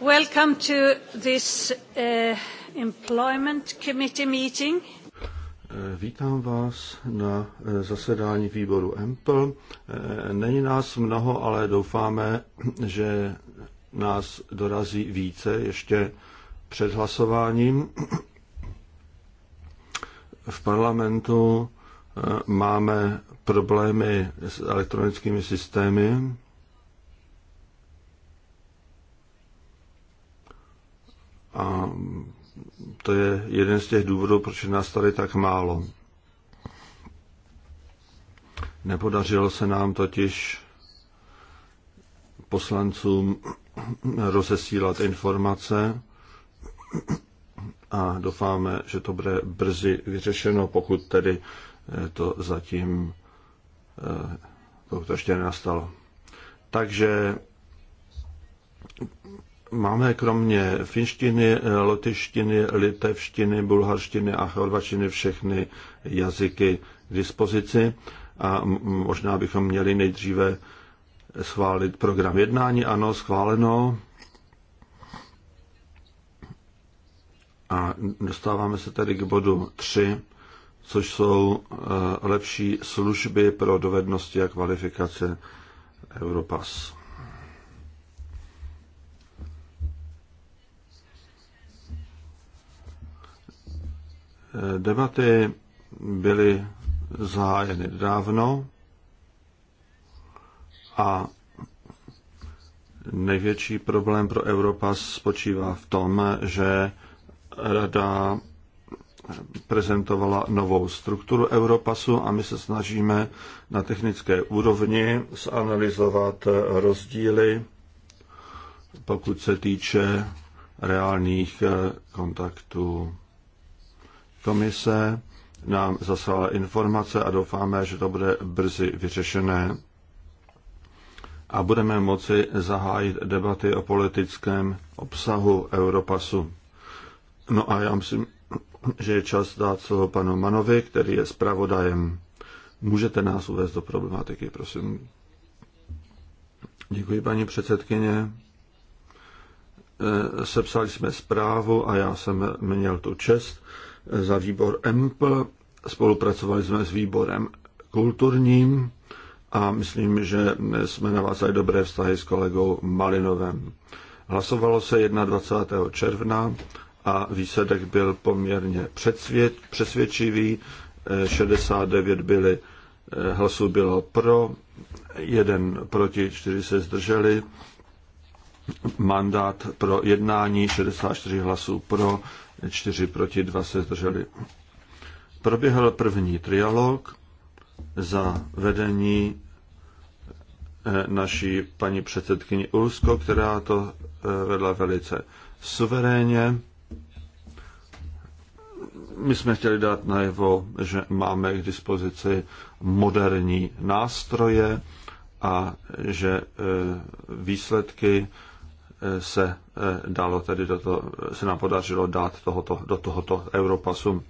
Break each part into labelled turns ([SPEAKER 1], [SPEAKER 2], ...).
[SPEAKER 1] Welcome to this uh, employment committee meeting.
[SPEAKER 2] Eh, vítám vás na eh, zasedání výboru EMPL. Eh, není nás mnoho, ale doufáme, že nás dorazí více ještě před hlasováním. V parlamentu máme problémy s elektronickými systémy A to je jeden z těch důvodů, proč je nás tady tak málo. Nepodařilo se nám totiž poslancům rozesílat informace a doufáme, že to bude brzy vyřešeno, pokud tedy eh, to zatím eh, pokud to ještě nenastalo. Takže Máme kromě finštiny, eh, lotyštiny, litevštiny, bulharštiny a chorvačtiny všechny jazyky k dispozici a možná bychom měli nejdříve schválit program jednání. Ano, schváleno. A dostáváme se tedy k bodu 3, což jsou eh, lepší služby pro dovednosti a kvalifikace Europass. Debaty byly zahájeny dávno a největší problém pro Evropa spočívá v tom, že Rada prezentovala novou strukturu Europasu a my se snažíme na technické úrovni zanalizovat rozdíly, pokud se týče reálných kontaktů. Komise nám zaslala informace a doufáme, že to bude brzy vyřešené a budeme moci zahájit debaty o politickém obsahu Europasu. No a já myslím, že je čas dát slovo panu Manovi, který je zpravodajem. Můžete nás uvést do problematiky, prosím. Děkuji, paní předsedkyně. Eh, sepsali jsme zprávu a já jsem měl tu čest za výbor EMPL, spolupracovali jsme s výborem kulturním a myslím, že jsme navázali dobré vztahy s kolegou Malinovem. Hlasovalo se 21. června a výsledek byl poměrně přesvědčivý. 69 byly, eh, hlasů bylo pro, jeden proti, čtyři se zdrželi. Mandát pro jednání 64 hlasů pro čtyři proti dva se zdrželi. Proběhl první trialog za vedení eh, naší paní předsedkyni Ulsko, která to eh, vedla velice suverénně. My jsme chtěli dát najevo, že máme k dispozici moderní nástroje a že eh, výsledky se eh, dalo tedy do to, se nám podařilo dát tohoto, do tohoto Europasu.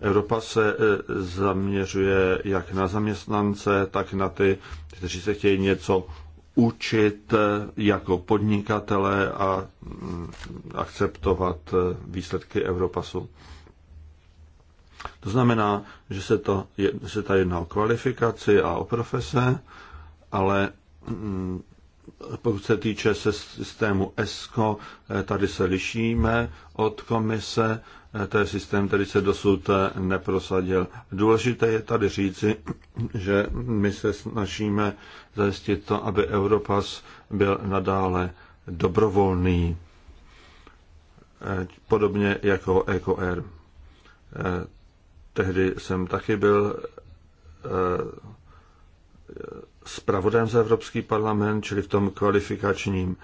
[SPEAKER 2] Evropa se eh, zaměřuje jak na zaměstnance, tak na ty, kteří se chtějí něco učit eh, jako podnikatele a mm, akceptovat výsledky Europasu. To znamená, že se, to, se tady jedná o kvalifikaci a o profese, ale mm, pokud se týče systému ESCO, eh, tady se lišíme od komise. Eh, Ten systém, který se dosud eh, neprosadil. Důležité je tady říci, že my se snažíme zajistit to, aby Europas byl nadále dobrovolný, podobně jako ECOR. Tehdy jsem taky byl zpravodajem za Evropský parlament, čili v tom kvalifikačním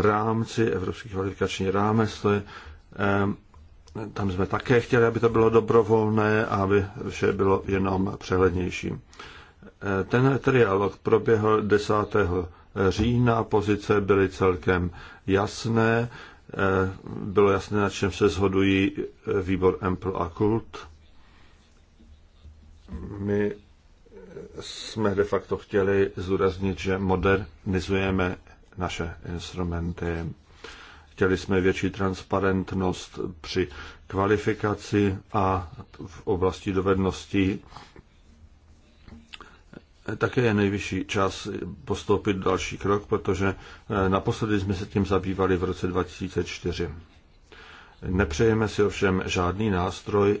[SPEAKER 2] rámci, Evropský kvalifikační rámec, to je, eh, tam jsme také chtěli, aby to bylo dobrovolné a aby vše bylo jenom přehlednější. Eh, ten trialog proběhl 10. října, pozice byly celkem jasné, eh, bylo jasné, na čem se shodují výbor Empl a Kult. My jsme de facto chtěli zúraznit, že modernizujeme naše instrumenty. Chtěli jsme větší transparentnost při kvalifikaci a v oblasti dovedností. Také je nejvyšší čas postoupit další krok, protože eh, naposledy jsme se tím zabývali v roce 2004. Nepřejeme si ovšem žádný nástroj,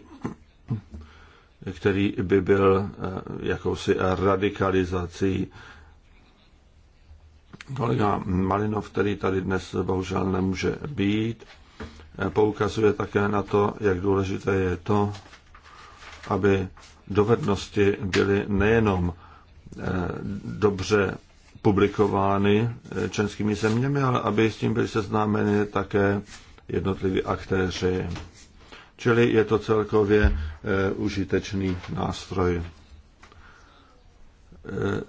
[SPEAKER 2] který by byl eh, jakousi radikalizací. Kolega Malinov, který tady dnes bohužel nemůže být, eh, poukazuje také na to, jak důležité je to, aby dovednosti byly nejenom eh, dobře publikovány členskými zeměmi, ale aby s tím byly seznámeny také jednotliví aktéři. Čili je to celkově eh, užitečný nástroj. Eh,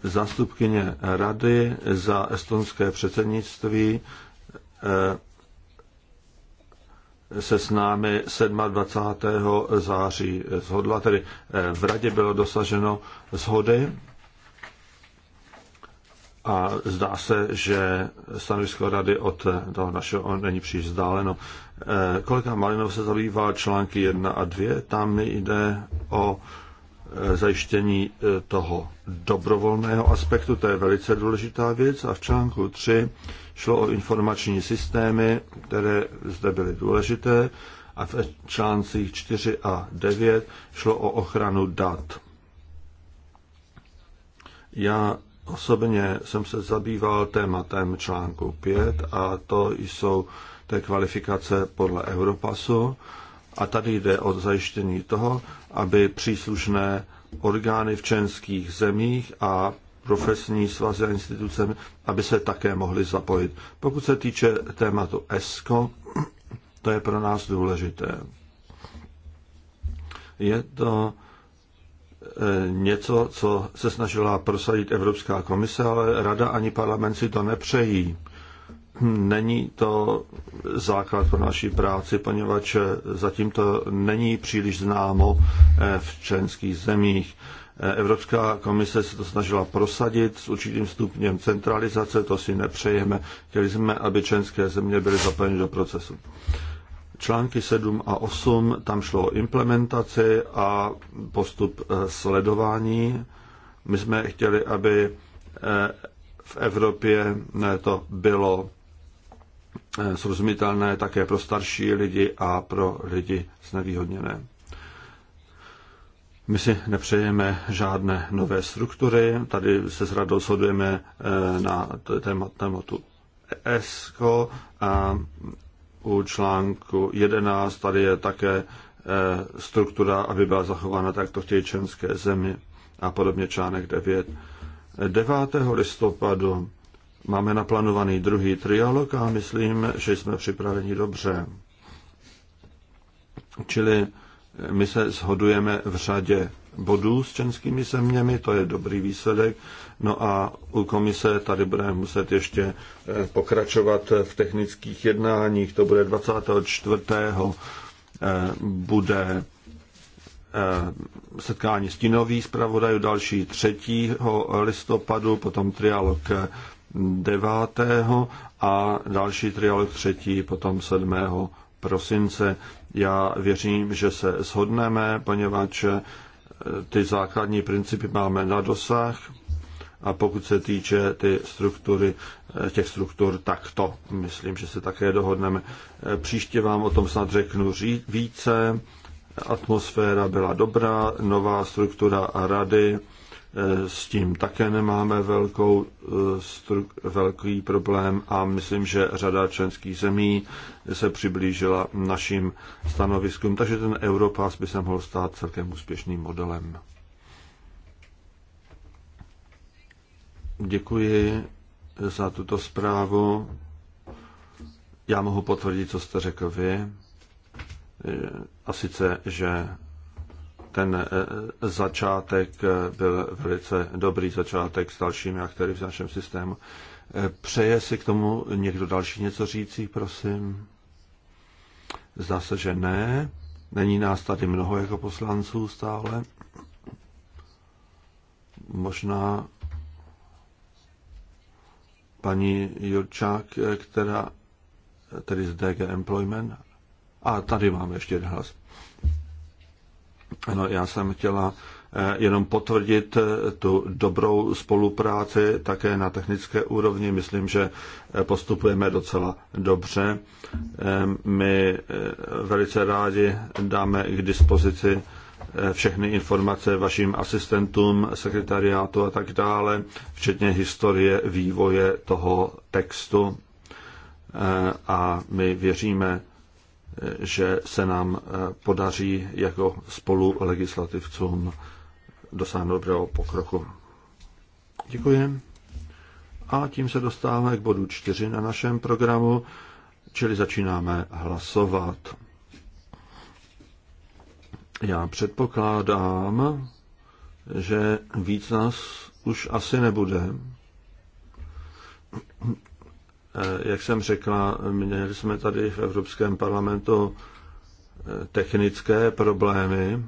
[SPEAKER 2] zástupkyně rady za estonské předsednictví eh, se s námi 27. září zhodla, tedy v radě bylo dosaženo shody a zdá se, že stanovisko rady od toho našeho není příliš vzdáleno. E, kolega Malinov se zabývá články 1 a 2, tam jde o e, zajištění e, toho dobrovolného aspektu, to je velice důležitá věc. A v článku 3 šlo o informační systémy, které zde byly důležité, a v článcích 4 a 9 šlo o ochranu dat. Já Osobně jsem se zabýval tématem článku 5 a to jsou té kvalifikace podle Europasu. A tady jde o zajištění toho, aby příslušné orgány v členských zemích a profesní svazy a instituce, aby se také mohly zapojit. Pokud se týče tématu ESCO, to je pro nás důležité. Je to něco, co se snažila prosadit Evropská komise, ale rada ani parlament si to nepřejí. Není to základ pro naší práci, poněvadž zatím to není příliš známo eh, v členských zemích. Eh, Evropská komise se to snažila prosadit s určitým stupněm centralizace, to si nepřejeme. Chtěli jsme, aby členské země byly zapojeny do procesu články 7 a 8, tam šlo o implementaci a postup eh, sledování. My jsme chtěli, aby eh, v Evropě eh, to bylo srozumitelné také pro starší lidi a pro lidi znevýhodněné. My si nepřejeme žádné nové struktury, tady se s radou shodujeme na tématu ESCO a u článku 11 tady je také eh, struktura, aby byla zachována takto v chtějí členské a podobně článek 9. 9. listopadu máme naplánovaný druhý trialog a myslím, že jsme připraveni dobře. Čili eh, my se shodujeme v řadě bodů s členskými zeměmi, to je dobrý výsledek. No a u komise tady budeme muset ještě eh, pokračovat v technických jednáních, to bude 24. Eh, bude eh, setkání stínových zpravodajů, další 3. listopadu, potom trialog 9. a další trialog 3. potom 7. prosince. Já věřím, že se shodneme, poněvadž ty základní principy máme na dosah a pokud se týče ty struktury, eh, těch struktur, tak to myslím, že se také dohodneme. Eh, příště vám o tom snad řeknu více. Atmosféra byla dobrá, nová struktura a rady s tím také nemáme velkou, e, velký problém a myslím, že řada členských zemí se přiblížila našim stanoviskům, takže ten Europass by se mohl stát celkem úspěšným modelem. Děkuji za tuto zprávu. Já mohu potvrdit, co jste řekl vy. E, a sice, že ten eh, začátek eh, byl velice dobrý začátek s dalšími aktéry v našem systému. Eh, přeje si k tomu někdo další něco říci? prosím? Zdá se, že ne. Není nás tady mnoho jako poslanců stále. Možná paní Jurčák, která tedy z DG Employment. A tady máme ještě jeden hlas. Ano, já jsem chtěla eh, jenom potvrdit eh, tu dobrou spolupráci také na technické úrovni. Myslím, že eh, postupujeme docela dobře. My velice rádi dáme k dispozici všechny informace vašim asistentům, sekretariátu a tak dále, včetně historie vývoje toho textu. A my věříme, že se nám eh, podaří jako spolu legislativcům dosáhnout dobrého pokroku. Děkuji. A tím se dostáváme k bodu 4 na našem programu, čili začínáme hlasovat. Já předpokládám, že víc nás už asi nebude, Eh, jak jsem řekla, měli jsme tady v Evropském parlamentu eh, technické problémy.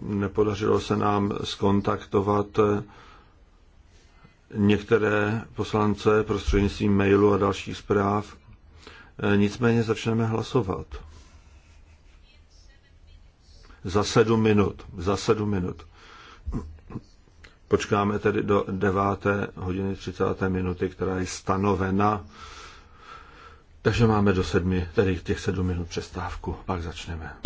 [SPEAKER 2] Nepodařilo se nám skontaktovat eh, některé poslance prostřednictvím mailu a dalších zpráv. Nicméně začneme hlasovat. Za sedm minut. Za sedm minut. Počkáme tedy do 9. hodiny 30. minuty, která je stanovena. Takže máme do sedmi, tedy těch sedm minut přestávku, pak začneme.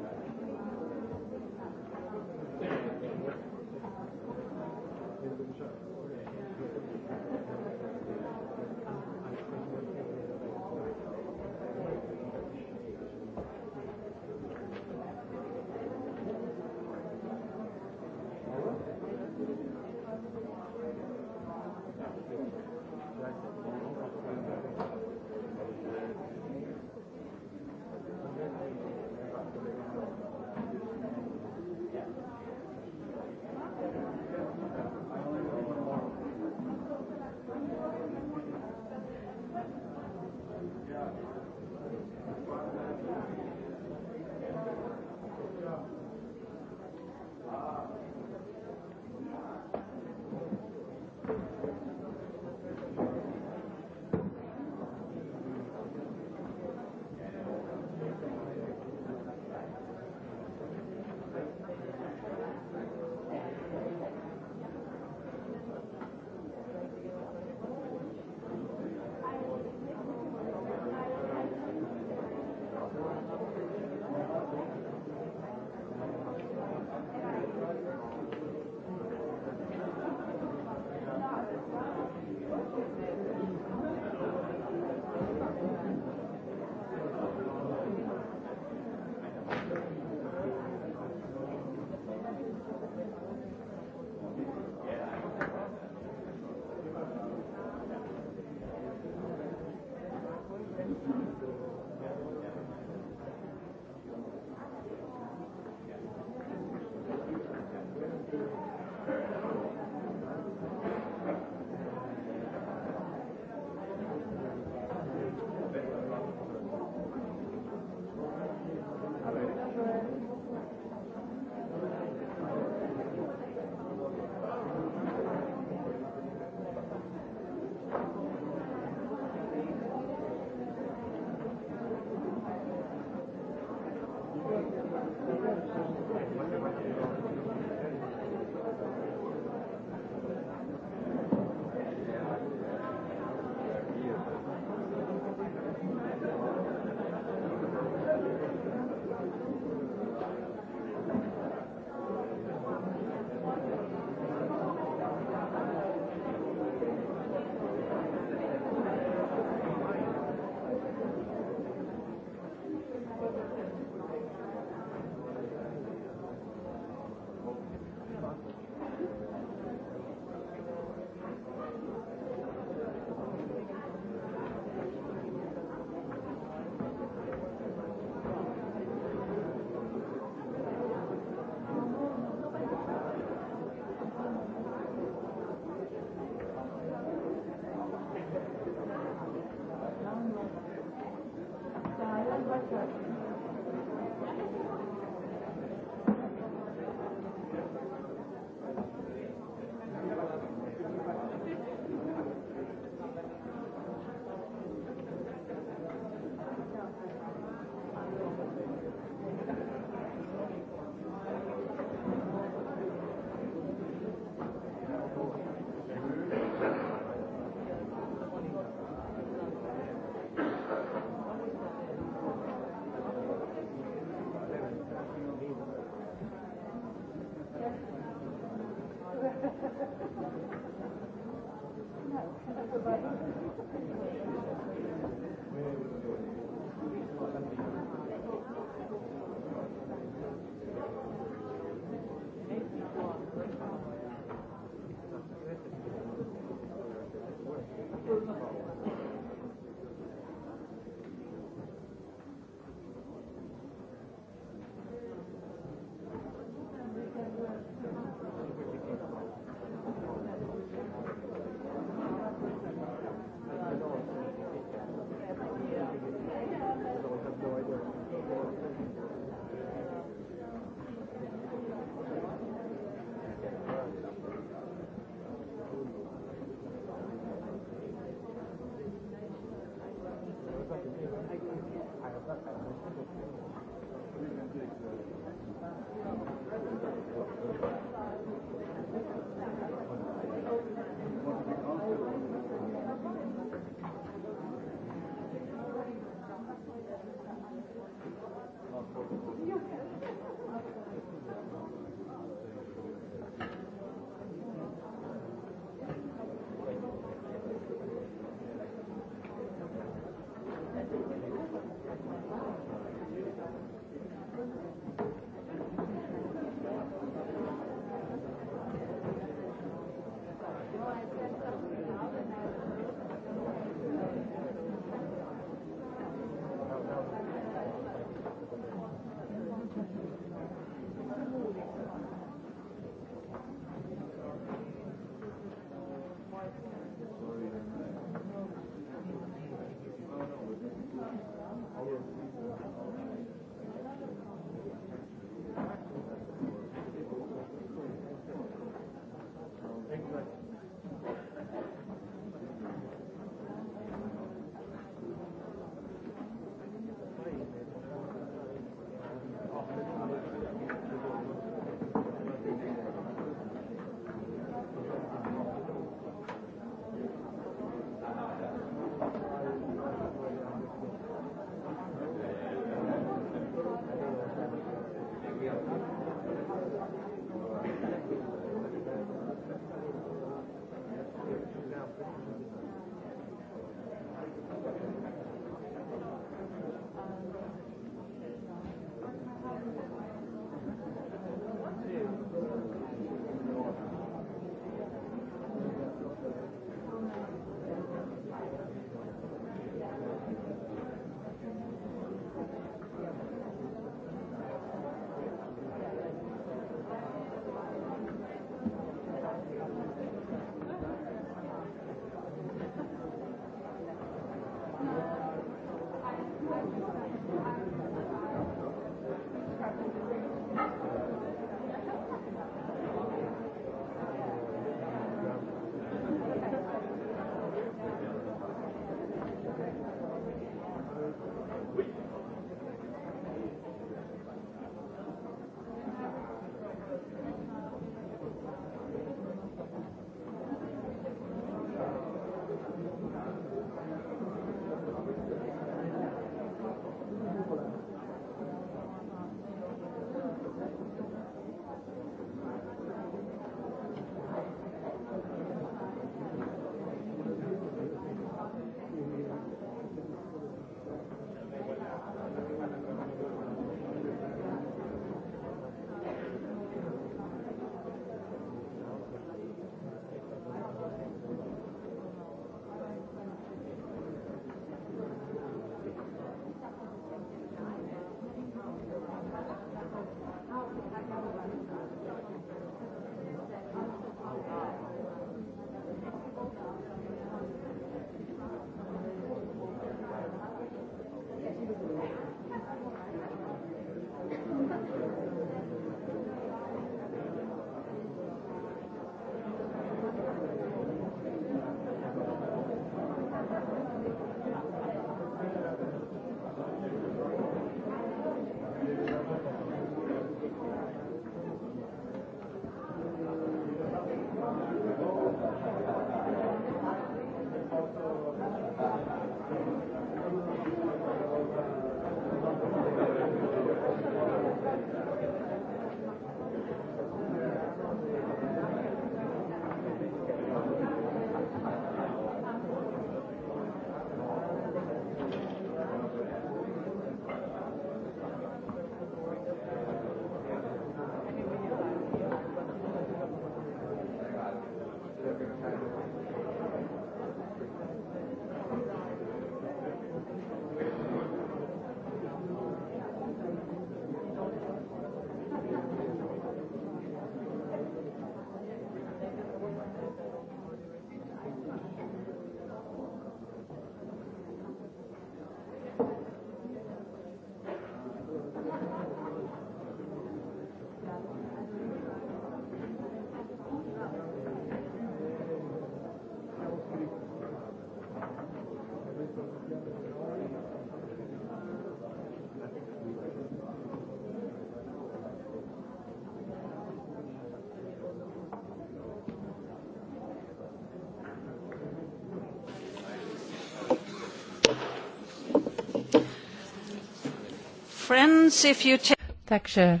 [SPEAKER 3] Takže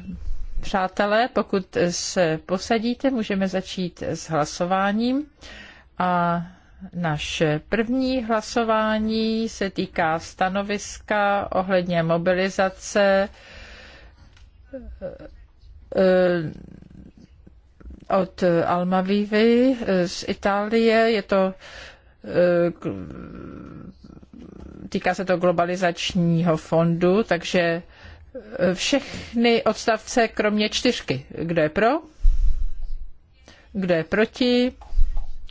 [SPEAKER 3] přátelé, pokud se posadíte, můžeme začít s hlasováním. A naše první hlasování se týká stanoviska ohledně mobilizace eh, od Almavivy eh, z Itálie. Je to eh, týká se to globalizačního fondu, takže všechny odstavce kromě čtyřky. Kdo je pro? Kdo je proti?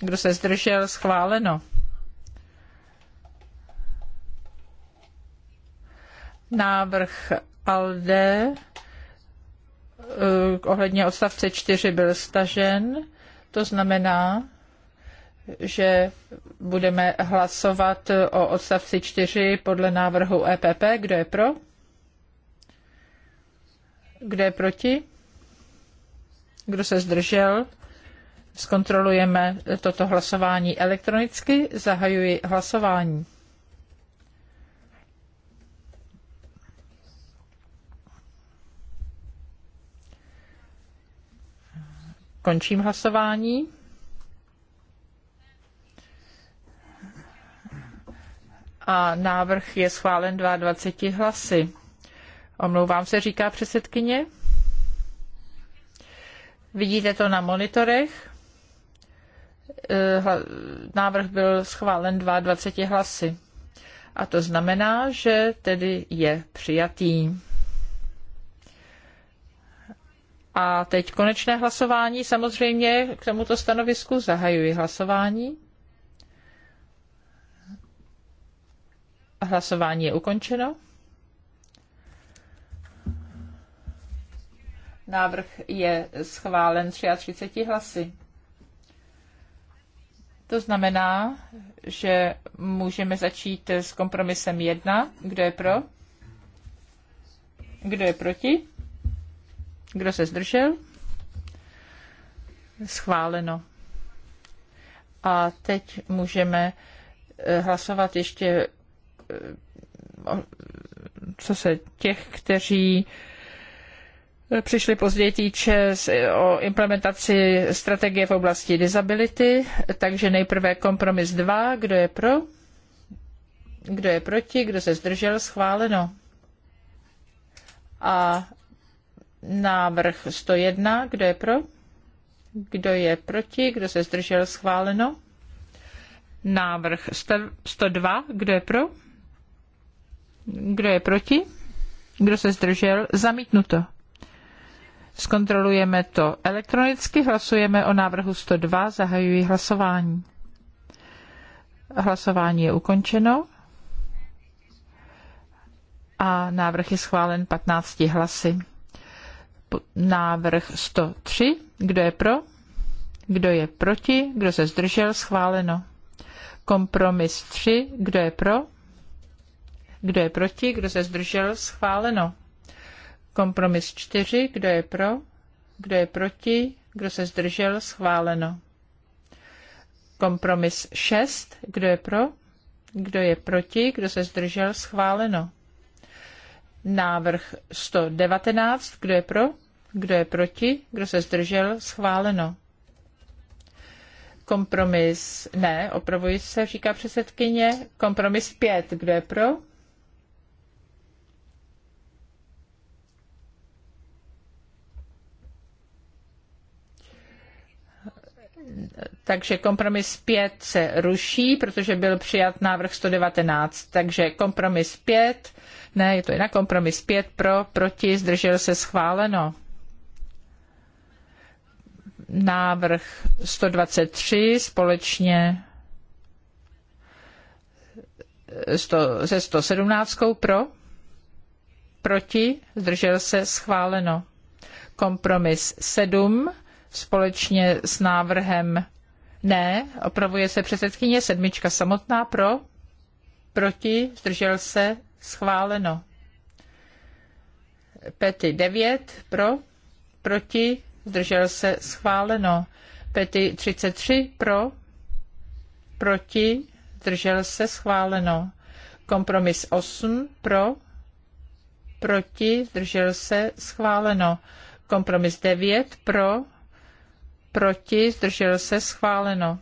[SPEAKER 3] Kdo se zdržel? Schváleno. Návrh ALDE eh, ohledně odstavce 4 byl stažen. To znamená, že budeme hlasovat o odstavci 4 podle návrhu EPP. Kdo je pro? Kdo je proti? Kdo se zdržel? Zkontrolujeme toto hlasování elektronicky. Zahajuji hlasování. Končím hlasování. A návrh je schválen 22 hlasy. Omlouvám se, říká předsedkyně. Vidíte to na monitorech. Eh, návrh byl schválen 22 hlasy. A to znamená, že tedy je přijatý. A teď konečné hlasování. Samozřejmě k tomuto stanovisku zahajuji hlasování. Hlasování je ukončeno. Návrh je schválen 33 hlasy. To znamená, že můžeme začít s kompromisem 1. Kdo je pro? Kdo je proti? Kdo se zdržel? Schváleno. A teď můžeme eh, hlasovat ještě, eh, co se těch, kteří přišli později týče o implementaci strategie v oblasti disability, takže nejprve kompromis 2, kdo je pro, kdo je proti, kdo se zdržel, schváleno. A návrh 101, kdo je pro, kdo je proti, kdo se zdržel, schváleno. Návrh 102, kdo je pro, kdo je proti, kdo se zdržel, zamítnuto. Zkontrolujeme to elektronicky, hlasujeme o návrhu 102, zahajuji hlasování. Hlasování je ukončeno a návrh je schválen 15 hlasy. Návrh 103, kdo je pro? Kdo je proti? Kdo se zdržel? Schváleno. Kompromis 3, kdo je pro? Kdo je proti? Kdo se zdržel? Schváleno. Kompromis 4. Kdo je pro? Kdo je proti? Kdo se zdržel? Schváleno. Kompromis 6. Kdo je pro? Kdo je proti? Kdo se zdržel? Schváleno. Návrh 119. Kdo je pro? Kdo je proti? Kdo se zdržel? Schváleno. Kompromis, ne, opravuji se, říká předsedkyně. Kompromis 5. Kdo je pro? takže kompromis 5 se ruší, protože byl přijat návrh 119. Takže kompromis 5, ne, je to jinak, kompromis 5 pro, proti, zdržel se schváleno. Návrh 123 společně se 117 pro, proti, zdržel se schváleno. Kompromis 7 společně s návrhem ne, opravuje se předsedkyně sedmička samotná pro, proti, zdržel se, schváleno. Pety 9 pro, proti, zdržel se, schváleno. Pety 33 pro, proti, zdržel se, schváleno. Kompromis 8 pro, proti, zdržel se, schváleno. Kompromis 9 pro, proti, zdržel se, schváleno.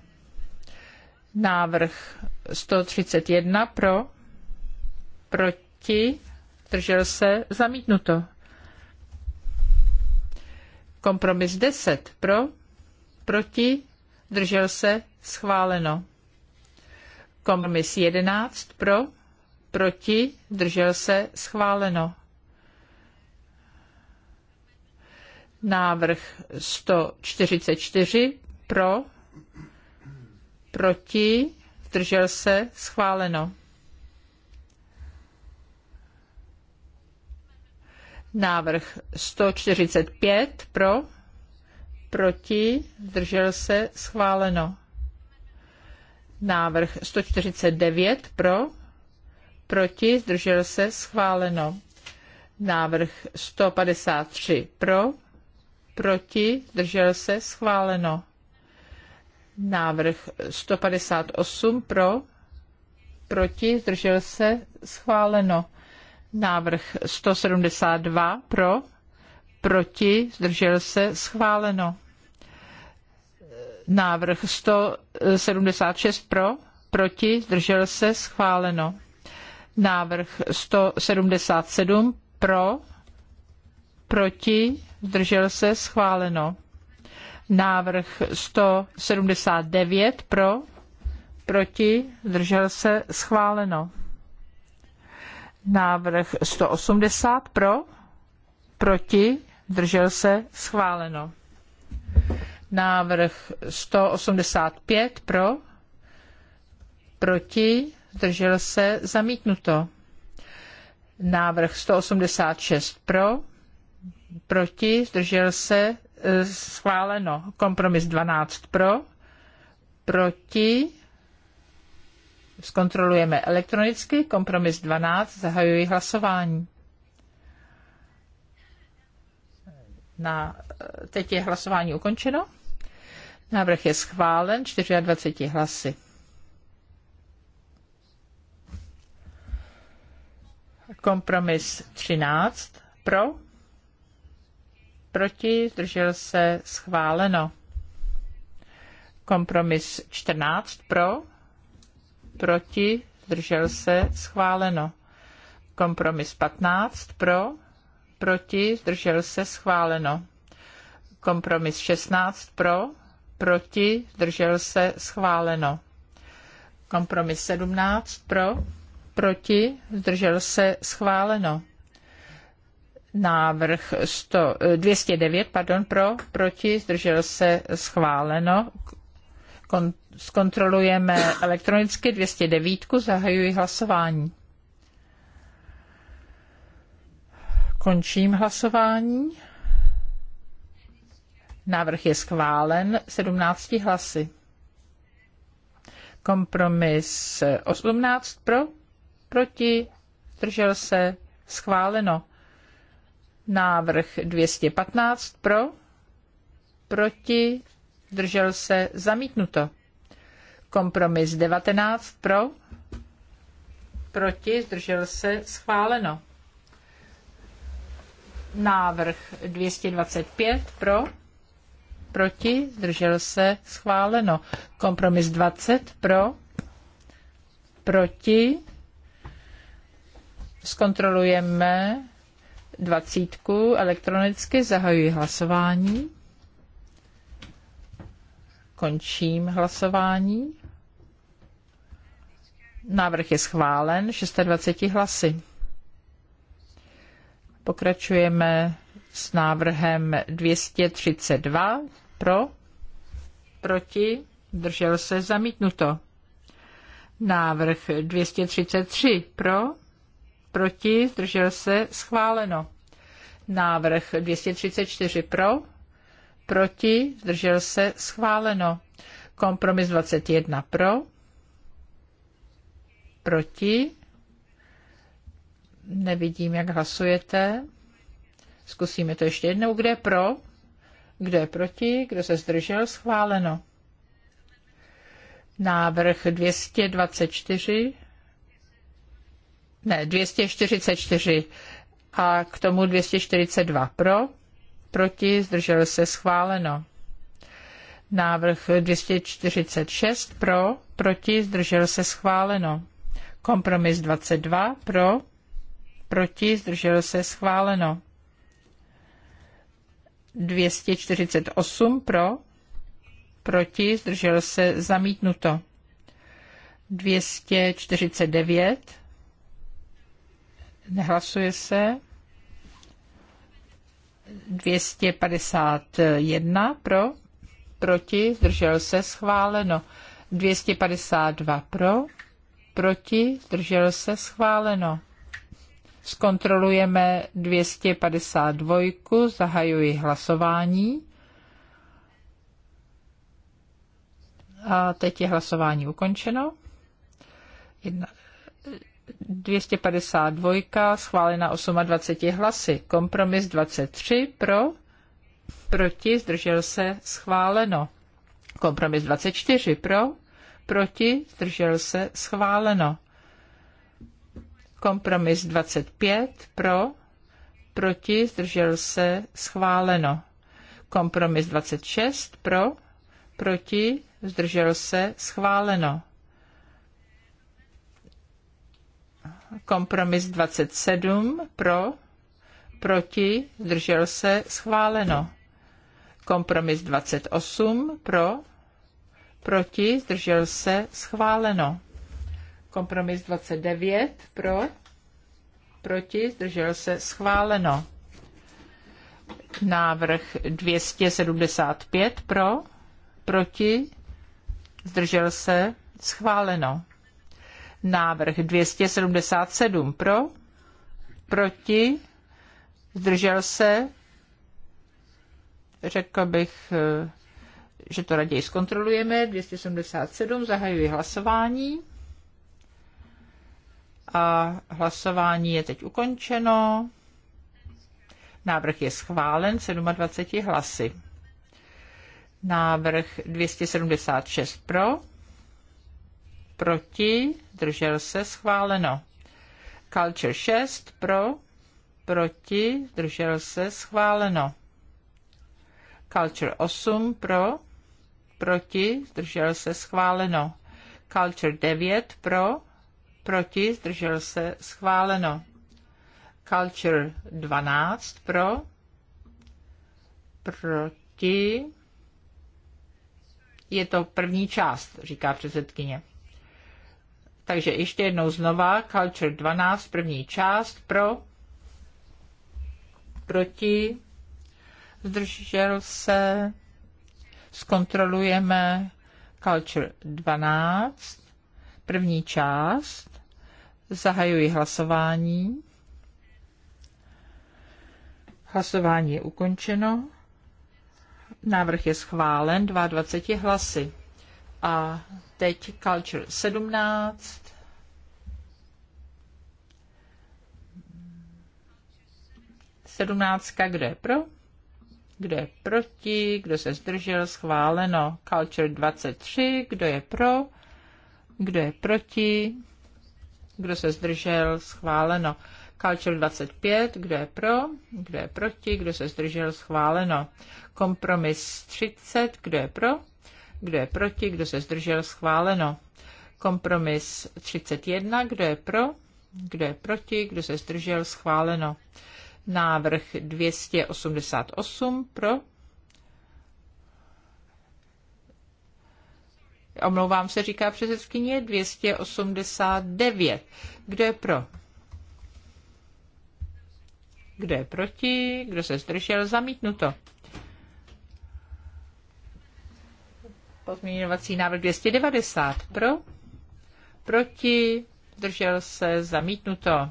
[SPEAKER 3] Návrh 131 pro, proti, zdržel se, zamítnuto. Kompromis 10 pro, proti, zdržel se, schváleno. Kompromis 11 pro, proti, zdržel se, schváleno. Návrh 144 pro, proti, zdržel se, schváleno. Návrh 145 pro, proti, zdržel se, schváleno. Návrh 149 pro, proti, zdržel se, schváleno. Návrh 153 pro, proti, držel se, schváleno. Návrh 158 pro, proti, zdržel se, schváleno. Návrh 172 pro, proti, zdržel se, schváleno. Návrh 176 pro, proti, zdržel se, schváleno. Návrh 177 pro, proti, zdržel se, schváleno. Návrh 179 pro, proti, zdržel se, schváleno. Návrh 180 pro, proti, zdržel se, schváleno. Návrh 185 pro, proti, zdržel se, zamítnuto. Návrh 186 pro, proti, zdržel se, e, schváleno. Kompromis 12 pro, proti, zkontrolujeme elektronicky, kompromis 12, zahajuji hlasování. Na, e, teď je hlasování ukončeno. Návrh je schválen 24 hlasy. Kompromis 13 pro, proti, zdržel se, schváleno. Kompromis 14 pro, proti, zdržel se, schváleno. Kompromis 15 pro, proti, zdržel se, schváleno. Kompromis 16 pro, proti, zdržel se, schváleno. Kompromis 17 pro, proti, zdržel se, schváleno návrh 100, 209 eh, pardon, pro, proti, zdržel se schváleno. Kon, zkontrolujeme elektronicky 209, zahajuji hlasování. Končím hlasování. Návrh je schválen 17 hlasy. Kompromis 18 pro, proti, zdržel se, schváleno. Návrh 215 pro, proti, zdržel se, zamítnuto. Kompromis 19 pro, proti, zdržel se, schváleno. Návrh 225 pro, proti, zdržel se, schváleno. Kompromis 20 pro, proti, zkontrolujeme dvacítku elektronicky zahajuji hlasování. Končím hlasování. Návrh je schválen 26 hlasy. Pokračujeme s návrhem 232 pro, proti, držel se zamítnuto. Návrh 233 pro, proti, zdržel se, schváleno. Návrh 234 pro, proti, zdržel se, schváleno. Kompromis 21 pro, proti, nevidím, jak hlasujete. Zkusíme to ještě jednou. Kde je pro? Kdo je proti? Kdo se zdržel? Schváleno. Návrh 224 ne, 244 a k tomu 242 pro, proti, zdržel se schváleno. Návrh 246 pro, proti, zdržel se schváleno. Kompromis 22 pro, proti, zdržel se schváleno. 248 pro, proti, zdržel se zamítnuto. 249 Nehlasuje se. 251 pro, proti, zdržel se, schváleno. 252 pro, proti, zdržel se, schváleno. Zkontrolujeme 252, zahajuji hlasování. A teď je hlasování ukončeno. Jedna, 252 schválena 28 hlasy. Kompromis 23 pro, proti, zdržel se, schváleno. Kompromis 24 pro, proti, zdržel se, schváleno. Kompromis 25 pro, proti, zdržel se, schváleno. Kompromis 26 pro, proti, zdržel se, schváleno. Kompromis 27 pro, proti, zdržel se, schváleno. Kompromis 28 pro, proti, zdržel se, schváleno. Kompromis 29 pro, proti, zdržel se, schváleno. Návrh 275 pro, proti, zdržel se, schváleno návrh 277 pro, proti, zdržel se, řekl bych, eh, že to raději zkontrolujeme, 277, zahajuji hlasování a hlasování je teď ukončeno. Návrh je schválen 27 hlasy. Návrh 276 pro, proti, držel se, schváleno. Culture 6 pro, proti, držel se, schváleno. Culture 8 pro, proti, zdržel se, schváleno. Culture 9 pro, proti, zdržel se, schváleno. Culture 12 pro, proti, je to první část, říká předsedkyně. Takže ještě jednou znova, Culture 12, první část, pro, proti, zdržel se, zkontrolujeme Culture 12, první část, zahajuji hlasování. Hlasování je ukončeno. Návrh je schválen 22 hlasy. A teď Culture 17. Sedmnáctka, kdo je pro? Kdo je proti? Kdo se zdržel? Schváleno. Culture 23, kdo je pro? Kdo je proti? Kdo se zdržel? Schváleno. Culture 25, kdo je pro, kdo je proti, kdo se zdržel, schváleno. Kompromis 30, kdo je pro, kdo je proti, kdo se zdržel, schváleno. Kompromis 31, kdo je pro, kdo je proti, kdo se zdržel, schváleno. Návrh 288 pro. Omlouvám se, říká předsedkyně, 289. Kdo je pro? Kdo je proti? Kdo se zdržel? Zamítnuto. Pozměňovací návrh 290 pro, proti, Držel se, zamítnuto.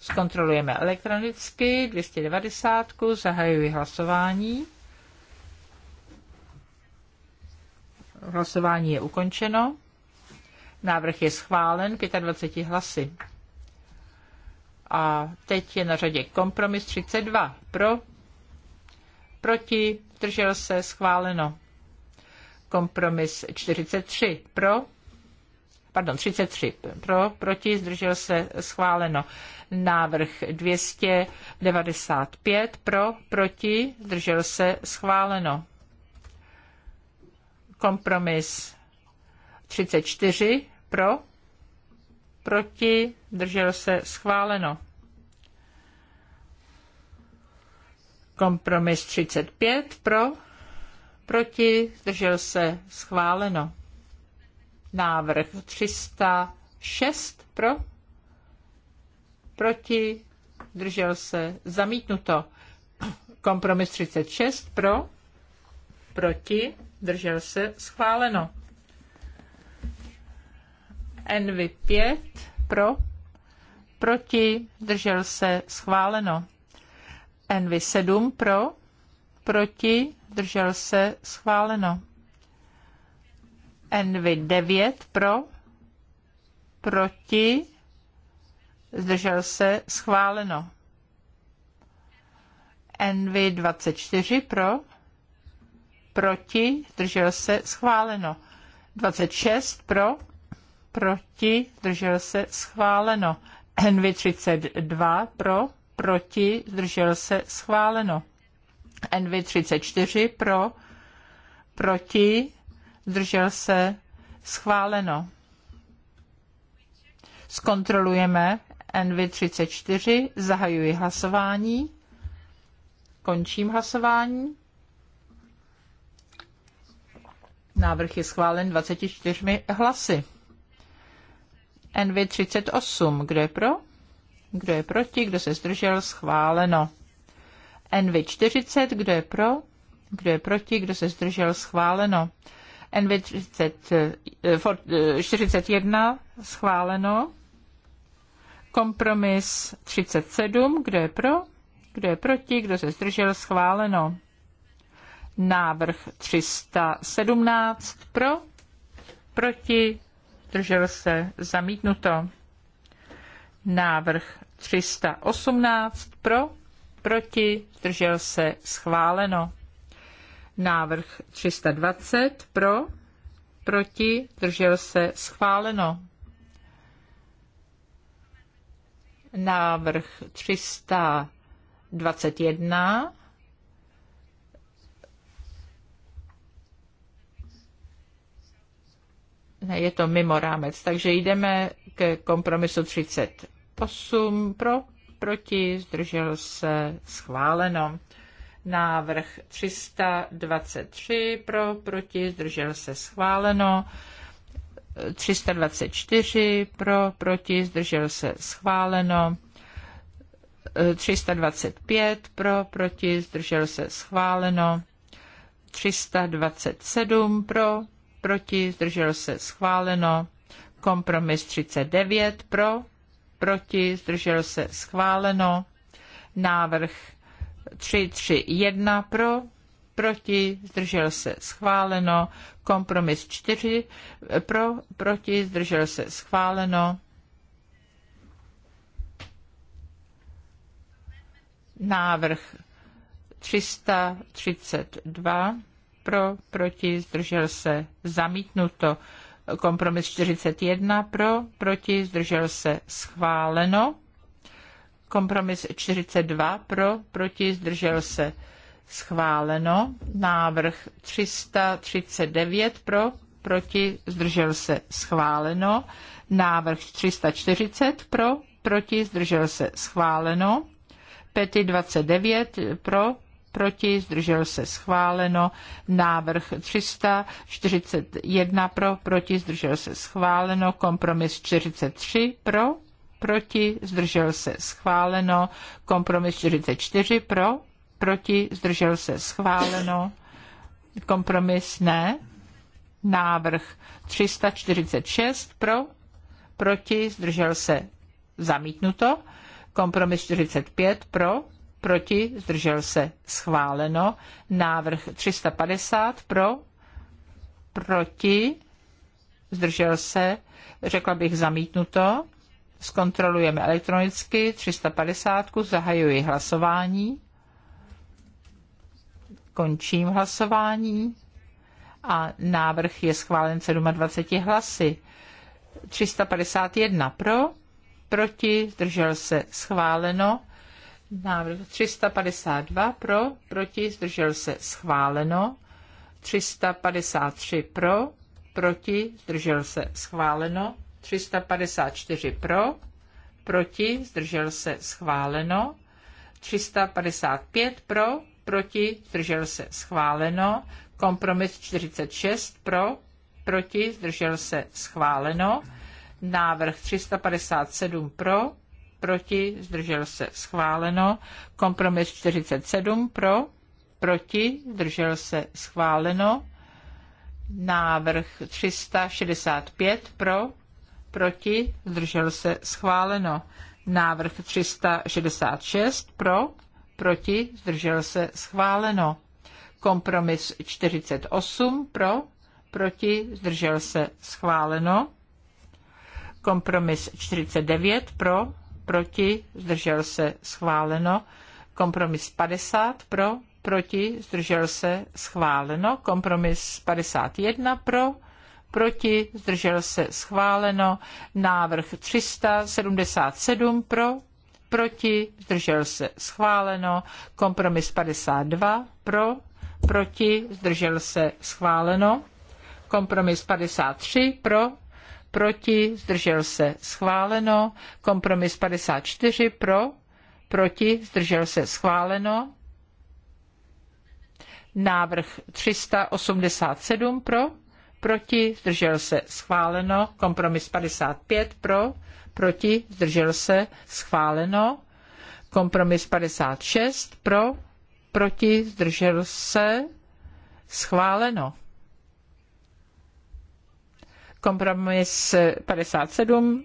[SPEAKER 3] Zkontrolujeme elektronicky 290, zahajuji hlasování. Hlasování je ukončeno. Návrh je schválen 25 hlasy. A teď je na řadě kompromis 32 pro, proti, Držel se, schváleno. Kompromis 43 pro, pardon, 33 pro, proti, zdržel se schváleno. Návrh 295 pro, proti, zdržel se schváleno. Kompromis 34 pro, proti, zdržel se schváleno. Kompromis 35 pro, proti, zdržel se, schváleno. Návrh 306 pro, proti, zdržel se, zamítnuto. Kompromis 36 pro, proti, zdržel se, schváleno. nv 5 pro, proti, zdržel se, schváleno. nv 7 pro, proti, držel se, schváleno. Envy 9 pro, proti, zdržel se, schváleno. Envy 24 pro, proti, zdržel se, schváleno. 26 pro, proti, zdržel se, schváleno. Envy 32 pro, proti, zdržel se, schváleno. Envy 34 pro, proti, zdržel se, schváleno. Zkontrolujeme Envy 34, zahajuji hlasování, končím hlasování. Návrh je schválen 24 hlasy. NV 38. Kdo je pro? Kdo je proti? Kdo se zdržel? Schváleno. NV40, kdo je pro, kdo je proti, kdo se zdržel, schváleno. NV41 eh, eh, schváleno. Kompromis 37, kdo je pro, kdo je proti, kdo se zdržel, schváleno. Návrh 317 pro, proti, zdržel se, zamítnuto. Návrh 318 pro, proti, zdržel se, schváleno. Návrh 320 pro, proti, zdržel se, schváleno. Návrh 321 ne, je to mimo rámec, takže jdeme ke kompromisu 38 pro, proti, zdržel se, schváleno. Návrh 323 pro, proti, zdržel se, schváleno. 324 pro, proti, zdržel se, schváleno. 325 pro, proti, zdržel se, schváleno. 327 pro, proti, zdržel se, schváleno. Kompromis 39 pro, proti, zdržel se schváleno. Návrh 331 pro, proti, zdržel se schváleno. Kompromis 4 pro, proti, zdržel se schváleno. Návrh 332 pro, proti, zdržel se zamítnuto. Kompromis 41 pro, proti, zdržel se schváleno. Kompromis 42 pro, proti, zdržel se schváleno. Návrh 339 pro, proti, zdržel se schváleno. Návrh 340 pro, proti, zdržel se schváleno. Pety 29 pro, proti, zdržel se schváleno, návrh 341 pro, proti, zdržel se schváleno, kompromis 43 pro, proti, zdržel se schváleno, kompromis 44 pro, proti, zdržel se schváleno, kompromis ne, návrh 346 pro, proti, zdržel se zamítnuto, kompromis 45 pro, proti, zdržel se, schváleno. Návrh 350 pro, proti, zdržel se, řekla bych zamítnuto. Zkontrolujeme elektronicky 350, zahajuji hlasování, končím hlasování a návrh je schválen 27 hlasy. 351 pro, proti, zdržel se schváleno, Návrh 352 pro, proti, zdržel se schváleno. 353 pro, proti, zdržel se schváleno. 354 pro, proti, zdržel se schváleno. 355 pro, proti, zdržel se schváleno. Kompromis 46 pro, proti, zdržel se schváleno. Návrh 357 pro, proti, zdržel se schváleno. Kompromis 47 pro, proti, zdržel se schváleno. Návrh 365 pro, proti, zdržel se schváleno. Návrh 366 pro, proti, zdržel se schváleno. Kompromis 48 pro, proti, zdržel se schváleno. Kompromis 49 pro, proti, zdržel se, schváleno. Kompromis 50 pro, proti, zdržel se, schváleno. Kompromis 51 pro, proti, zdržel se, schváleno. Návrh 377 pro, proti, zdržel se, schváleno. Kompromis 52 pro, proti, zdržel se, schváleno. Kompromis 53 pro, proti, zdržel se, schváleno. Kompromis 54 pro, proti, zdržel se, schváleno. Návrh 387 pro, proti, zdržel se, schváleno. Kompromis 55 pro, proti, zdržel se, schváleno. Kompromis 56 pro, proti, zdržel se, schváleno. Kompromis 57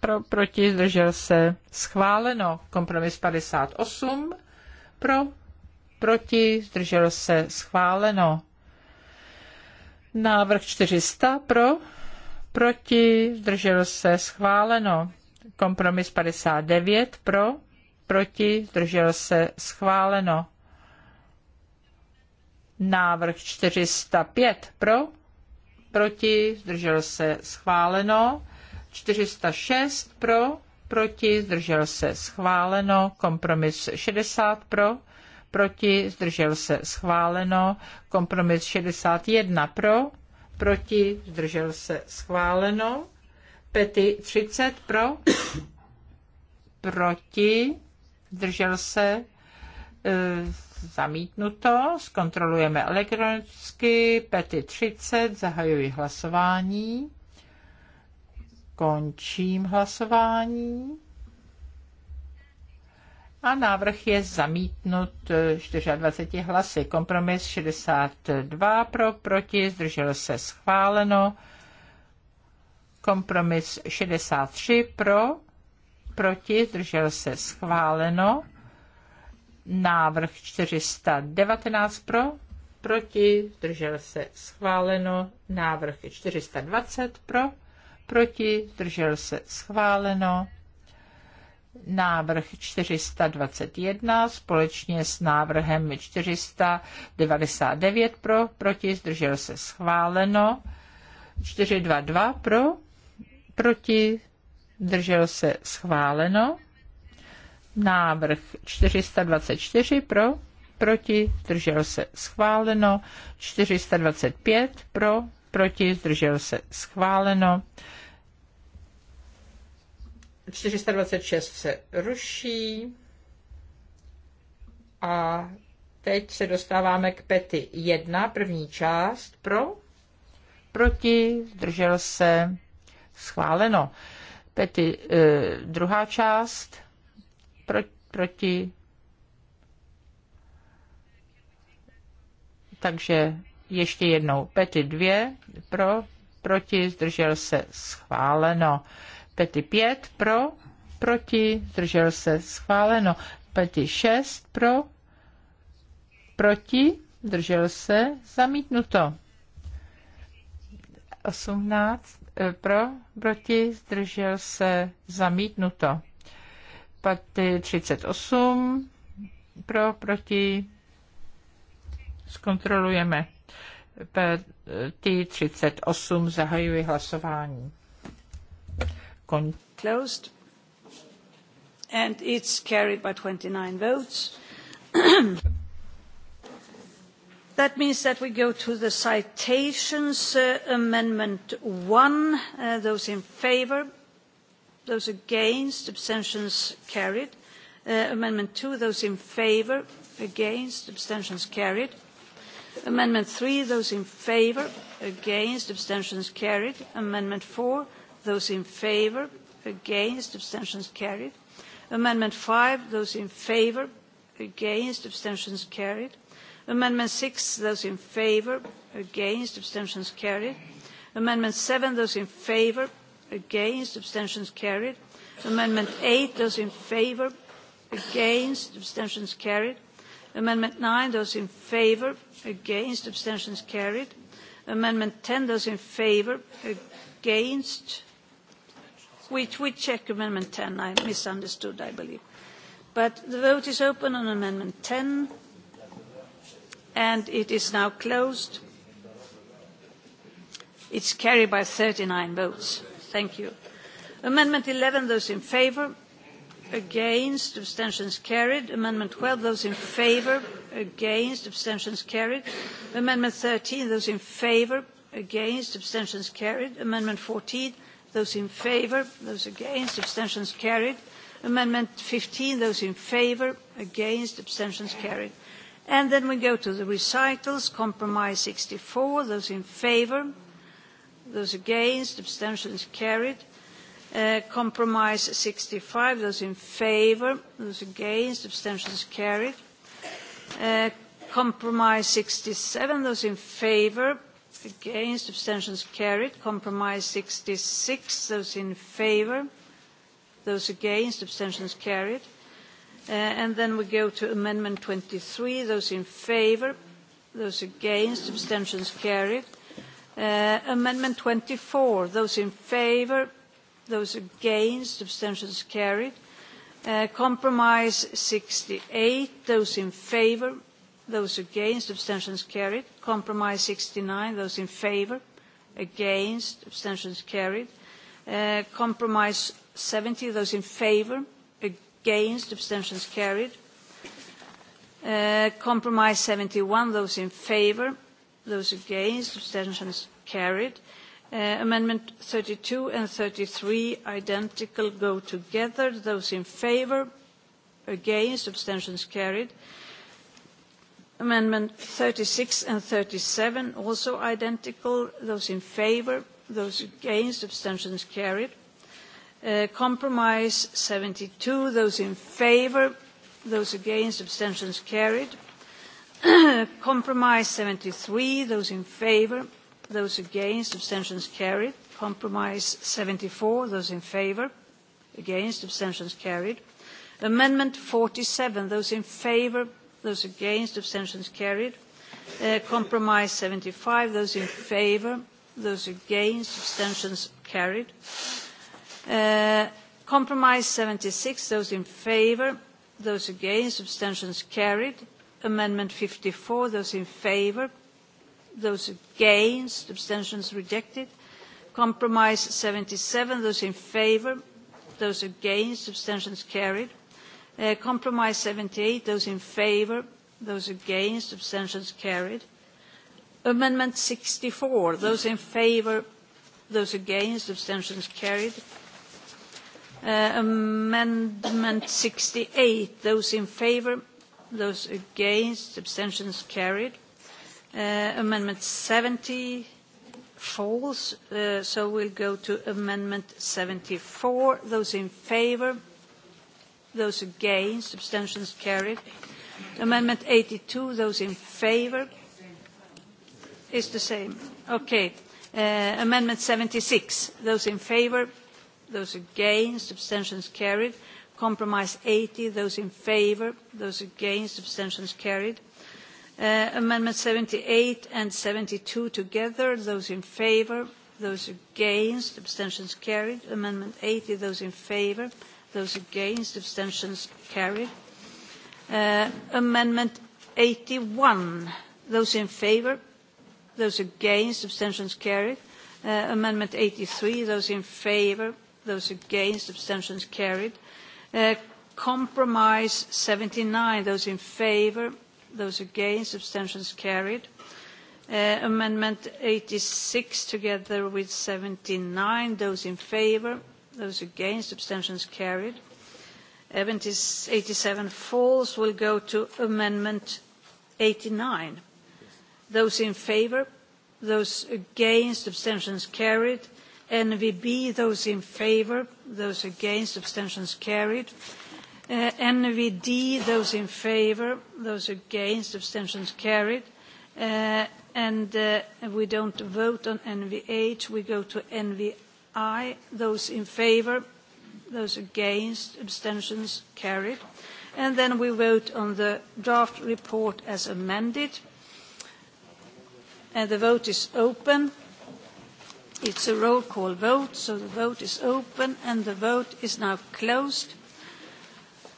[SPEAKER 3] pro, proti, zdržel se, schváleno. Kompromis 58 pro, proti, zdržel se, schváleno. Návrh 400 pro, proti, zdržel se, schváleno. Kompromis 59 pro, proti, zdržel se, schváleno. Návrh 405 pro, proti, zdržel se schváleno. 406 pro, proti, zdržel se schváleno. Kompromis 60 pro, proti, zdržel se schváleno. Kompromis 61 pro, proti, zdržel se schváleno. Pety 30 pro, proti, zdržel se eh, zamítnuto. Zkontrolujeme elektronicky. Pety 30. Zahajuji hlasování. Končím hlasování. A návrh je zamítnut 24 hlasy. Kompromis 62 pro, proti, zdrželo se schváleno. Kompromis 63 pro, proti, zdrželo se schváleno. Návrh 419 pro, proti, zdržel se schváleno. Návrh 420 pro, proti, zdržel se schváleno. Návrh 421 společně s návrhem 499 pro, proti, zdržel se schváleno. 422 pro, proti, zdržel se schváleno návrh 424 pro, proti, zdržel se schváleno, 425 pro, proti, zdržel se schváleno, 426 se ruší a teď se dostáváme k pety 1, první část, pro, proti, zdržel se schváleno. Pety eh, druhá část, pro, proti. Takže ještě jednou pety 2 pro, proti, zdržel se schváleno. Pety 5 pro, proti, zdržel se schváleno. Pety 6 pro, proti, zdržel se zamítnuto. 18 eh, pro, proti, zdržel se zamítnuto. 38 pro, proti, zkontrolujeme. T38 zahajuji hlasování. Kon-
[SPEAKER 1] Closed. And it's carried by 29 votes. that means that we go to the citations uh, amendment one. Uh, those in favor, those against abstentions carried uh, amendment two those in favor against abstentions carried amendment three those in favor against abstentions carried amendment four those in favor against abstentions carried amendment five those in favor against abstentions carried amendment six those in favor against abstentions carried amendment seven those in favor against abstentions carried amendment 8 those in favor against abstentions carried amendment 9 those in favor against abstentions carried amendment 10 those in favor against we, we check amendment 10 i misunderstood i believe but the vote is open on amendment 10 and it is now closed it's carried by 39 votes Thank you. Amendment 11, those in favour. Against, abstentions carried. Amendment 12, those in favour. Against, abstentions carried. Amendment 13, those in favour. Against, abstentions carried. Amendment 14, those in favour. Those against, abstentions carried. Amendment 15, those in favour. Against, abstentions carried. And then we go to the recitals. Compromise 64, those in favour Those against, abstentions carried. Uh, compromise 65, those in favor, those against, abstentions carried. Uh, compromise 67, those in favor, against, abstentions carried. Compromise 66, those in favor, those against, abstentions carried. Uh, and then we go to amendment 23, those in favor, those against, abstentions carried. Uh, amendment 24, those in favour, those against, abstentions carried. Uh, compromise 68, those in favour, those against, abstentions carried. Compromise 69, those in favour, against, abstentions carried. Uh, compromise 70, those in favour, against, abstentions carried. Uh, compromise 71, those in favour, Those against, abstentions carried. Uh, amendment 32 and 33 identical go together. Those in favor, against, abstentions carried. Amendment 36 and 37 also identical. Those in favor, those against, abstentions carried. Uh, compromise 72, those in favor, those against, abstentions carried. compromise 73 those in favour those against abstentions carried compromise 74 those in favour against abstentions carried amendment 47 those in favour those against abstentions carried uh, compromise 75 those in favour those against abstentions carried uh, compromise 76 those in favour those against abstentions carried Amendment 54, those in favour, those against, abstentions rejected. Compromise 77, those in favour, those against, abstentions carried. Uh, compromise 78, those in favour, those against, abstentions carried. Amendment 64, those in favour, those against, abstentions carried. Uh, amendment 68, those in favour, Those against, abstentions carried. Uh, amendment 70 falls, uh, so we'll go to amendment 74. Those in favor, those against, abstentions carried. Amendment 82, those in favor. It's the same. Okay. Uh, amendment 76, those in favor, those against, abstentions carried. Compromise 80, those in favour, those against, abstentions carried. Uh, amendment 78 and 72 together, those in favour, those against, abstentions carried. Amendment 80, those in favour, those against, abstentions carried. Uh, amendment 81, those in favour, those against, abstentions carried. Uh, amendment 83, those in favour, those against, abstentions carried. Uh, compromise 79, those in favor, those against, abstentions carried. Uh, amendment 86 together with 79, those in favor, those against, abstentions carried. 87 falls. will go to amendment 89. Those in favor, those against, abstentions carried. NVB, those in favour, those against, abstentions carried. Uh, NVD, those in favour, those against, abstentions carried. Uh, and uh, we don't vote on NVH. We go to NVI. Those in favour, those against, abstentions carried. And then we vote on the draft report as amended. And the vote is open. It's a roll call vote, so the vote is open, and the vote is now closed.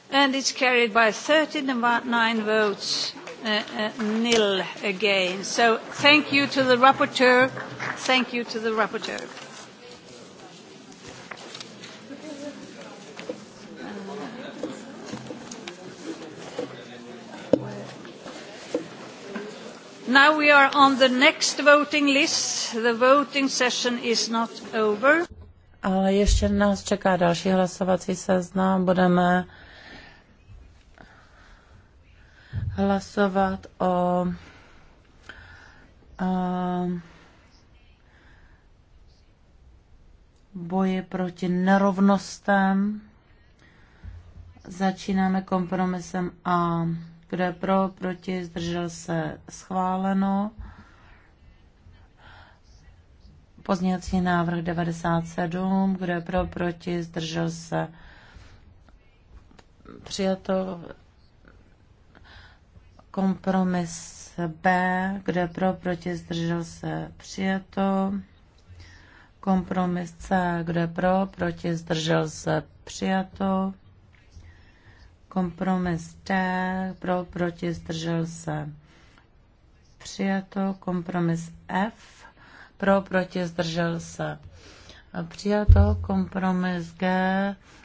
[SPEAKER 1] And It's carried by 39 votes, uh, uh, nil again. So Thank you to the rapporteur. Thank you to the rapporteur. Now we are on the next voting list. The voting session is not over.
[SPEAKER 4] Ale ještě nás čeká další hlasovací seznam. Budeme hlasovat o, o boji proti nerovnostem. Začínáme kompromisem A. Kdo je pro, proti, zdržel se schváleno. Pozněcí návrh 97, kdo je pro, proti, zdržel se přijato. Kompromis B, kdo je pro, proti, zdržel se přijato. Kompromis C, kdo je pro, proti, zdržel se přijato. Kompromis D, pro, proti, zdržel se. Přijato. Kompromis F, pro, proti, zdržel se. Přijato. Kompromis G,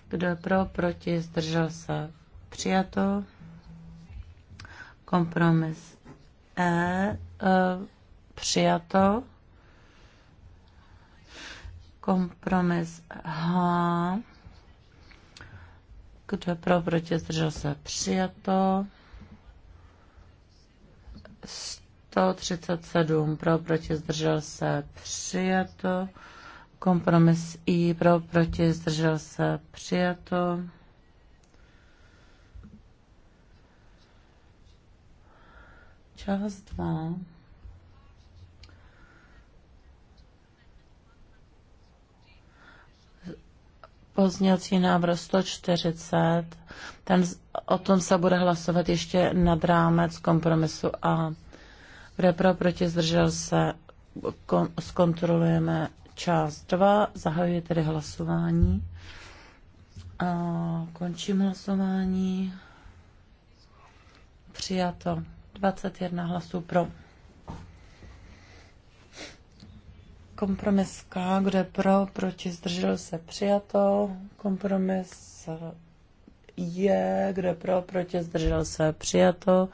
[SPEAKER 4] kdo je pro, proti, zdržel se. Přijato. Kompromis E, e přijato. Kompromis H, kdo je pro, proti, zdržel se, přijato. 137 pro, proti, zdržel se, přijato. Kompromis I pro, proti, zdržel se, přijato. Část 2. Pozněcí návrh 140, ten, o tom se bude hlasovat ještě nad rámec kompromisu A. Kde pro proti zdržel se, kon, zkontrolujeme část 2, zahajuji tedy hlasování. A končím hlasování. Přijato 21 hlasů pro. Kompromis K, kde pro, proti, zdržel se, přijato. Kompromis je, kde pro, proti, zdržel se, přijato.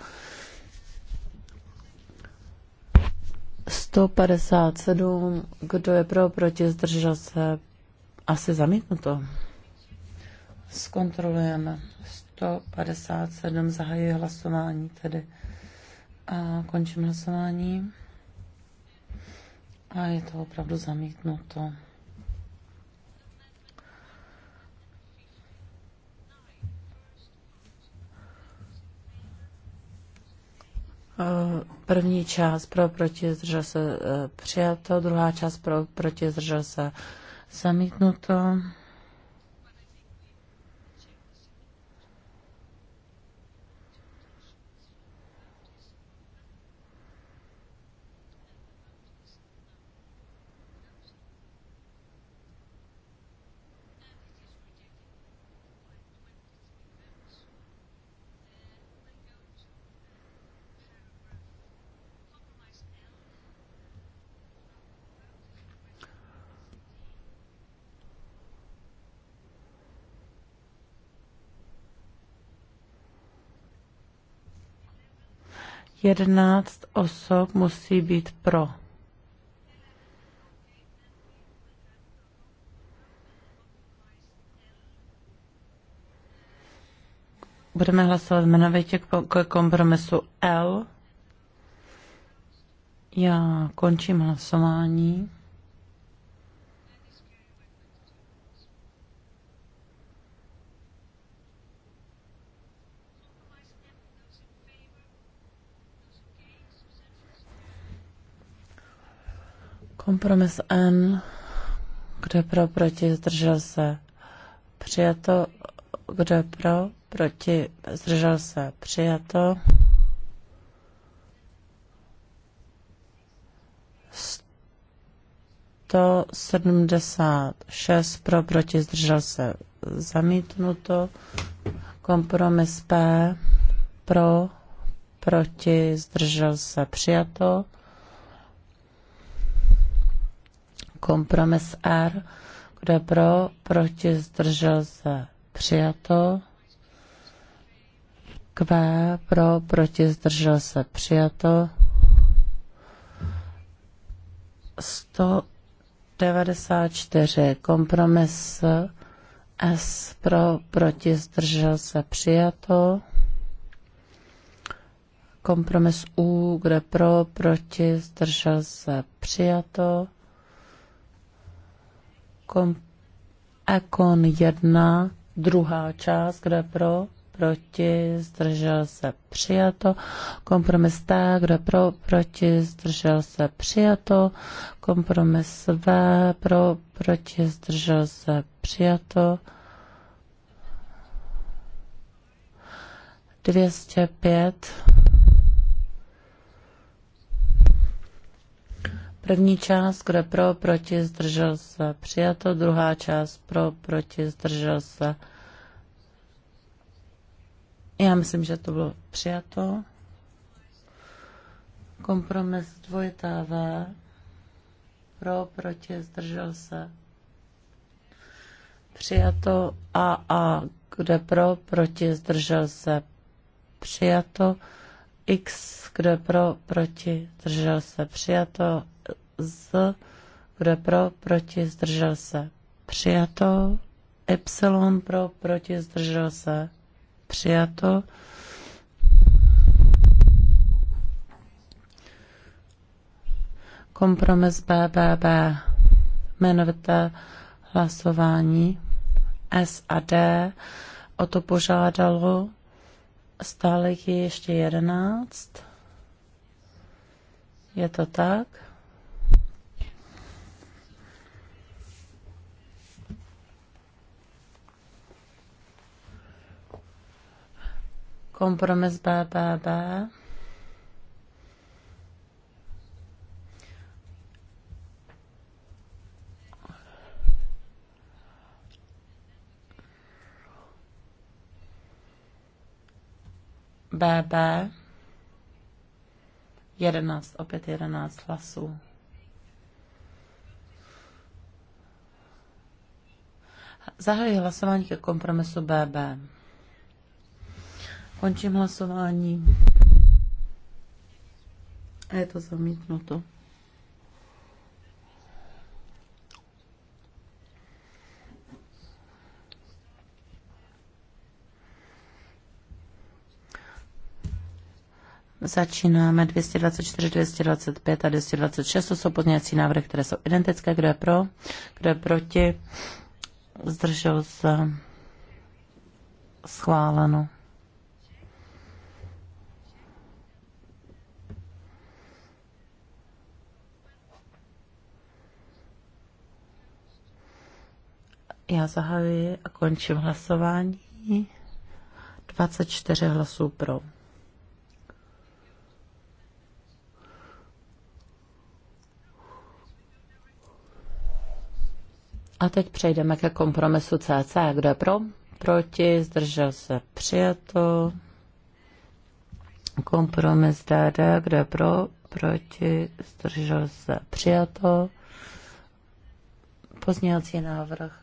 [SPEAKER 4] 157, kdo je pro, proti, zdržel se, asi zamítnuto. Zkontrolujeme. 157, zahajuji hlasování tedy a končím hlasování. A je to opravdu zamítnuto. Eh, první část pro proti zdržel se eh, přijato, druhá část pro proti zdržel se zamítnuto. 11 osob musí být pro. Budeme hlasovat jmenovitě k kompromisu L. Já končím hlasování. Kompromis N, kde pro, proti, zdržel se. Přijato, kde pro, proti, zdržel se. Přijato. 176 pro, proti, zdržel se. Zamítnuto. Kompromis P, pro, proti, zdržel se. Přijato. Kompromis R. Kdo je pro? Proti? Zdržel se? Přijato. Q. Pro? Proti? Zdržel se? Přijato. 194. Kompromis S. Pro? Proti? Zdržel se? Přijato kompromis U, kde pro, proti, zdržel se, přijato. Kom, Ekon jedna, druhá část, kde pro, proti, zdržel se, přijato. Kompromis T, kde pro, proti, zdržel se, přijato. Kompromis V, pro, proti, zdržel se, přijato. 205 První část, kdo pro, proti, zdržel se, přijato. Druhá část, pro, proti, zdržel se. Já myslím, že to bylo přijato. Kompromis dvojitá V. Pro, proti, zdržel se. Přijato a a kde pro, proti, zdržel se. Přijato. X, kde pro, proti, zdržel se. Přijato z, bude pro, proti, zdržel se. Přijato. Y pro, proti, zdržel se. Přijato. Kompromis BBB. Jmenovité hlasování. S a D. O to požádalo. Stále ještě jedenáct. Je to tak? Kompromis BBB. BB 11, opět 11 hlasů. Zahajuji hlasování ke kompromisu BB. Končím hlasování. A je to zamítnuto. Začínáme 224, 225 a 226. To jsou pozměňovací návrhy, které jsou identické. Kdo je pro? Kdo je proti? Zdržel se. Schváleno. Já zahajuji a končím hlasování. 24 hlasů pro. A teď přejdeme ke kompromisu CC. Kdo je pro? Proti? Zdržel se? Přijato. Kompromis DD. Kdo je pro? Proti? Zdržel se? Přijato. Pozměňovací návrh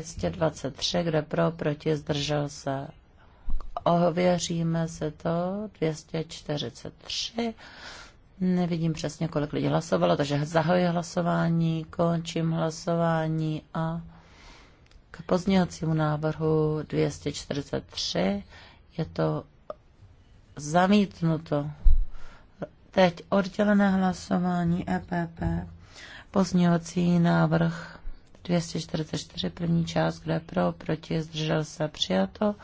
[SPEAKER 4] 223, kde pro, proti, zdržel se. Ověříme se to, 243. Nevidím přesně, kolik lidí hlasovalo, takže zahoji hlasování, končím hlasování a k pozdějacímu návrhu 243 je to zamítnuto. Teď oddělené hlasování EPP. pozdějací návrh 244, první část, kdo je pro, proti, zdržel se, přijato.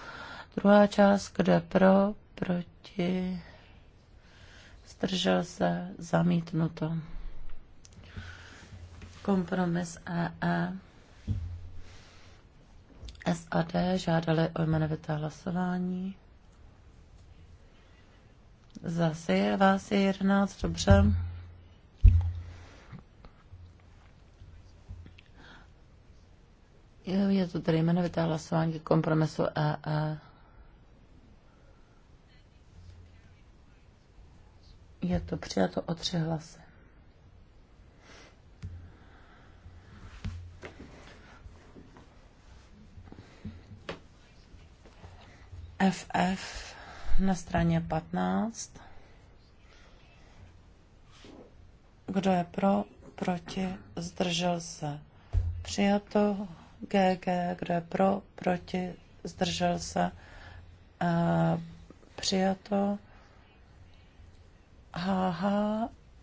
[SPEAKER 4] Druhá část, kdo je pro, proti, zdržel se, zamítnuto. Kompromis EE. SAD žádali o jmenovité hlasování. Zase je vás je 11, dobře. Je to tady jmenovité hlasování ke kompromisu EE. E. Je to přijato o tři hlasy. FF na straně 15. Kdo je pro, proti, zdržel se. Přijato GG, kdo je pro, proti, zdržel se, a přijato. HH,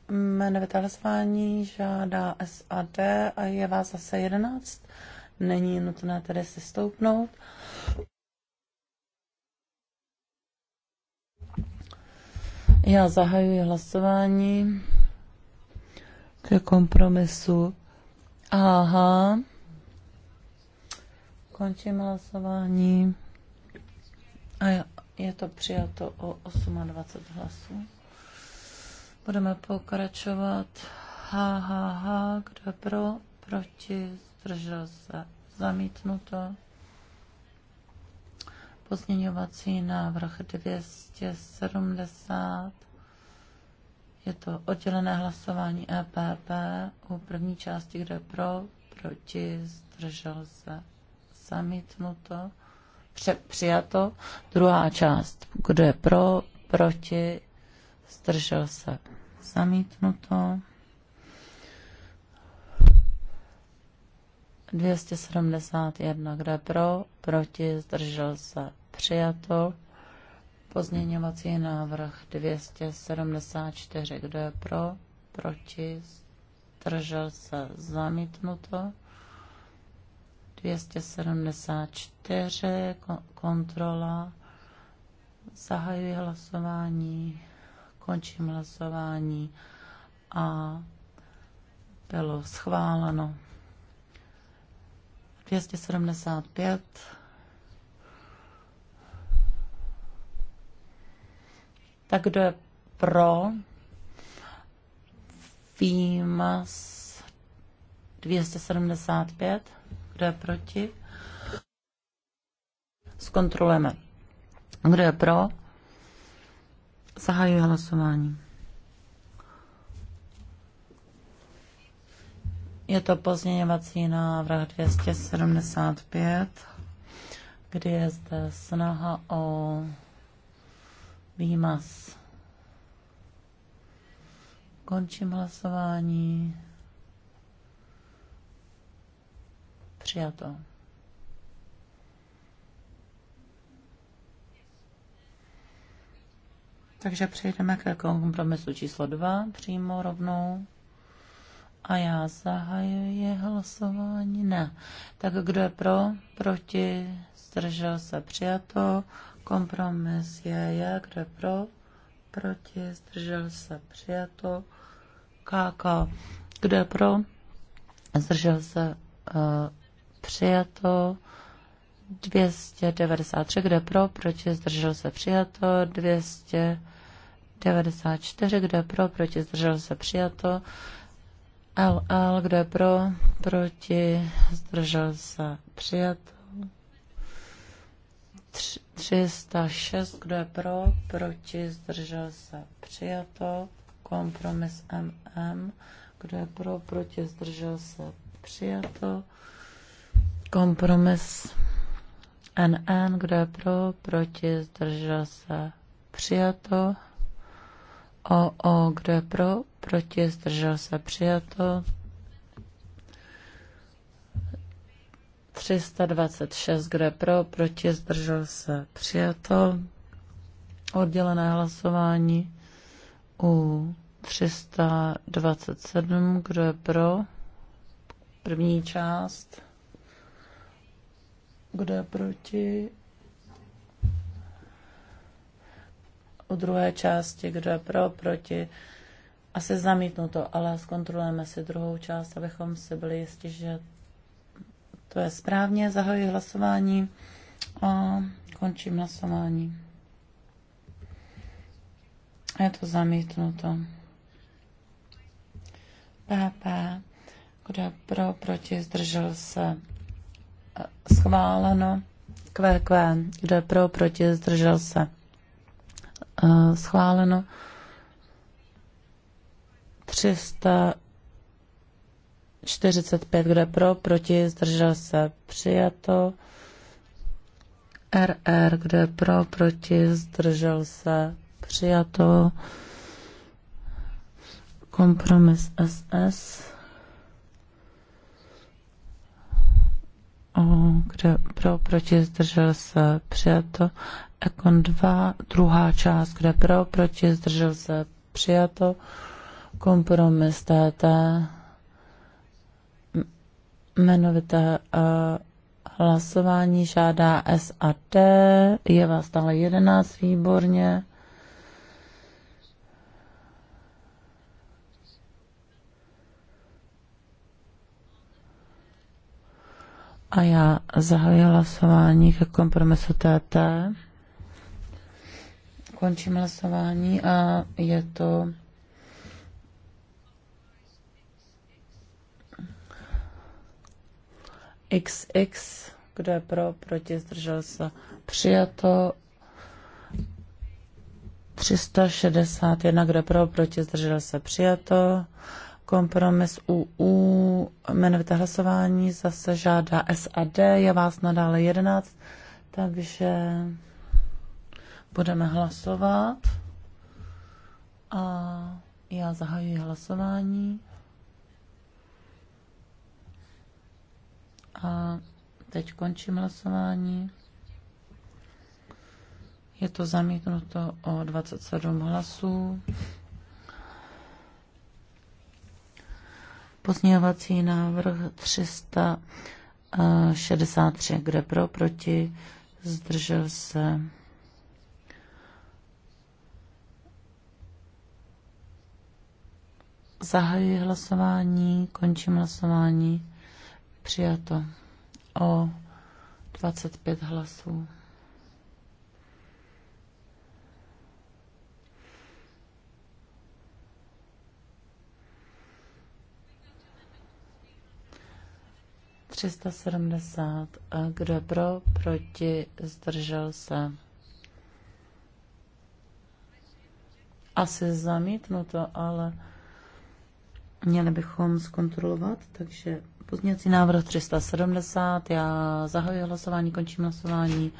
[SPEAKER 4] jmenovité hlasování žádá SAD a je vás zase 11. Není nutné tedy si stoupnout. Já zahajuji hlasování ke kompromisu. Aha. Končím hlasování. A je to přijato o 28 hlasů. Budeme pokračovat. Ha, ha, ha. Kdo je pro? Proti? Zdržel se? Zamítnuto. Pozměňovací návrh 270. Je to oddělené hlasování EPP u první části, kde pro, proti, zdržel se, zamítnuto, pře- přijato. Druhá část, kdo je pro, proti, zdržel se, zamítnuto. 271, kde pro, proti, zdržel se, přijato. Pozměňovací návrh 274, kdo je pro, proti, zdržel se, zamítnuto. 274, kontrola. Zahajuji hlasování, končím hlasování a bylo schváleno. 275. Tak kdo je pro? Výmaz 275. Kdo je proti? Zkontrolujeme. Kdo je pro? Zahajuji hlasování. Je to pozměňovací návrh 275, kdy je zde snaha o výmaz. Končím hlasování. Přijato. Takže přejdeme k kompromisu číslo 2 přímo rovnou. A já zahajuji hlasování. Ne. Tak kdo je pro? Proti? Zdržel se? Přijato. Kompromis je je. Kdo je pro? Proti? Zdržel se? Přijato. Káka, Kdo je pro? Zdržel se? Uh, přijato. 293, kde pro, proti, zdržel se přijato. 294, kde pro, proti, zdržel se přijato. LL, kdo je pro, proti, zdržel se přijato. 306, kdo je pro, proti, zdržel se přijato. Kompromis MM, kdo je pro, proti, zdržel se přijato. Kompromis NN, kdo je pro, proti, zdržel se, přijato. OO, kdo je pro, proti, zdržel se, přijato. 326, kdo je pro, proti, zdržel se, přijato. Oddělené hlasování u 327, kdo je pro, první část kdo je proti? U druhé části, kdo je pro, proti? Asi to, ale zkontrolujeme si druhou část, abychom si byli jistí, že to je správně. Zahajuji hlasování a končím hlasování. Je to zamítnuto. Pápa, Kdo pro, proti, zdržel se? schváleno. QQ, kdo je pro, proti, zdržel se. Eh, schváleno. 345, kdo je pro, proti, zdržel se. Přijato. RR, kdo je pro, proti, zdržel se. Přijato. Kompromis SS. kde pro, proti, zdržel se, přijato. Ekon 2, druhá část, kde pro, proti, zdržel se, přijato. Kompromis TT, jmenovité uh, hlasování žádá T je vás stále 11, výborně. A já zahajuji hlasování ke kompromisu TT. Končím hlasování a je to XX, kdo je pro, proti, zdržel se. Přijato 361, kdo je pro, proti, zdržel se. Přijato Kompromis UU, jmenovité hlasování, zase žádá SAD, je vás nadále 11, takže budeme hlasovat. A já zahajuji hlasování. A teď končím hlasování. Je to zamítnuto o 27 hlasů. Pozměňovací návrh 363, kde pro, proti, zdržel se. Zahajuji hlasování, končím hlasování. Přijato o 25 hlasů. 370. A kdo je pro, proti, zdržel se. Asi zamítnuto, ale měli bychom zkontrolovat, takže pozměňovací návrh 370, já zahajuji hlasování, končím hlasování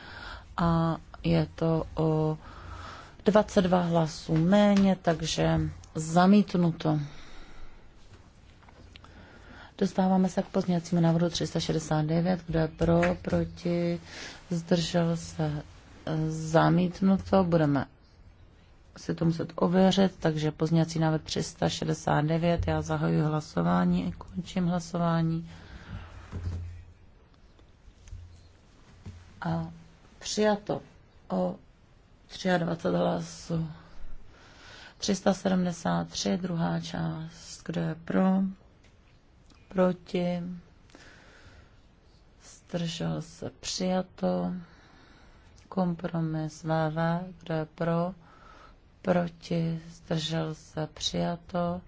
[SPEAKER 4] a je to o 22 hlasů méně, takže zamítnuto. Dostáváme se k pozměňovacímu návrhu 369. Kdo je pro, proti, zdržel se e, zamítnuto. Budeme si to muset ověřit, takže pozměňovací návrh 369. Já zahajuji hlasování, končím hlasování. A přijato o 23 hlasů. 373, druhá část, kdo je pro, proti, zdržel se přijato, kompromis VV, kdo je pro, proti, zdržel se přijato,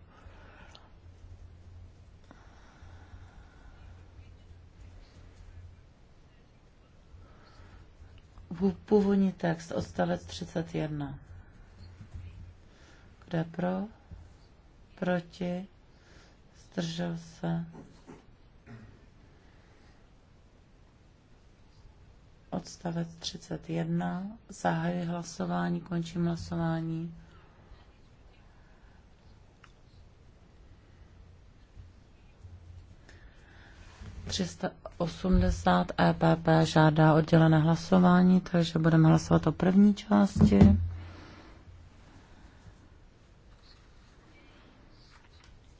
[SPEAKER 4] Původní text, odstavec 31. Kde pro? Proti? zdržel se. Odstavec 31. Zahajuji hlasování, končím hlasování. Třista 80 EPP žádá oddělené hlasování, takže budeme hlasovat o první části.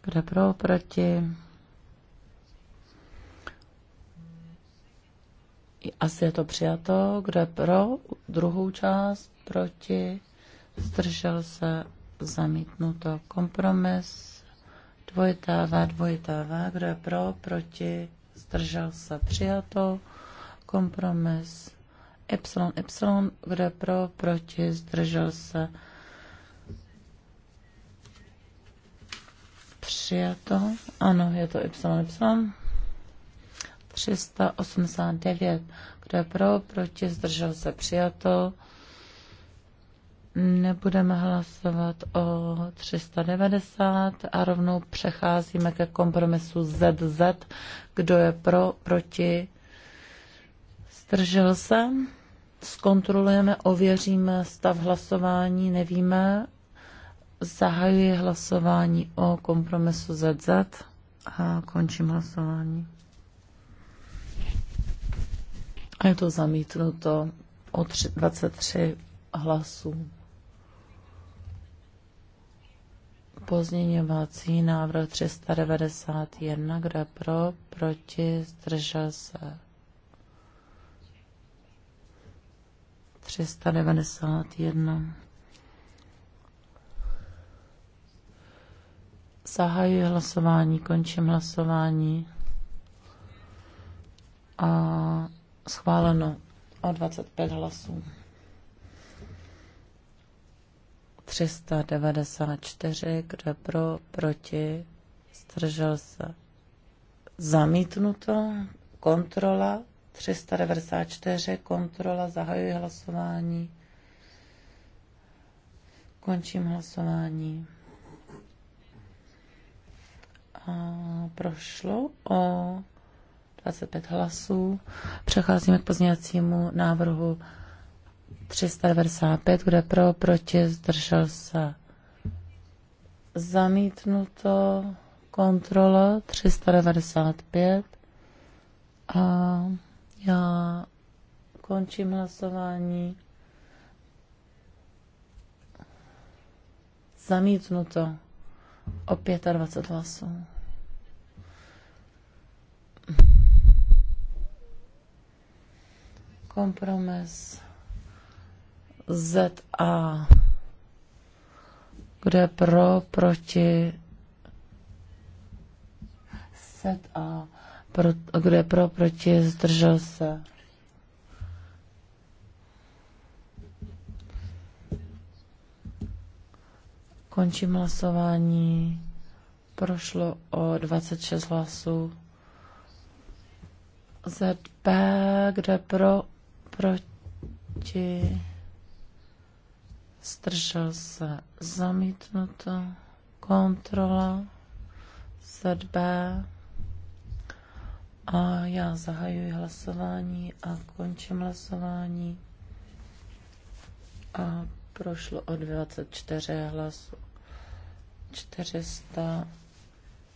[SPEAKER 4] bude pro, proti? Asi je to přijato. kde pro druhou část, proti? Zdržel se zamítnuto. Kompromis. Dvojitá V, dvojitá V. kde pro, proti? Zdržel se přijato. Kompromis. Y, Y. kde pro, proti? Zdržel se Přijato. Ano, je to Y. 389. Kdo je pro, proti, zdržel se přijato. Nebudeme hlasovat o 390 a rovnou přecházíme ke kompromisu ZZ. Kdo je pro, proti, zdržel se. Zkontrolujeme, ověříme stav hlasování, nevíme. Zahajuji hlasování o kompromisu ZZ a končím hlasování. A je to zamítnuto o 23 hlasů. Pozměňovací návrh 391, kde pro, proti, zdržel se. 391. Zahajuji hlasování, končím hlasování. A schváleno o 25 hlasů. 394, kdo pro, proti, zdržel se. Zamítnuto, kontrola, 394, kontrola, zahajuji hlasování. Končím hlasování prošlo o 25 hlasů. Přecházíme k pozměňovacímu návrhu 395, kde pro, proti, zdržel se zamítnuto kontrola 395 a já končím hlasování. Zamítnuto o 25 hlasů. Kompromis ZA. kde pro, proti ZA. Pro, kde pro, proti, zdržel se. Končím hlasování. Prošlo o 26 hlasů. ZP, kde pro, proti, zdržel se zamítnuto, kontrola, ZB a já zahajuji hlasování a končím hlasování a prošlo o 24 hlasů. 400,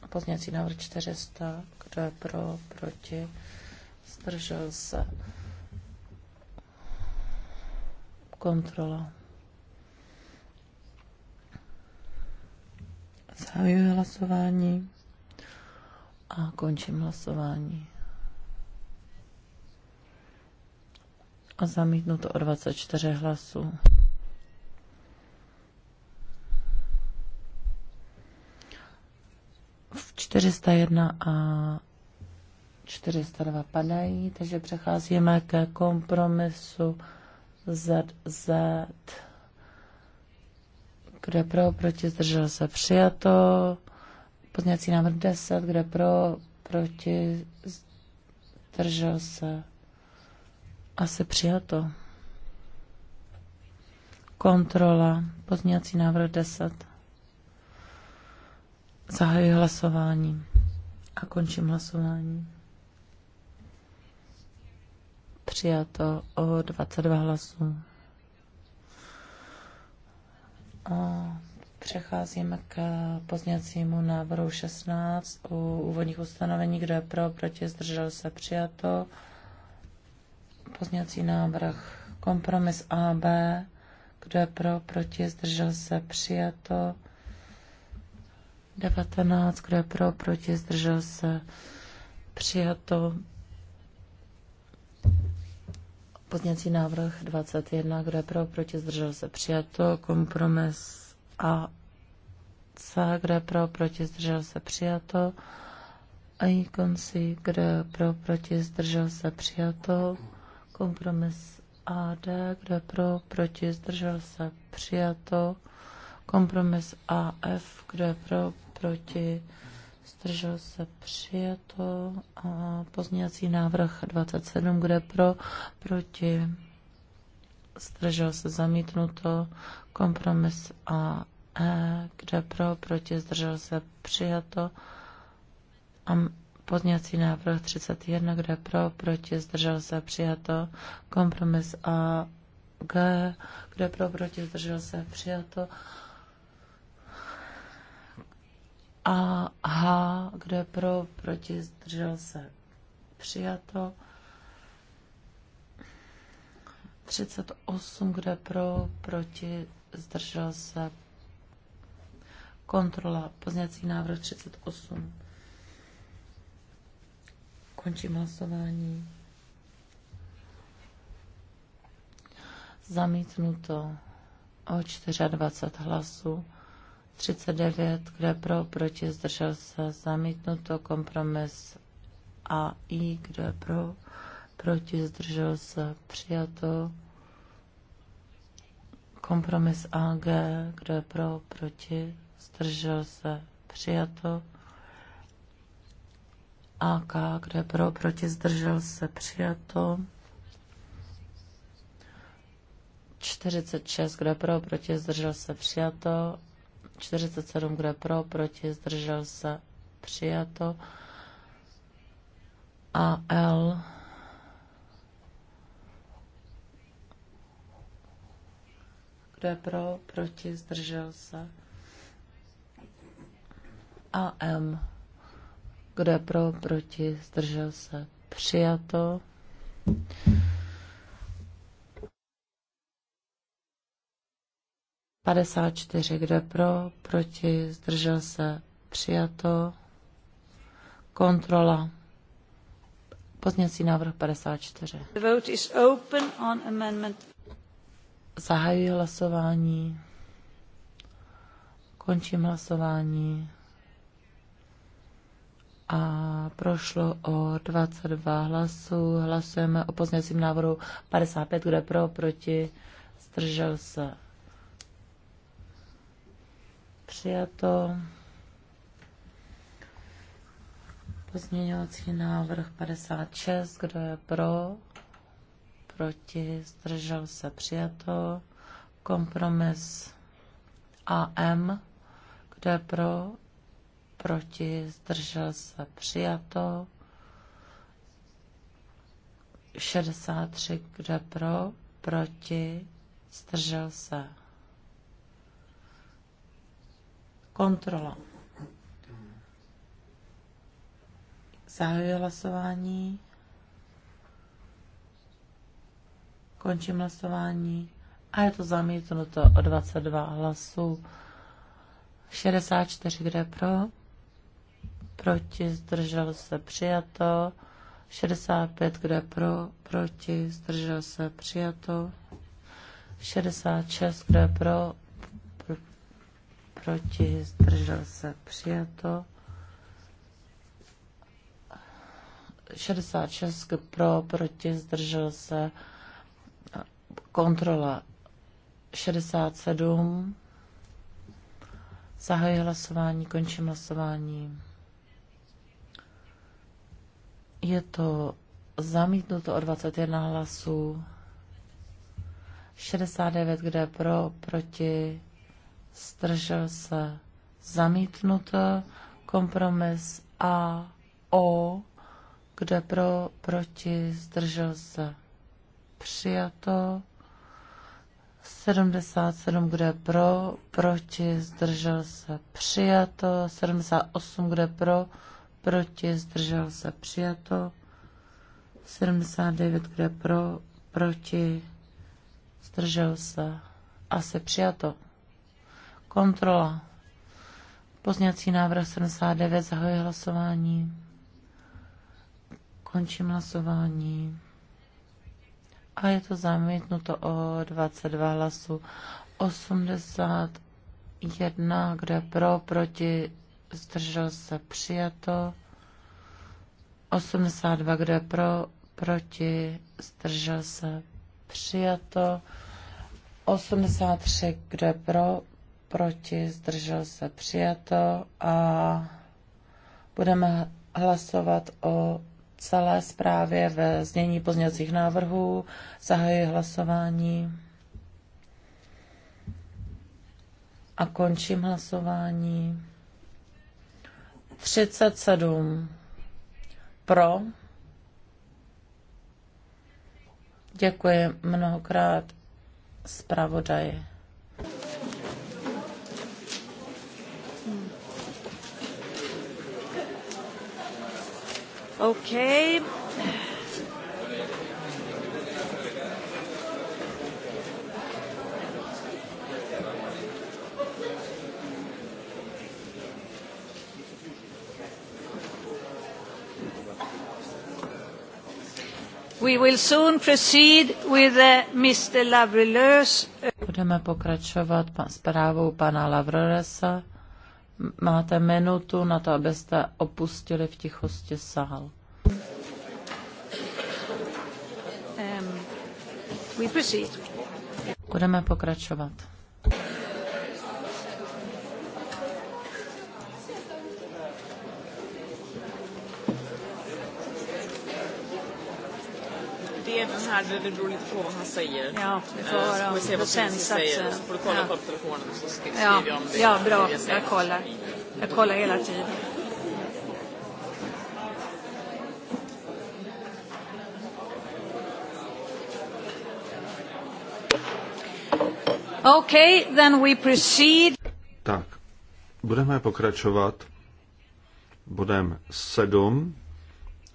[SPEAKER 4] pozněcí návrh 400, kdo je pro, proti, zdržel se kontrola. Zahajuji hlasování a končím hlasování. A zamítnu to o 24 hlasů. V 401 a 402 padají, takže přecházíme ke kompromisu ZZ, kde pro, proti, zdržel se, přijato. Pozněcí návrh 10, kde pro, proti, zdržel se, asi přijato. Kontrola, pozněcí návrh 10. Zahajuji hlasování a končím hlasování přijato o 22 hlasů. A přecházíme k pozněcímu návrhu 16 u úvodních ustanovení, kdo je pro, proti, zdržel se, přijato. Pozněcí návrh kompromis AB, kdo je pro, proti, zdržel se, přijato. 19, kdo je pro, proti, zdržel se, přijato. Pozněcí návrh 21, kdo je pro, proti, zdržel se, přijato. Kompromis A, C, kdo je pro, proti, zdržel se, přijato. A konci, kdo je pro, proti, zdržel se, přijato. Kompromis AD, kdo je pro, proti, zdržel se, přijato. Kompromis AF, kdo je pro, proti, zdržel se přijato a pozměňací návrh 27, kde pro, proti, zdržel se zamítnuto, kompromis a E, kde pro, proti, zdržel se přijato a pozměňací návrh 31, kde pro, proti, zdržel se přijato, kompromis a G, kde pro, proti, zdržel se přijato. A H, kdo je pro, proti, zdržel se. Přijato. 38, kdo je pro, proti, zdržel se. Kontrola, pozněcí návrh 38. Končím hlasování. Zamítnuto o 24 hlasů. 39, kde pro, proti, zdržel se, zamítnuto, kompromis a i, kde pro, proti, zdržel se, přijato, kompromis a g kde pro, proti, zdržel se, přijato, AK, kde pro, proti, zdržel se, přijato, 46, kde pro, proti, zdržel se, přijato, 47, kdo je pro, proti, zdržel se, přijato. A L Kdo je pro, proti, zdržel se. A M. Kdo je pro, proti, zdržel se. Přijato. 54, kde pro, proti, zdržel se, přijato. Kontrola. Pozněcí návrh 54.
[SPEAKER 1] The vote is open on amendment.
[SPEAKER 4] Zahajuji hlasování. Končím hlasování. A prošlo o 22 hlasů. Hlasujeme o pozněcím návrhu 55, kde pro, proti, zdržel se Přijato. Pozměňovací návrh 56. Kdo je pro? Proti? Zdržel se? Přijato. Kompromis AM. Kdo je pro? Proti? Zdržel se? Přijato. 63. Kdo je pro? Proti? Zdržel se? Kontrola. Zahajuji hlasování. Končím hlasování. A je to zamítnuto o 22 hlasů. 64, kde pro? Proti, zdržel se, přijato. 65, kde pro? Proti, zdržel se, přijato. 66, kde pro? proti, zdržel se, přijato. 66 pro, proti, zdržel se, kontrola 67. Zahajuji hlasování, končím hlasování. Je to zamítnuto o 21 hlasů. 69, kde pro, proti, zdržel se, zamítnut kompromis A, O, kde pro, proti, zdržel se, přijato, 77, kde pro, proti, zdržel se, přijato, 78, kde pro, proti, zdržel se, přijato, 79, kde pro, proti, zdržel se, asi přijato. Kontrola. Pozněcí návrh 79, zahoji hlasování. Končím hlasování. A je to zamítnuto o 22 hlasů. 81, kde pro, proti, zdržel se přijato. 82, kde pro, proti, zdržel se přijato. 83, kde pro, proti, zdržel se přijato a budeme hlasovat o celé zprávě ve znění pozměňovacích návrhů. Zahajuji hlasování a končím hlasování. 37 pro. Děkuji mnohokrát zpravodaji.
[SPEAKER 1] Okay. We will soon proceed with uh, Mr. Budeme
[SPEAKER 4] pokračovat zprávou pana Lavrelesa Máte minutu na to, abyste opustili v tichosti sál. Um, Budeme pokračovat.
[SPEAKER 5] även här, det beror lite på vad han säger. Ja, eh, vi får höra om vi får se vad säger. Så får du kolla ja. på telefonen så skriver ja. jag om det. Ja, bra. Jag kollar. Jag kollar hela tiden.
[SPEAKER 1] Okay, then we proceed.
[SPEAKER 2] Tak, budeme pokračovat bodem 7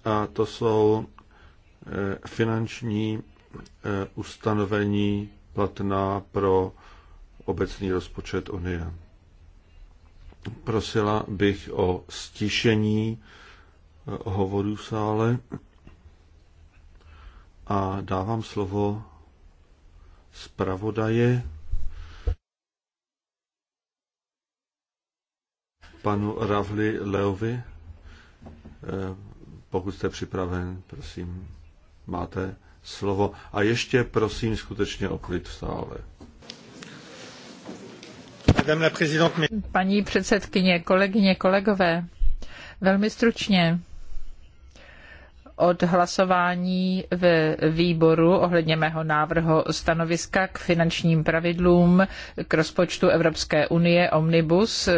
[SPEAKER 2] a to jsou Eh, finanční eh, ustanovení platná pro obecný rozpočet Unie. Prosila bych o stišení eh, hovoru v sále a dávám slovo zpravodaje panu Ravli Leovi. Pokud jste připraven, prosím máte slovo. A ještě prosím skutečně o klid v sále.
[SPEAKER 3] Paní předsedkyně, kolegyně, kolegové, velmi stručně od hlasování ve výboru ohledně mého návrhu stanoviska k finančním pravidlům k rozpočtu Evropské unie Omnibus,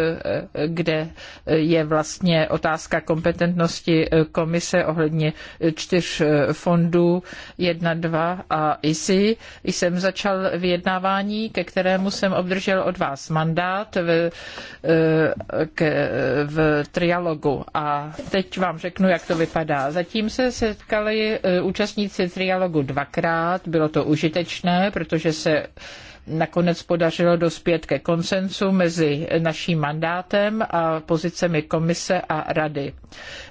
[SPEAKER 3] kde je vlastně otázka kompetentnosti komise ohledně čtyř fondů 1, 2 a ISI. Jsem začal vyjednávání, ke kterému jsem obdržel od vás mandát v, eh, v trialogu. A teď vám řeknu, jak to vypadá. Zatím se se setkali eh, účastníci trialogu dvakrát, bylo to užitečné, protože se nakonec podařilo dospět ke konsensu mezi naším mandátem a pozicemi komise a rady.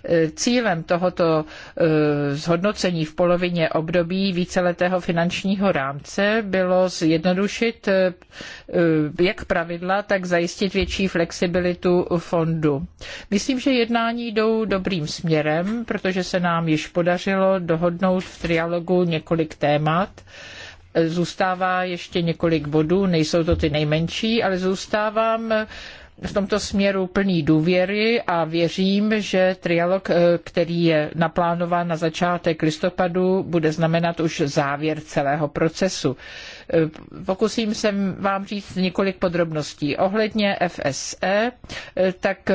[SPEAKER 3] E, cílem tohoto e, zhodnocení v polovině období víceletého finančního rámce bylo zjednodušit e, jak pravidla, tak zajistit větší flexibilitu fondu. Myslím, že jednání jdou dobrým směrem, protože se nám již podařilo dohodnout v trialogu několik témat, Zůstává ještě několik bodů, nejsou to ty nejmenší, ale zůstávám v tomto směru plný důvěry a věřím, že trialog, eh, který je naplánován na začátek listopadu, bude znamenat už závěr celého procesu. Eh, pokusím se vám říct několik podrobností. Ohledně FSE, eh, tak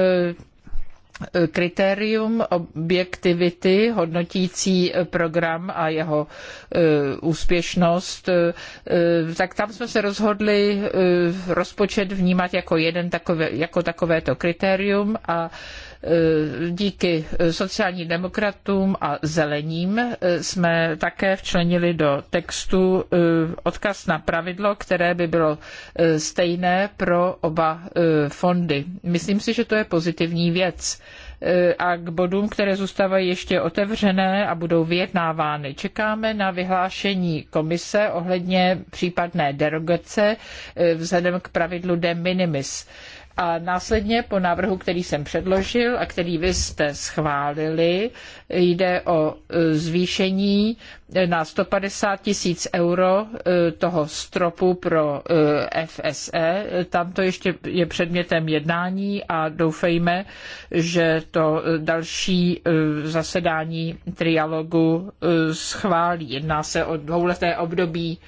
[SPEAKER 3] kritérium objektivity hodnotící eh, program a jeho eh, úspěšnost, eh, tak tam jsme se rozhodli rozpočet vnímat jako jeden takové, jako takovéto kritérium a Eh, díky sociálním demokratům a zeleným eh, jsme také včlenili do textu eh, odkaz na pravidlo, které by bylo stejné pro oba fondy. Myslím si, že to je pozitivní věc a k bodům, které zůstávají ještě otevřené a budou vyjednávány. Čekáme na vyhlášení komise ohledně případné derogace vzhledem k pravidlu de minimis. A následně po návrhu, který jsem předložil a který vy jste schválili, jde o e, zvýšení e, na 150 tisíc euro e, toho stropu pro FSE. Tam to ještě je předmětem jednání a doufejme, že to další zasedání trialogu schválí. Jedná se o dvouleté období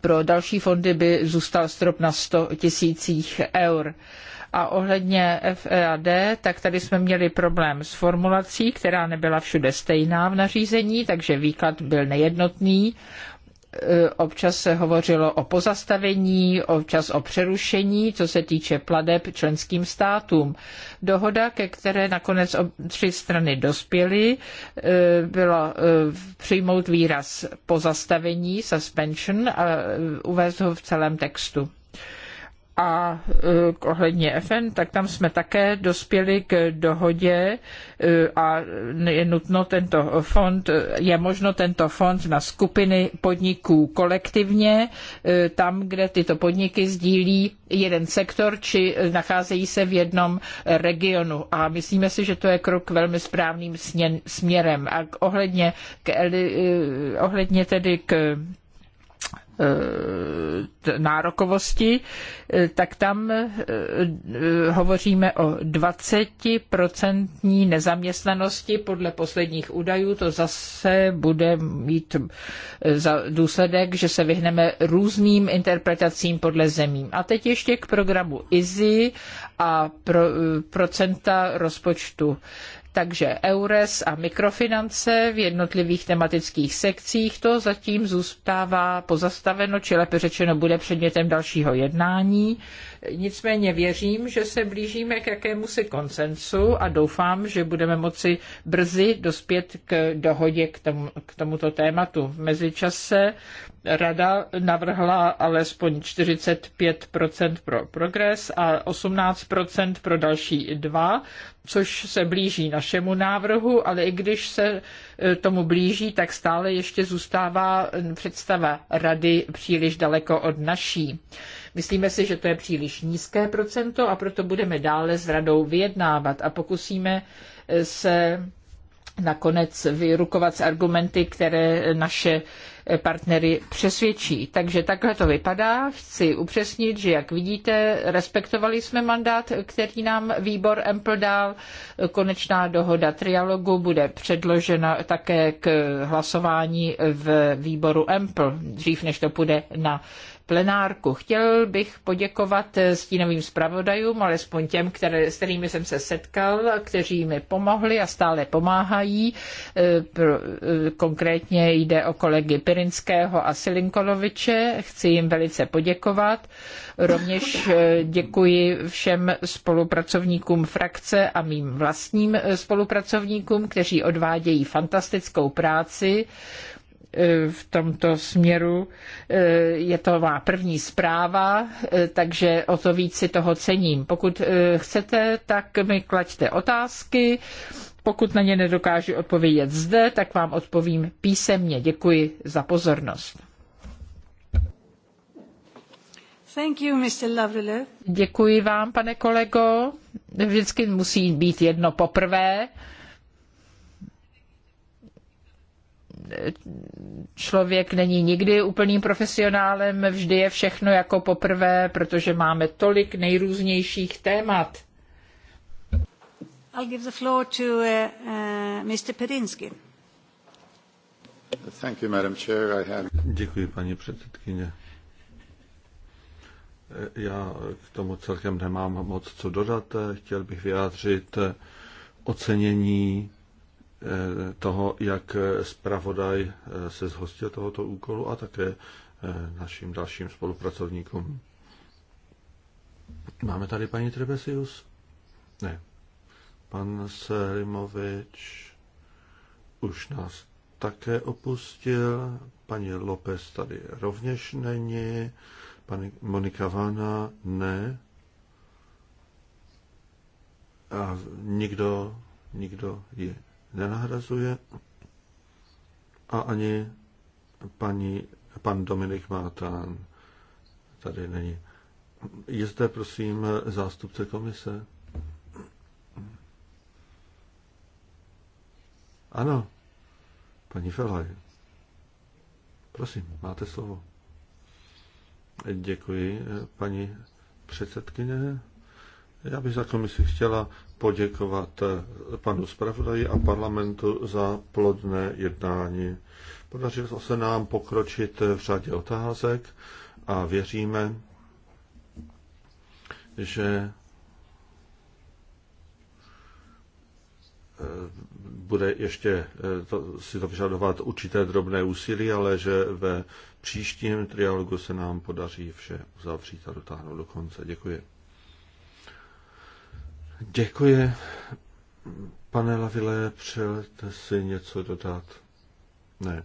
[SPEAKER 3] pro další fondy by zůstal strop na 100 tisících eur. A ohledně FEAD, tak tady jsme měli problém s formulací, která nebyla všude stejná v nařízení, takže výklad byl nejednotný. Eh, občas se hovořilo o pozastavení, občas o přerušení, co se týče pladeb členským státům. Dohoda, ke které nakonec tři strany dospěly, eh, byla eh, přijmout výraz pozastavení, suspension a uvést ho v celém textu a eh, ohledně FN, tak tam jsme také dospěli k dohodě eh, a je nutno tento fond, je možno tento fond na skupiny podniků kolektivně, eh, tam, kde tyto podniky sdílí jeden sektor, či nacházejí se v jednom regionu. A myslíme si, že to je krok velmi správným směrem. A ohledně, k, ohledně tedy k Eh, nárokovosti, eh, tak tam eh, hovoříme o 20% nezaměstnanosti podle posledních údajů. To zase bude mít za důsledek, že se vyhneme různým interpretacím podle zemí. A teď ještě k programu IZI a pro, procenta rozpočtu takže EURES a mikrofinance v jednotlivých tematických sekcích, to zatím zůstává pozastaveno, či lépe řečeno bude předmětem dalšího jednání. Nicméně věřím, že se blížíme k jakémusi koncensu a doufám, že budeme moci brzy dospět k dohodě k, tomu, k tomuto tématu. V mezičase rada navrhla alespoň 45 pro progres a 18 pro další dva, což se blíží našemu návrhu, ale i když se e, tomu blíží, tak stále ještě zůstává představa rady příliš daleko od naší. Myslíme si, že to je příliš nízké procento a proto budeme dále s radou vyjednávat a pokusíme eh, se nakonec vyrukovat s argumenty, které naše eh, partnery přesvědčí. Takže takhle to vypadá. Chci upřesnit, že jak vidíte, respektovali jsme mandát, který nám výbor Empl dal. Konečná dohoda trialogu bude předložena také k hlasování v výboru Empl, dřív než to půjde na plenárku. Chtěl bych poděkovat stínovým zpravodajům, alespoň těm, které, s kterými jsem se setkal, kteří mi pomohli a stále pomáhají. E, e, konkrétně jde o kolegy Pirinského a Silinkoloviče. Chci jim velice poděkovat. Rovněž e, děkuji všem spolupracovníkům frakce a mým vlastním spolupracovníkům, kteří odvádějí fantastickou práci. E, v tomto směru. E, je to má první zpráva, e, takže o to víc si toho cením. Pokud chcete, tak mi klaďte otázky. Pokud na ně nedokážu odpovědět zde, tak vám odpovím písemně. Děkuji za pozornost. You, Děkuji vám, pane kolego. Vždycky musí být jedno poprvé. člověk není nikdy úplným profesionálem, vždy je všechno jako poprvé, protože máme tolik nejrůznějších témat.
[SPEAKER 1] I'll give the floor to uh, uh, Mr. Perinsky.
[SPEAKER 2] Thank you, Madam Chair. I have... Děkuji, paní předsedkyně. Já k tomu celkem nemám moc co dodat. Chtěl bych vyjádřit ocenění Eh, toho, jak zpravodaj eh, se zhostil tohoto úkolu a také eh, našim dalším spolupracovníkům. Máme tady paní Trebesius? Ne. Pan Selimovič už nás také opustil. Paní López tady rovněž není. Pani Monika Vana ne. A nikdo, nikdo je nenahrazuje a ani paní, pan Dominik Mátán tady není. Je zde, prosím, zástupce komise? Ano, paní Felaj. Prosím, máte slovo. Děkuji, paní předsedkyně. Já bych za komisi chtěla poděkovat eh, panu zpravodaji a parlamentu za plodné jednání. Podařilo se nám pokročit v řadě otázek a věříme, že eh, bude ještě eh, to, si to vyžadovat určité drobné úsilí, ale že ve příštím trialogu se nám podaří vše uzavřít a dotáhnout do konce. Děkuji. Děkuji. Pane Lavile, přejete si něco dodat? Ne.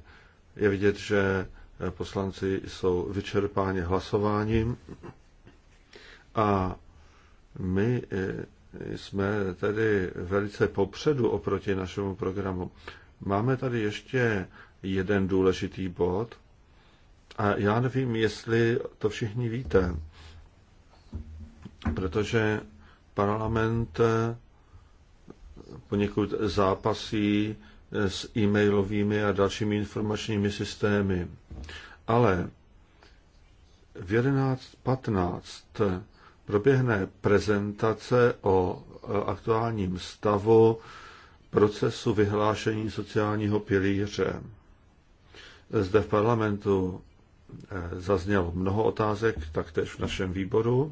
[SPEAKER 2] Je vidět, že poslanci jsou vyčerpáni hlasováním a my e, jsme tedy velice popředu oproti našemu programu. Máme tady ještě jeden důležitý bod a já nevím, jestli to všichni víte, protože parlament poněkud zápasí s e-mailovými a dalšími informačními systémy. Ale v 11.15 proběhne prezentace o aktuálním stavu procesu vyhlášení sociálního pilíře. Zde v parlamentu eh, zaznělo mnoho otázek, taktéž v našem výboru.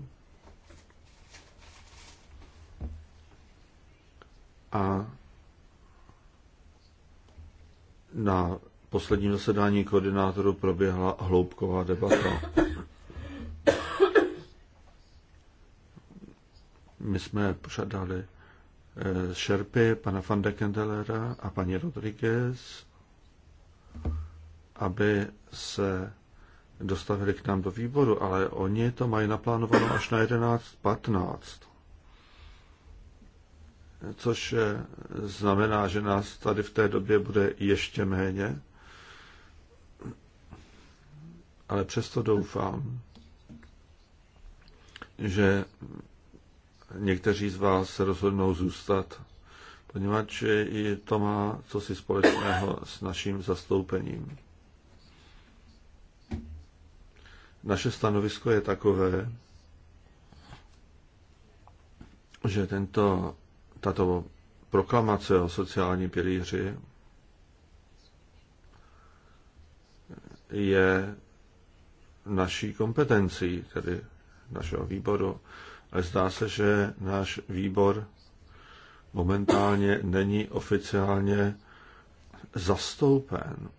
[SPEAKER 2] A na posledním zasedání koordinátoru proběhla hloubková debata. My jsme požádali eh, Šerpy, pana van de Kendelera a paní Rodriguez, aby se dostavili k nám do výboru, ale oni to mají naplánováno až na 11.15 což eh, znamená, že nás tady v té době bude ještě méně. Ale přesto doufám, že někteří z vás se rozhodnou zůstat, poněvadž i to má co si společného s naším zastoupením. Naše stanovisko je takové, že tento tato proklamace o sociální pilíři je naší kompetencí, tedy našeho výboru. Ale zdá se, že náš výbor momentálně není oficiálně zastoupen.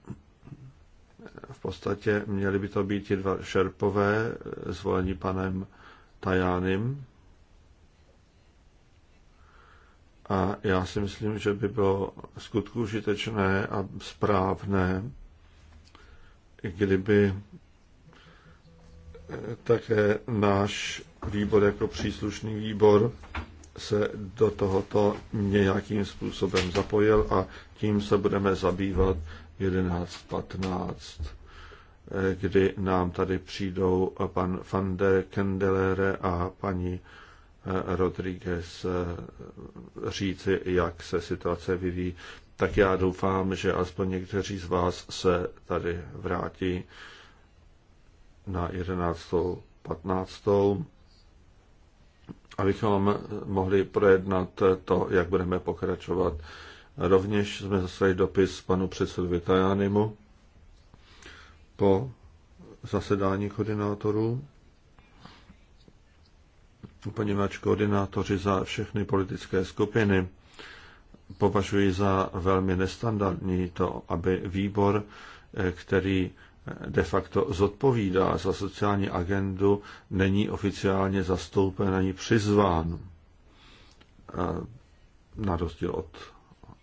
[SPEAKER 2] V podstatě měli by to být i dva šerpové zvolení panem Tajánem, A já si myslím, že by bylo skutku užitečné a správné, kdyby eh, také náš výbor jako příslušný výbor se do tohoto nějakým způsobem zapojil a tím se budeme zabývat 11.15, eh, kdy nám tady přijdou pan van Kendelere a paní Rodríguez eh, říci, jak se situace vyvíjí, tak já doufám, že aspoň někteří z vás se tady vrátí na 11.15. abychom mohli projednat to, jak budeme pokračovat. Rovněž jsme zaslali dopis panu předsedovi Tajanimu po zasedání koordinátorů poněvadž koordinátoři za všechny politické skupiny považují za velmi nestandardní to, aby výbor, eh, který eh, de facto zodpovídá za sociální agendu, není oficiálně zastoupen ani přizván eh, na rozdíl od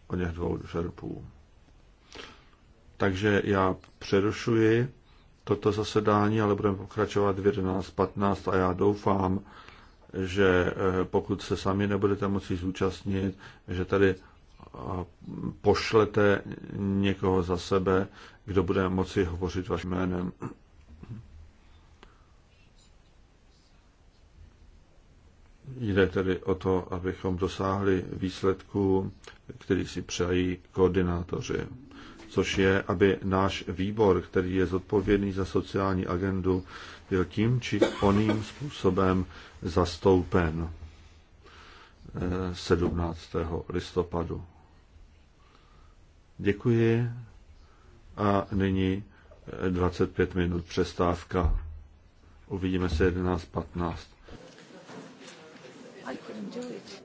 [SPEAKER 2] o něch dvou žerpů. Takže já přerušuji toto zasedání, ale budeme pokračovat v 11.15 a já doufám, že eh, pokud se sami nebudete moci zúčastnit, že tady eh, pošlete někoho za sebe, kdo bude moci hovořit vaším jménem. Jde tedy o to, abychom dosáhli výsledku, který si přejí koordinátoři, což je, aby náš výbor, který je zodpovědný za sociální agendu, byl tím či oným způsobem zastoupen 17. Eh, listopadu. Děkuji a nyní 25 eh, minut přestávka. Uvidíme se 11.15.
[SPEAKER 6] I couldn't do it.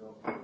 [SPEAKER 5] Europe.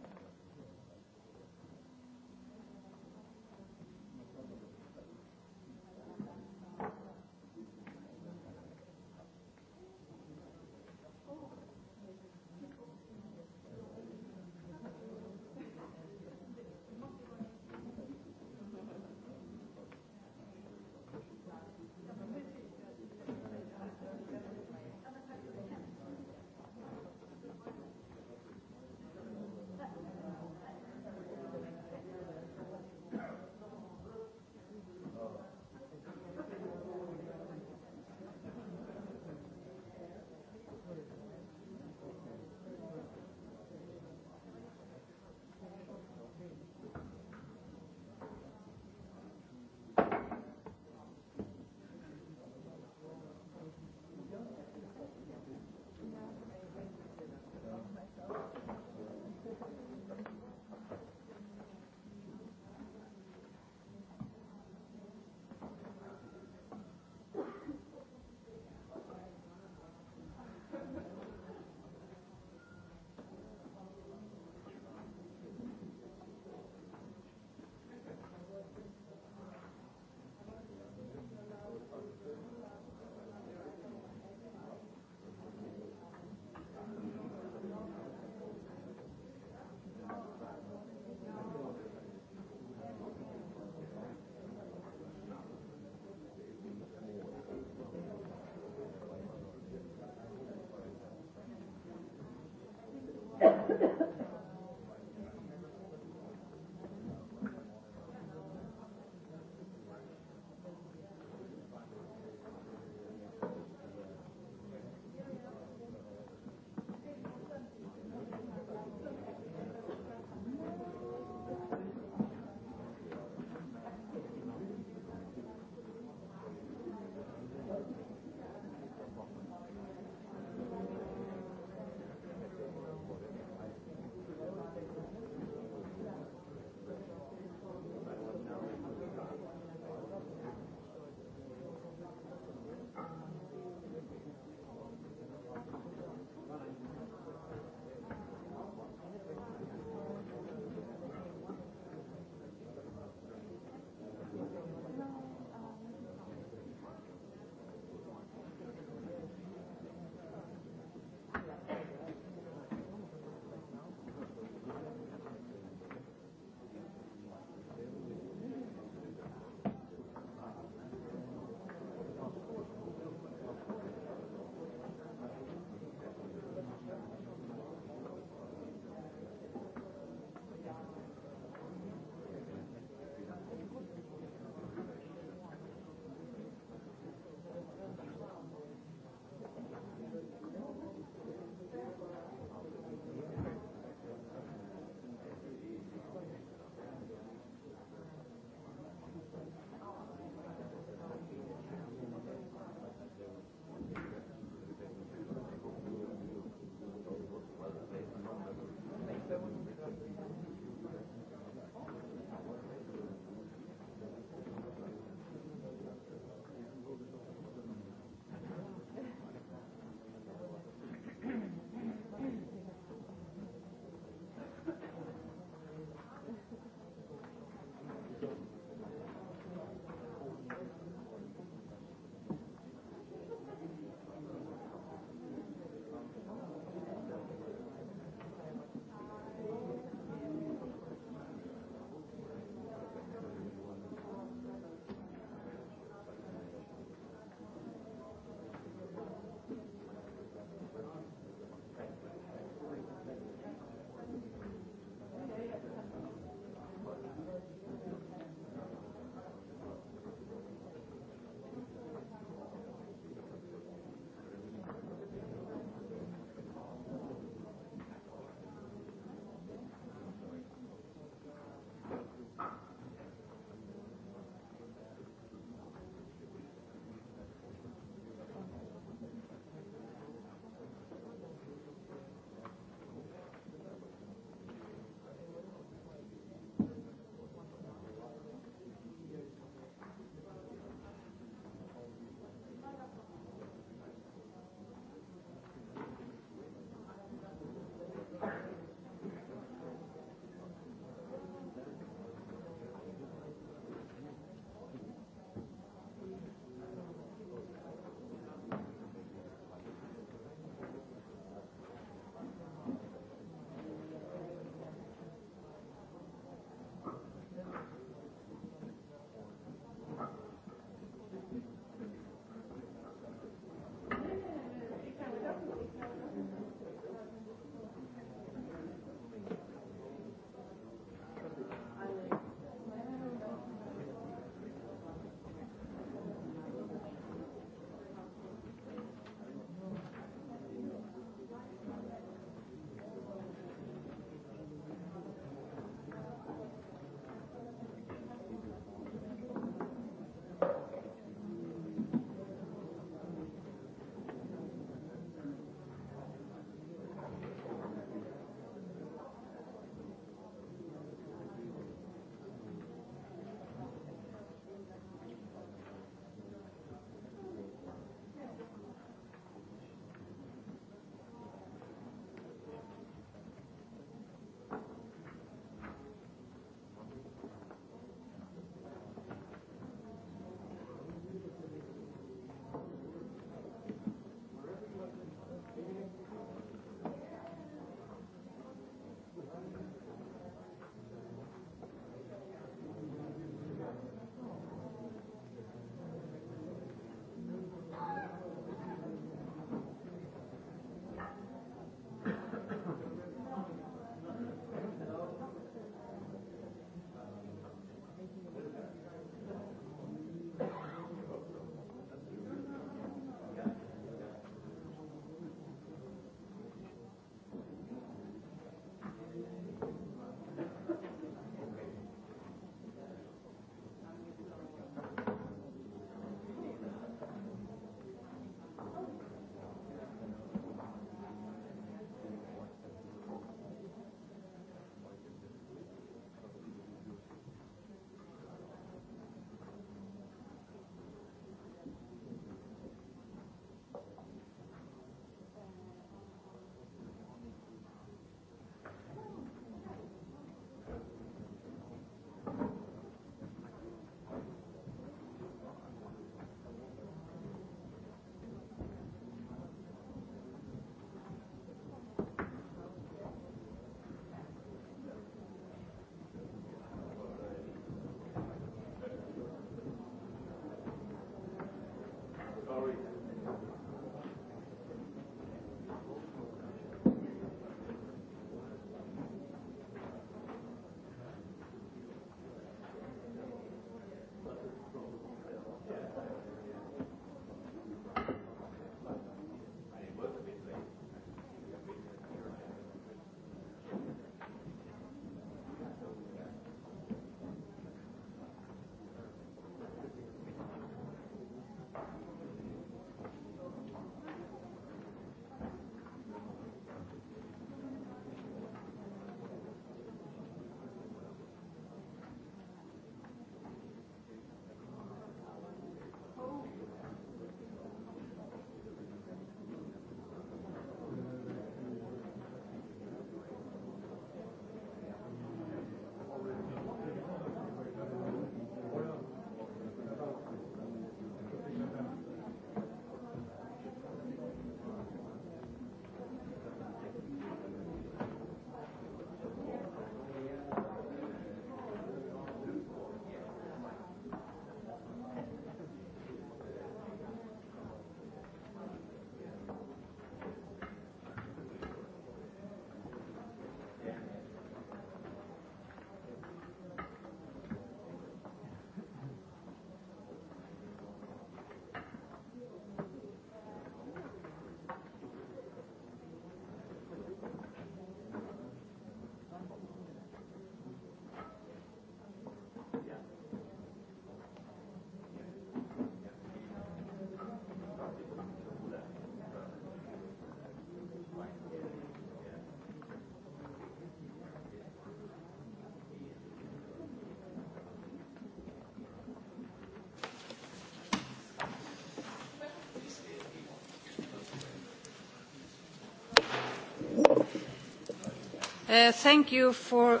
[SPEAKER 1] Uh, uh,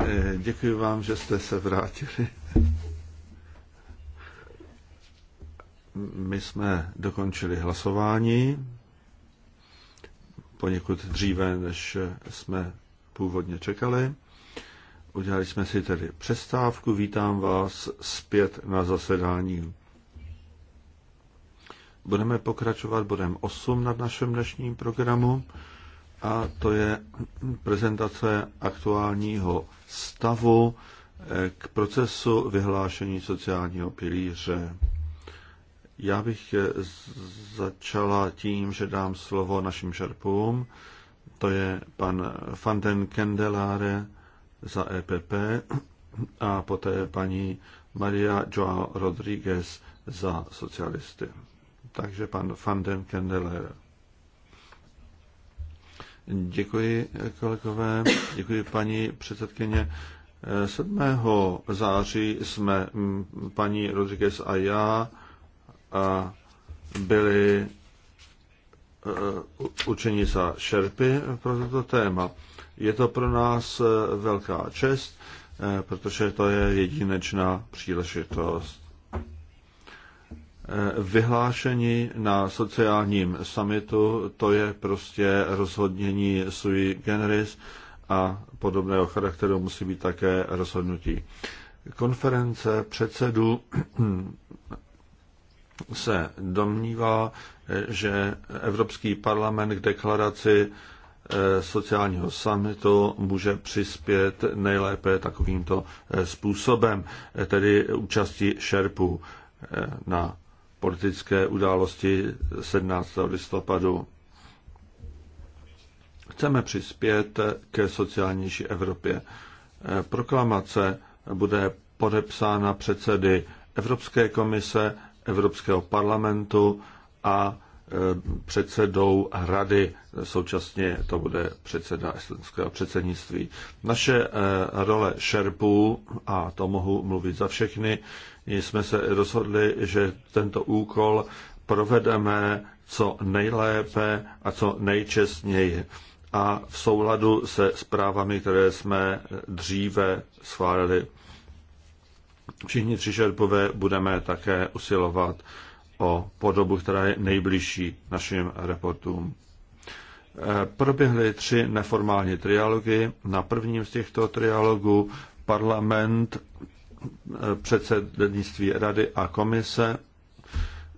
[SPEAKER 2] eh, děkuji vám, že jste se vrátili. My jsme dokončili hlasování poněkud dříve, než jsme původně čekali. Udělali jsme si tedy přestávku. Vítám vás zpět na zasedání. Budeme pokračovat bodem 8 nad našem dnešním programu a to je prezentace aktuálního stavu eh, k procesu vyhlášení sociálního pilíře. Já bych eh, začala tím, že dám slovo našim šerpům. To je pan Fanden den Kendelare za EPP a poté paní Maria Joao Rodriguez za socialisty. Takže pan Fanden den Kendelare. Děkuji, kolegové, děkuji, paní předsedkyně. 7. září jsme mm, paní Rodriguez a já a byli eh, učeni za šerpy pro toto téma. Je to pro nás eh, velká čest, eh, protože to je jedinečná příležitost vyhlášení na sociálním summitu, to je prostě rozhodnění sui generis a podobného charakteru musí být také rozhodnutí. Konference předsedů se domnívá, že Evropský parlament k deklaraci eh, sociálního summitu může přispět nejlépe takovýmto eh, způsobem, eh, tedy účastí šerpů na politické události 17. listopadu. Chceme přispět ke sociálnější Evropě. Proklamace bude podepsána předsedy Evropské komise, Evropského parlamentu a e, předsedou rady. Současně to bude předseda estonského předsednictví. Naše e, role šerpů, a to mohu mluvit za všechny, jsme se rozhodli, že tento úkol provedeme co nejlépe a co nejčestněji a v souladu se zprávami, které jsme dříve schválili. Všichni tři šerpové budeme také usilovat o podobu, která je nejbližší našim reportům. Proběhly tři neformální trialogy. Na prvním z těchto trialogů parlament předsednictví Rady a komise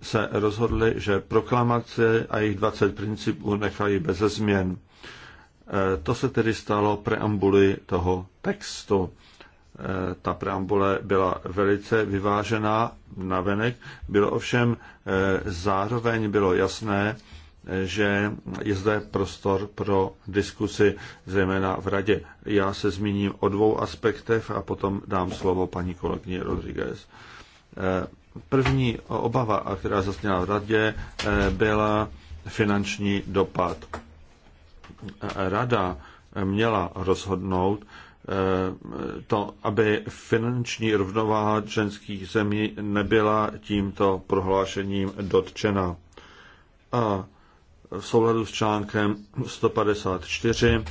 [SPEAKER 2] se rozhodli, že proklamace a jejich 20 principů nechají bez změn. E, to se tedy stalo preambuli toho textu. E, ta preambule byla velice vyvážená venek. bylo ovšem e, zároveň bylo jasné, že je zde prostor pro diskusy, zejména v radě. Já se zmíním o dvou aspektech a potom dám slovo paní kolegyně Rodriguez. Eh, první obava, která zasněla v radě, eh, byla finanční dopad. Rada měla rozhodnout, eh, to, aby finanční rovnováha ženských zemí nebyla tímto prohlášením dotčena. A v souladu s článkem 154 eh,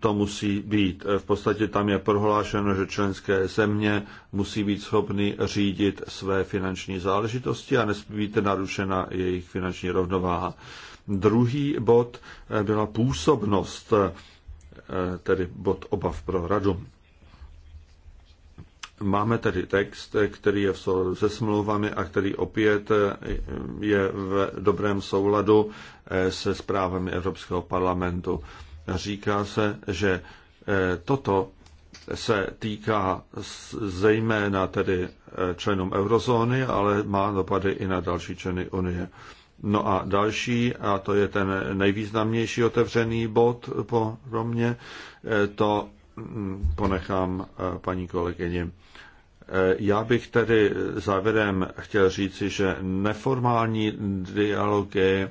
[SPEAKER 2] to musí být. V podstatě tam je prohlášeno, že členské země musí být schopny řídit své finanční záležitosti a nesmí být narušena jejich finanční rovnováha. Druhý bod eh, byla působnost, eh, tedy bod obav pro radu. Máme tedy text, který je v souladu se smlouvami a který opět je v dobrém souladu eh, se zprávami Evropského parlamentu. Říká se, že eh, toto se týká zejména tedy eh, členům eurozóny, ale má dopady i na další členy Unie. No a další, a to je ten nejvýznamnější otevřený bod po Romě, to ponechám eh, paní kolegyni. Eh, já bych tedy závěrem chtěl říci, že neformální dialogy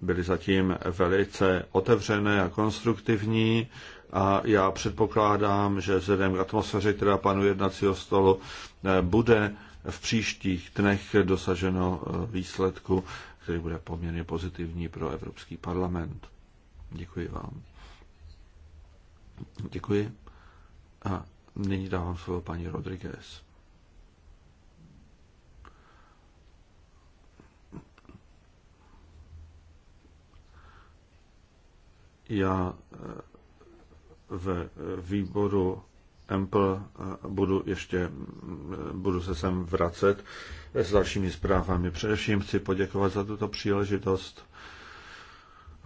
[SPEAKER 2] byly zatím velice otevřené a konstruktivní a já předpokládám, že vzhledem k atmosféře, která panuje jednacího stolu, eh, bude v příštích dnech dosaženo výsledku, který bude poměrně pozitivní pro Evropský parlament. Děkuji vám. Děkuji. A nyní dávám slovo paní Rodriguez. Já eh, ve výboru Empl eh, budu ještě mm, budu se sem vracet s dalšími zprávami. Především chci poděkovat za tuto příležitost,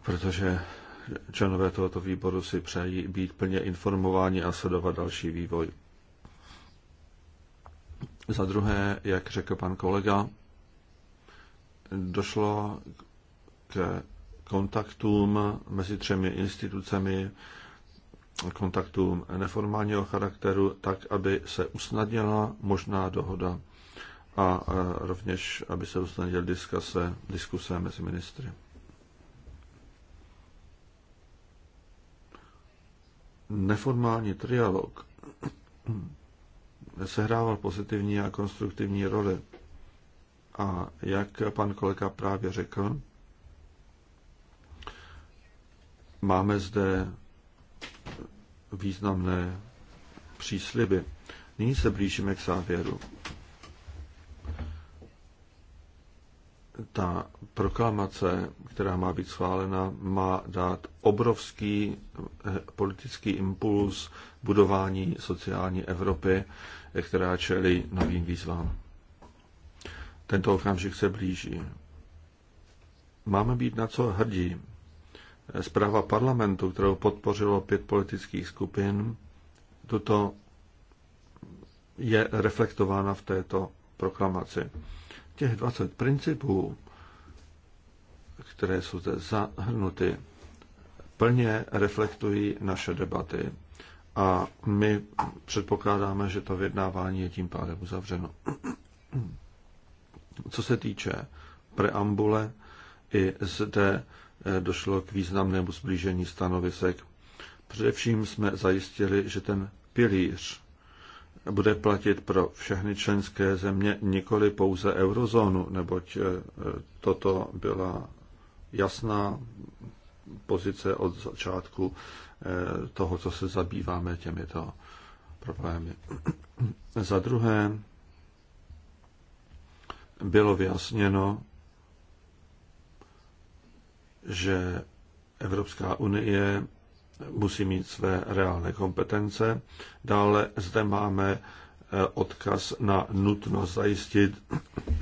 [SPEAKER 2] protože členové tohoto výboru si přejí být plně informováni a sledovat další vývoj. Za druhé, jak řekl pan kolega, došlo k kontaktům mezi třemi institucemi, kontaktům neformálního charakteru, tak, aby se usnadnila možná dohoda a rovněž, aby se usnadnil diskuse, diskuse mezi ministry. neformální trialog sehrával pozitivní a konstruktivní roli. A jak pan kolega právě řekl, máme zde významné přísliby. Nyní se blížíme k závěru. ta proklamace, která má být schválena, má dát obrovský eh, politický impuls budování sociální Evropy, eh, která čelí novým výzvám. Tento okamžik se blíží. Máme být na co hrdí. Zpráva parlamentu, kterou podpořilo pět politických skupin, tuto je reflektována v této proklamaci těch 20 principů, které jsou zde zahrnuty, plně reflektují naše debaty a my předpokládáme, že to vyjednávání je tím pádem uzavřeno. Co se týče preambule, i zde eh, došlo k významnému zblížení stanovisek. Především jsme zajistili, že ten pilíř bude platit pro všechny členské země, nikoli pouze eurozónu, neboť e, toto byla jasná pozice od začátku e, toho, co se zabýváme těmito problémy. Za druhé bylo vyjasněno, že Evropská unie musí mít své reálné kompetence. Dále zde máme e, odkaz na nutnost zajistit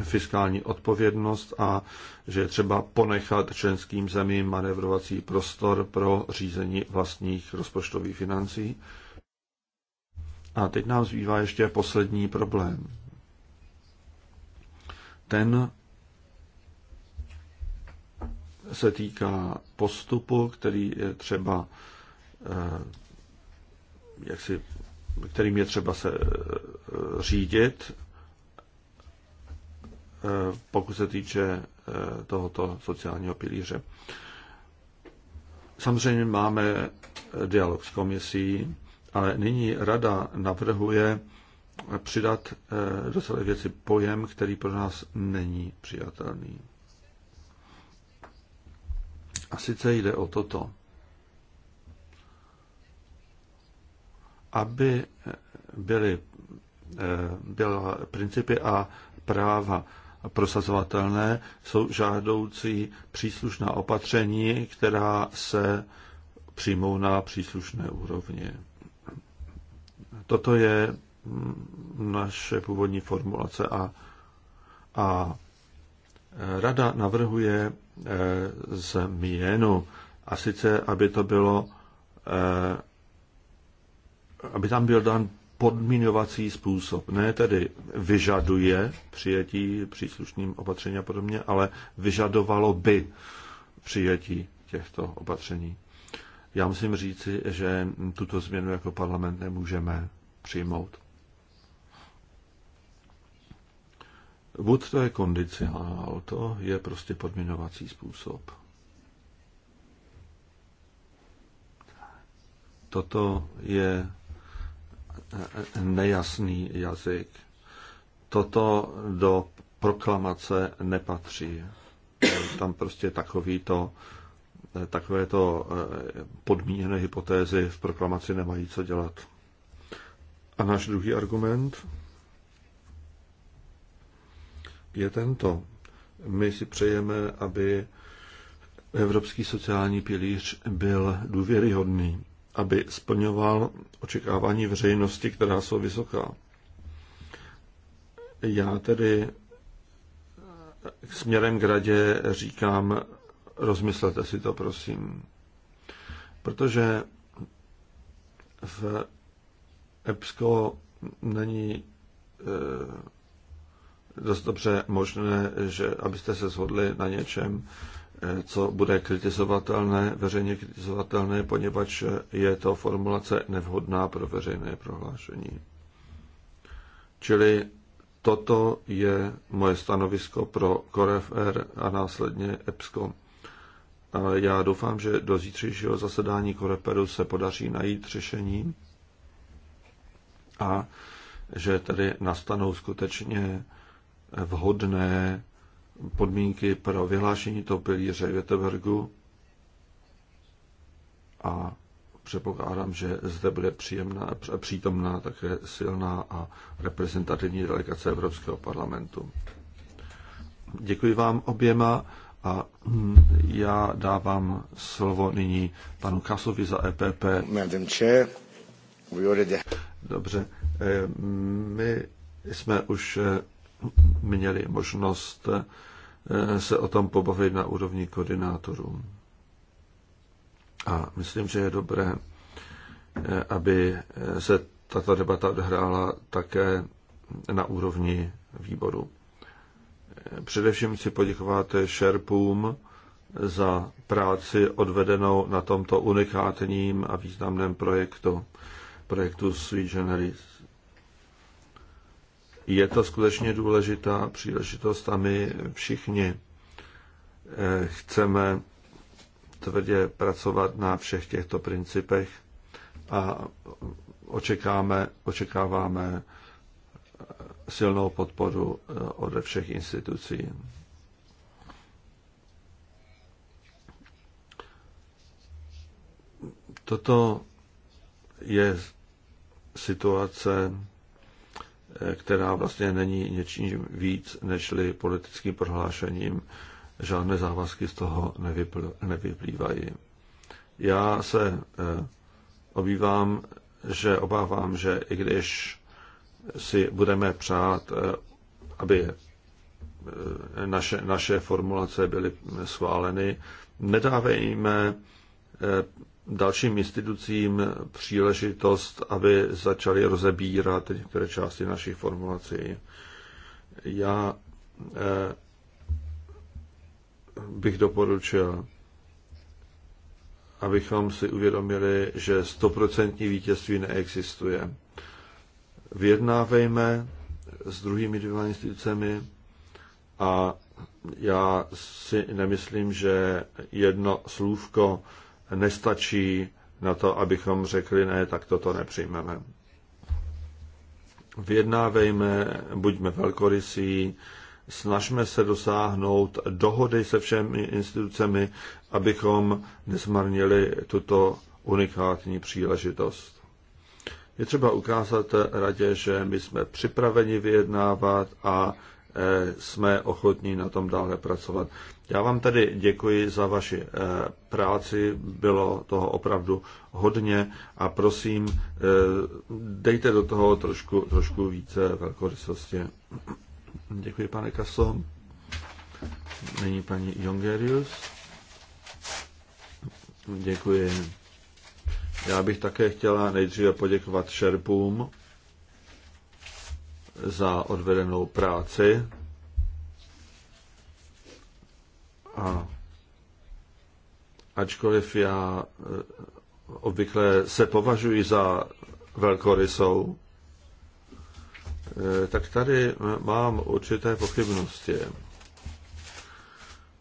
[SPEAKER 2] fiskální odpovědnost a že je třeba ponechat členským zemím manevrovací prostor pro řízení vlastních rozpočtových financí. A teď nám zbývá ještě poslední problém. Ten se týká postupu, který je třeba Eh, jak si, kterým je třeba se eh, řídit, eh, pokud se týče tohoto sociálního pilíře. Samozřejmě máme dialog s komisí, ale nyní rada navrhuje přidat do celé věci pojem, který pro nás není přijatelný. A sice jde o toto. aby byly, eh, byla principy a práva prosazovatelné, jsou žádoucí příslušná opatření, která se přijmou na příslušné úrovni. Toto je mm, naše původní formulace a, a eh, rada navrhuje eh, změnu, a sice, aby to bylo aby tam byl dan podmínovací způsob. Ne tedy vyžaduje přijetí příslušným opatřením a podobně, ale vyžadovalo by přijetí těchto opatření. Já musím říci, že tuto změnu jako parlament nemůžeme přijmout. Buď to je kondicionál, to je prostě podmínovací způsob. Toto je nejasný jazyk. Toto do proklamace nepatří. Tam prostě to, takové to eh, podmíněné hypotézy v proklamaci nemají co dělat. A náš druhý argument je tento. My si přejeme, aby evropský sociální pilíř byl důvěryhodný aby splňoval očekávání veřejnosti, která jsou vysoká. Já tedy eh, směrem k radě říkám, rozmyslete si to, prosím. Protože v EPSCO není eh, dost dobře možné, že abyste se shodli na něčem, co bude kritizovatelné, veřejně kritizovatelné, poněvadž je to formulace nevhodná pro veřejné prohlášení. Čili toto je moje stanovisko pro KOREFR a následně EPSCO. Ale já doufám, že do zítřejšího zasedání KOREPERu se podaří najít řešení a že tedy nastanou skutečně vhodné podmínky pro vyhlášení toho pilíře Göteborgu a předpokládám, že zde bude příjemná, přítomná také silná a reprezentativní delegace Evropského parlamentu. Děkuji vám oběma a hm, já dávám slovo nyní panu Kasovi za EPP. Dobře, eh, my jsme už eh, měli možnost Eh, se o tom pobavit na úrovni koordinátorů. A myslím, že je dobré, eh, aby eh, se tato debata odhrála také na úrovni výboru. Především si poděkovat šerpům za práci odvedenou na tomto unikátním a významném projektu, projektu Sweet Generis. Je to skutečně důležitá příležitost a my všichni eh, chceme tvrdě pracovat na všech těchto principech a očekáme, očekáváme eh, silnou podporu eh, od všech institucí. Toto je situace, která vlastně není něčím víc nežli politickým prohlášením. Žádné závazky z toho nevypl, nevyplývají. Já se eh, obývám, že obávám, že i když si budeme přát, eh, aby eh, naše, naše formulace byly schváleny, nedávejme dalším institucím příležitost, aby začali rozebírat některé části našich formulací. Já eh, bych doporučil, abychom si uvědomili, že stoprocentní vítězství neexistuje. Vyjednávejme s druhými dvěma institucemi a já si nemyslím, že jedno slůvko nestačí na to, abychom řekli ne, tak toto nepřijmeme. Vyjednávejme, buďme velkorysí, snažme se dosáhnout dohody se všemi institucemi, abychom nezmarnili tuto unikátní příležitost. Je třeba ukázat radě, že my jsme připraveni vyjednávat a Eh, jsme ochotní na tom dále pracovat. Já vám tedy děkuji za vaši eh, práci, bylo toho opravdu hodně a prosím, eh, dejte do toho trošku, trošku více velkorysosti. Děkuji, pane Kaso. Není paní Jongerius. Děkuji. Já bych také chtěla nejdříve poděkovat šerpům, za odvedenou práci a ačkoliv já eh, obvykle se považuji za velkorysou, eh, tak tady mám určité pochybnosti.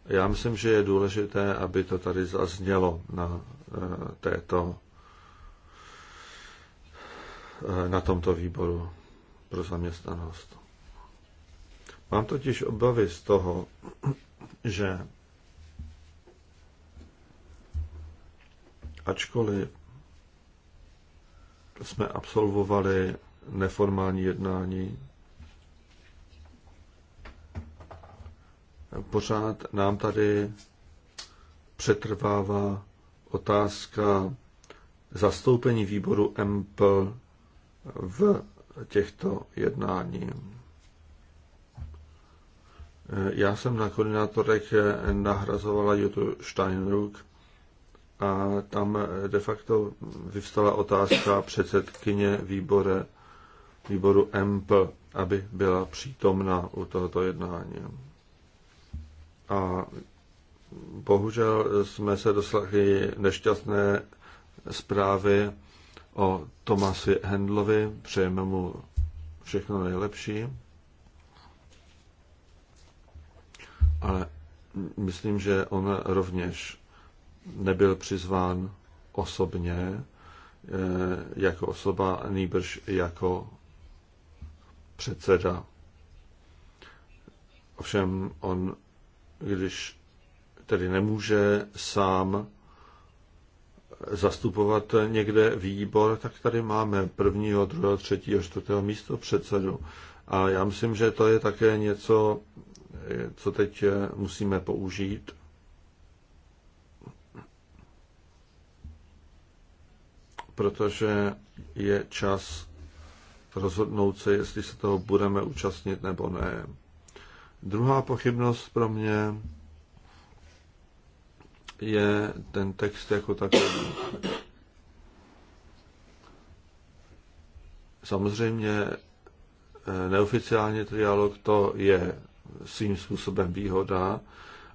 [SPEAKER 2] Já myslím, že je důležité, aby to tady zaznělo na eh, této na tomto výboru pro zaměstnanost. Mám totiž obavy z toho, že ačkoliv jsme absolvovali neformální jednání, pořád nám tady přetrvává otázka zastoupení výboru MPL v těchto jednání. Já jsem na koordinátorech nahrazovala Jutu Steinruck a tam de facto vyvstala otázka předsedkyně výbore, výboru MP, aby byla přítomna u tohoto jednání. A bohužel jsme se doslechli nešťastné zprávy o Tomasi Hendlovi. Přejeme mu všechno nejlepší. Ale myslím, že on rovněž nebyl přizván osobně eh, jako osoba, nýbrž jako předseda. Ovšem on, když tedy nemůže sám zastupovat někde výbor, tak tady máme prvního, druhého, třetího, čtvrtého místo předsedu. A já myslím, že to je také něco, co teď musíme použít. Protože je čas rozhodnout se, jestli se toho budeme účastnit nebo ne. Druhá pochybnost pro mě je ten text jako takový. Samozřejmě eh, neoficiální trialog to je svým způsobem výhoda,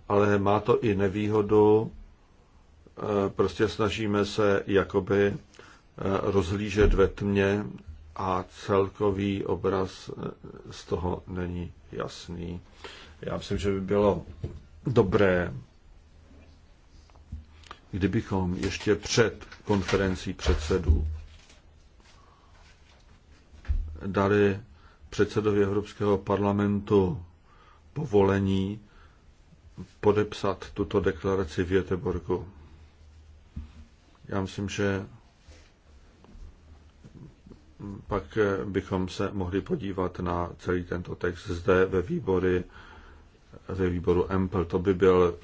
[SPEAKER 2] ale má to i nevýhodu. Eh, prostě snažíme se jakoby eh, rozhlížet ve tmě a celkový obraz z toho není jasný. Já myslím, že by bylo dobré kdybychom ještě před konferencí předsedů dali předsedovi Evropského parlamentu povolení podepsat tuto deklaraci v Jeteborgu, Já myslím, že pak bychom se mohli podívat na celý tento text zde ve výbory, ve výboru Empel. To by byl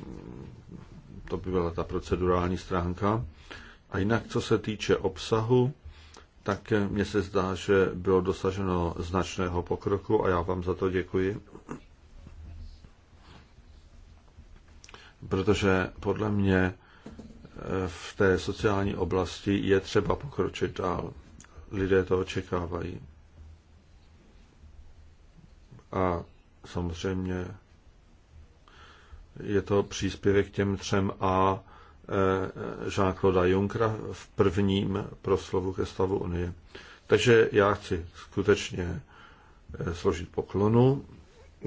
[SPEAKER 2] to by byla ta procedurální stránka. A jinak, co se týče obsahu, tak mně se zdá, že bylo dosaženo značného pokroku a já vám za to děkuji. Protože podle mě eh, v té sociální oblasti je třeba pokročit dál. Lidé to očekávají. A samozřejmě je to příspěvek těm třem A e, Jean-Claude Junckera v prvním proslovu ke stavu Unie. Takže já chci skutečně e, složit poklonu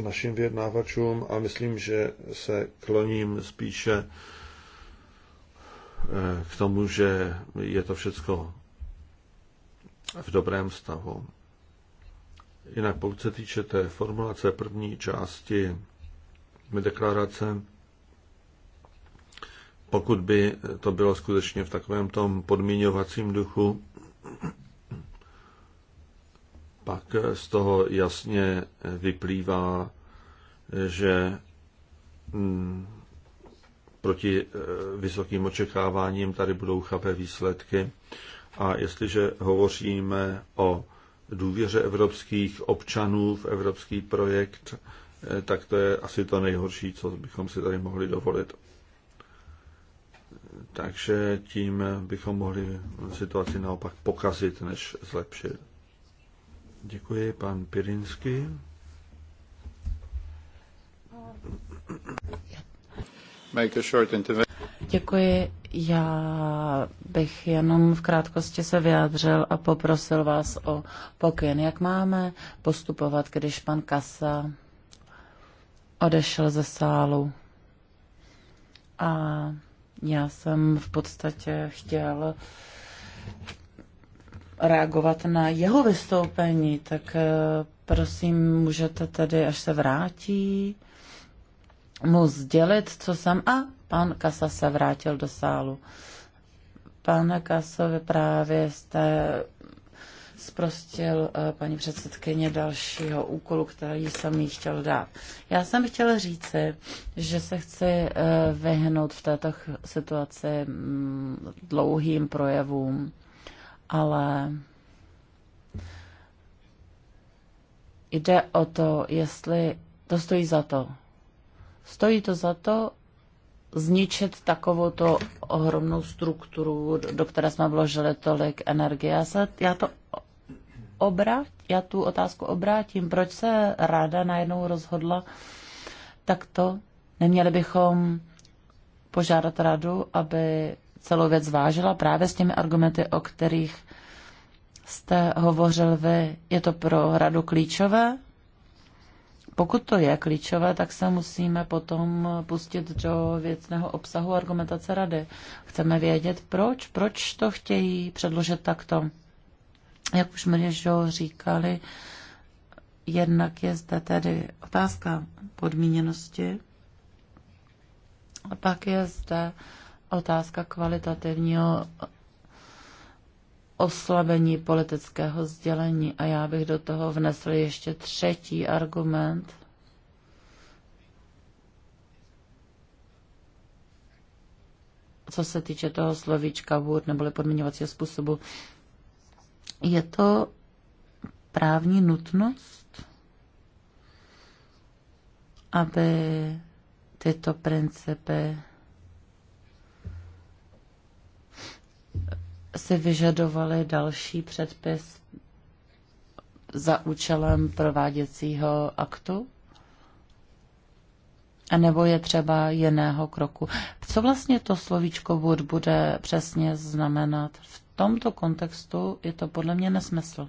[SPEAKER 2] našim vyjednávačům a myslím, že se kloním spíše e, k tomu, že je to všecko v dobrém stavu. Jinak pokud se týče té formulace první části deklarace, pokud by to bylo skutečně v takovém tom podmíňovacím duchu, pak z toho jasně vyplývá, že mm, proti e, vysokým očekáváním tady budou chápé výsledky. A jestliže hovoříme o důvěře evropských občanů v evropský projekt, Eh, tak to je asi to nejhorší, co bychom si tady mohli dovolit. Eh, takže tím bychom mohli situaci naopak pokazit, než zlepšit. Děkuji, pan Pirinsky. Make a short
[SPEAKER 4] Děkuji. Já bych jenom v krátkosti se vyjádřil a poprosil vás o pokyn, jak máme postupovat, když pan Kasa odešel ze sálu. A já jsem v podstatě chtěl reagovat na jeho vystoupení, tak eh, prosím, můžete tedy, až se vrátí, mu sdělit, co jsem... A pan Kasa se vrátil do sálu. Pane Kasovi, právě jste zprostil eh, paní předsedkyně dalšího úkolu, který jsem jí chtěl dát. Já jsem chtěla říci, že se chci eh, vyhnout v této situaci mm, dlouhým projevům, ale jde o to, jestli to stojí za to. Stojí to za to zničit takovou to ohromnou strukturu, do které jsme vložili tolik energie. Já, se, já to obrát, já tu otázku obrátím. Proč se ráda najednou rozhodla takto? Neměli bychom požádat radu, aby celou věc vážila právě s těmi argumenty, o kterých jste hovořil vy. Je to pro radu klíčové? Pokud to je klíčové, tak se musíme potom pustit do věcného obsahu argumentace rady. Chceme vědět, proč, proč to chtějí předložit takto. Jak už mi říkali, jednak je zde tedy otázka podmíněnosti a pak je zde otázka kvalitativního oslabení politického sdělení a já bych do toho vnesl ještě třetí argument. Co se týče toho slovíčka vůd neboli podmiňovacího způsobu, je to právní nutnost, aby tyto principy si vyžadovaly další předpis za účelem prováděcího aktu? A nebo je třeba jiného kroku? Co vlastně to slovíčko would bude přesně znamenat v tomto kontextu je to podle mě nesmysl.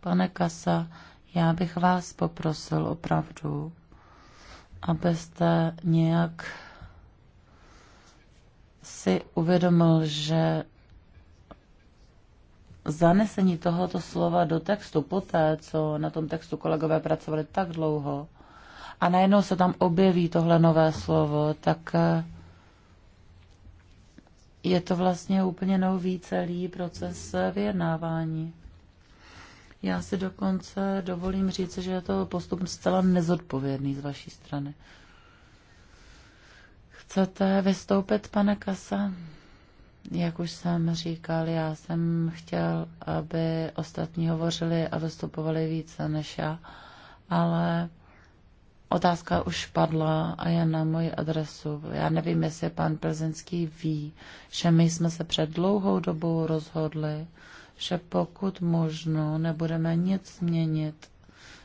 [SPEAKER 4] Pane Kasa, já bych vás poprosil opravdu, abyste nějak si uvědomil, že zanesení tohoto slova do textu poté, co na tom textu kolegové pracovali tak dlouho, a najednou se tam objeví tohle nové slovo, tak eh, je to vlastně úplně nový celý proces vyjednávání. Já si dokonce dovolím říct, že je to postup zcela nezodpovědný z vaší strany. Chcete vystoupit, pane Kasa? Jak už jsem říkal, já jsem chtěl, aby ostatní hovořili a vystupovali více než já, ale Otázka už padla a je na moji adresu. Já nevím, jestli pan Plzeňský ví, že my jsme se před dlouhou dobou rozhodli, že pokud možno nebudeme nic měnit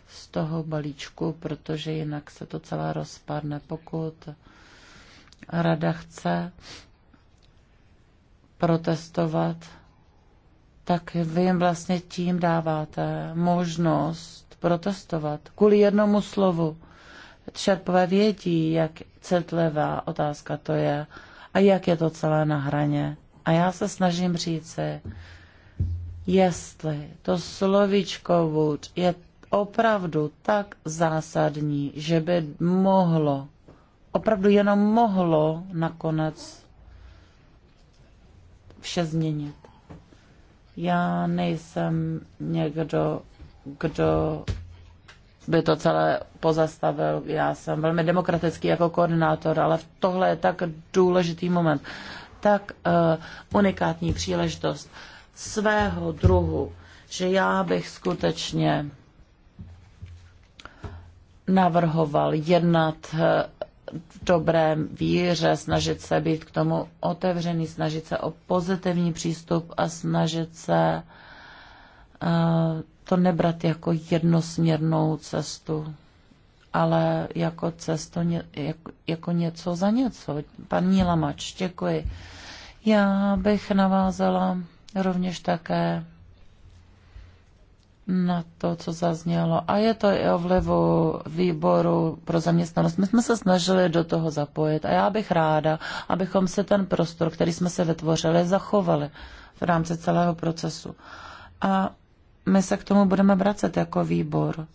[SPEAKER 4] z toho balíčku, protože jinak se to celé rozpadne. Pokud rada chce protestovat, tak vy jim vlastně tím dáváte možnost protestovat kvůli jednomu slovu. Šerpové vědí, jak citlivá otázka to je a jak je to celé na hraně. A já se snažím říci, jestli to slovíčko vůd je opravdu tak zásadní, že by mohlo, opravdu jenom mohlo nakonec vše změnit. Já nejsem někdo, kdo by to celé pozastavil. Já jsem velmi demokratický jako koordinátor, ale tohle je tak důležitý moment, tak uh, unikátní příležitost svého druhu, že já bych skutečně navrhoval jednat eh, v dobrém víře, snažit se být k tomu otevřený, snažit se o pozitivní přístup a snažit se uh, Eh, to nebrat jako jednosměrnou cestu, ale jako cestu, jako něco za něco. Paní Lamač, děkuji. Já bych navázala rovněž také na to, co zaznělo. A je to i o vlivu výboru pro zaměstnanost. My jsme se snažili do toho zapojit a já bych ráda, abychom se ten prostor, který jsme se vytvořili, zachovali v rámci celého procesu. A my se k tomu budeme vracet jako výbor,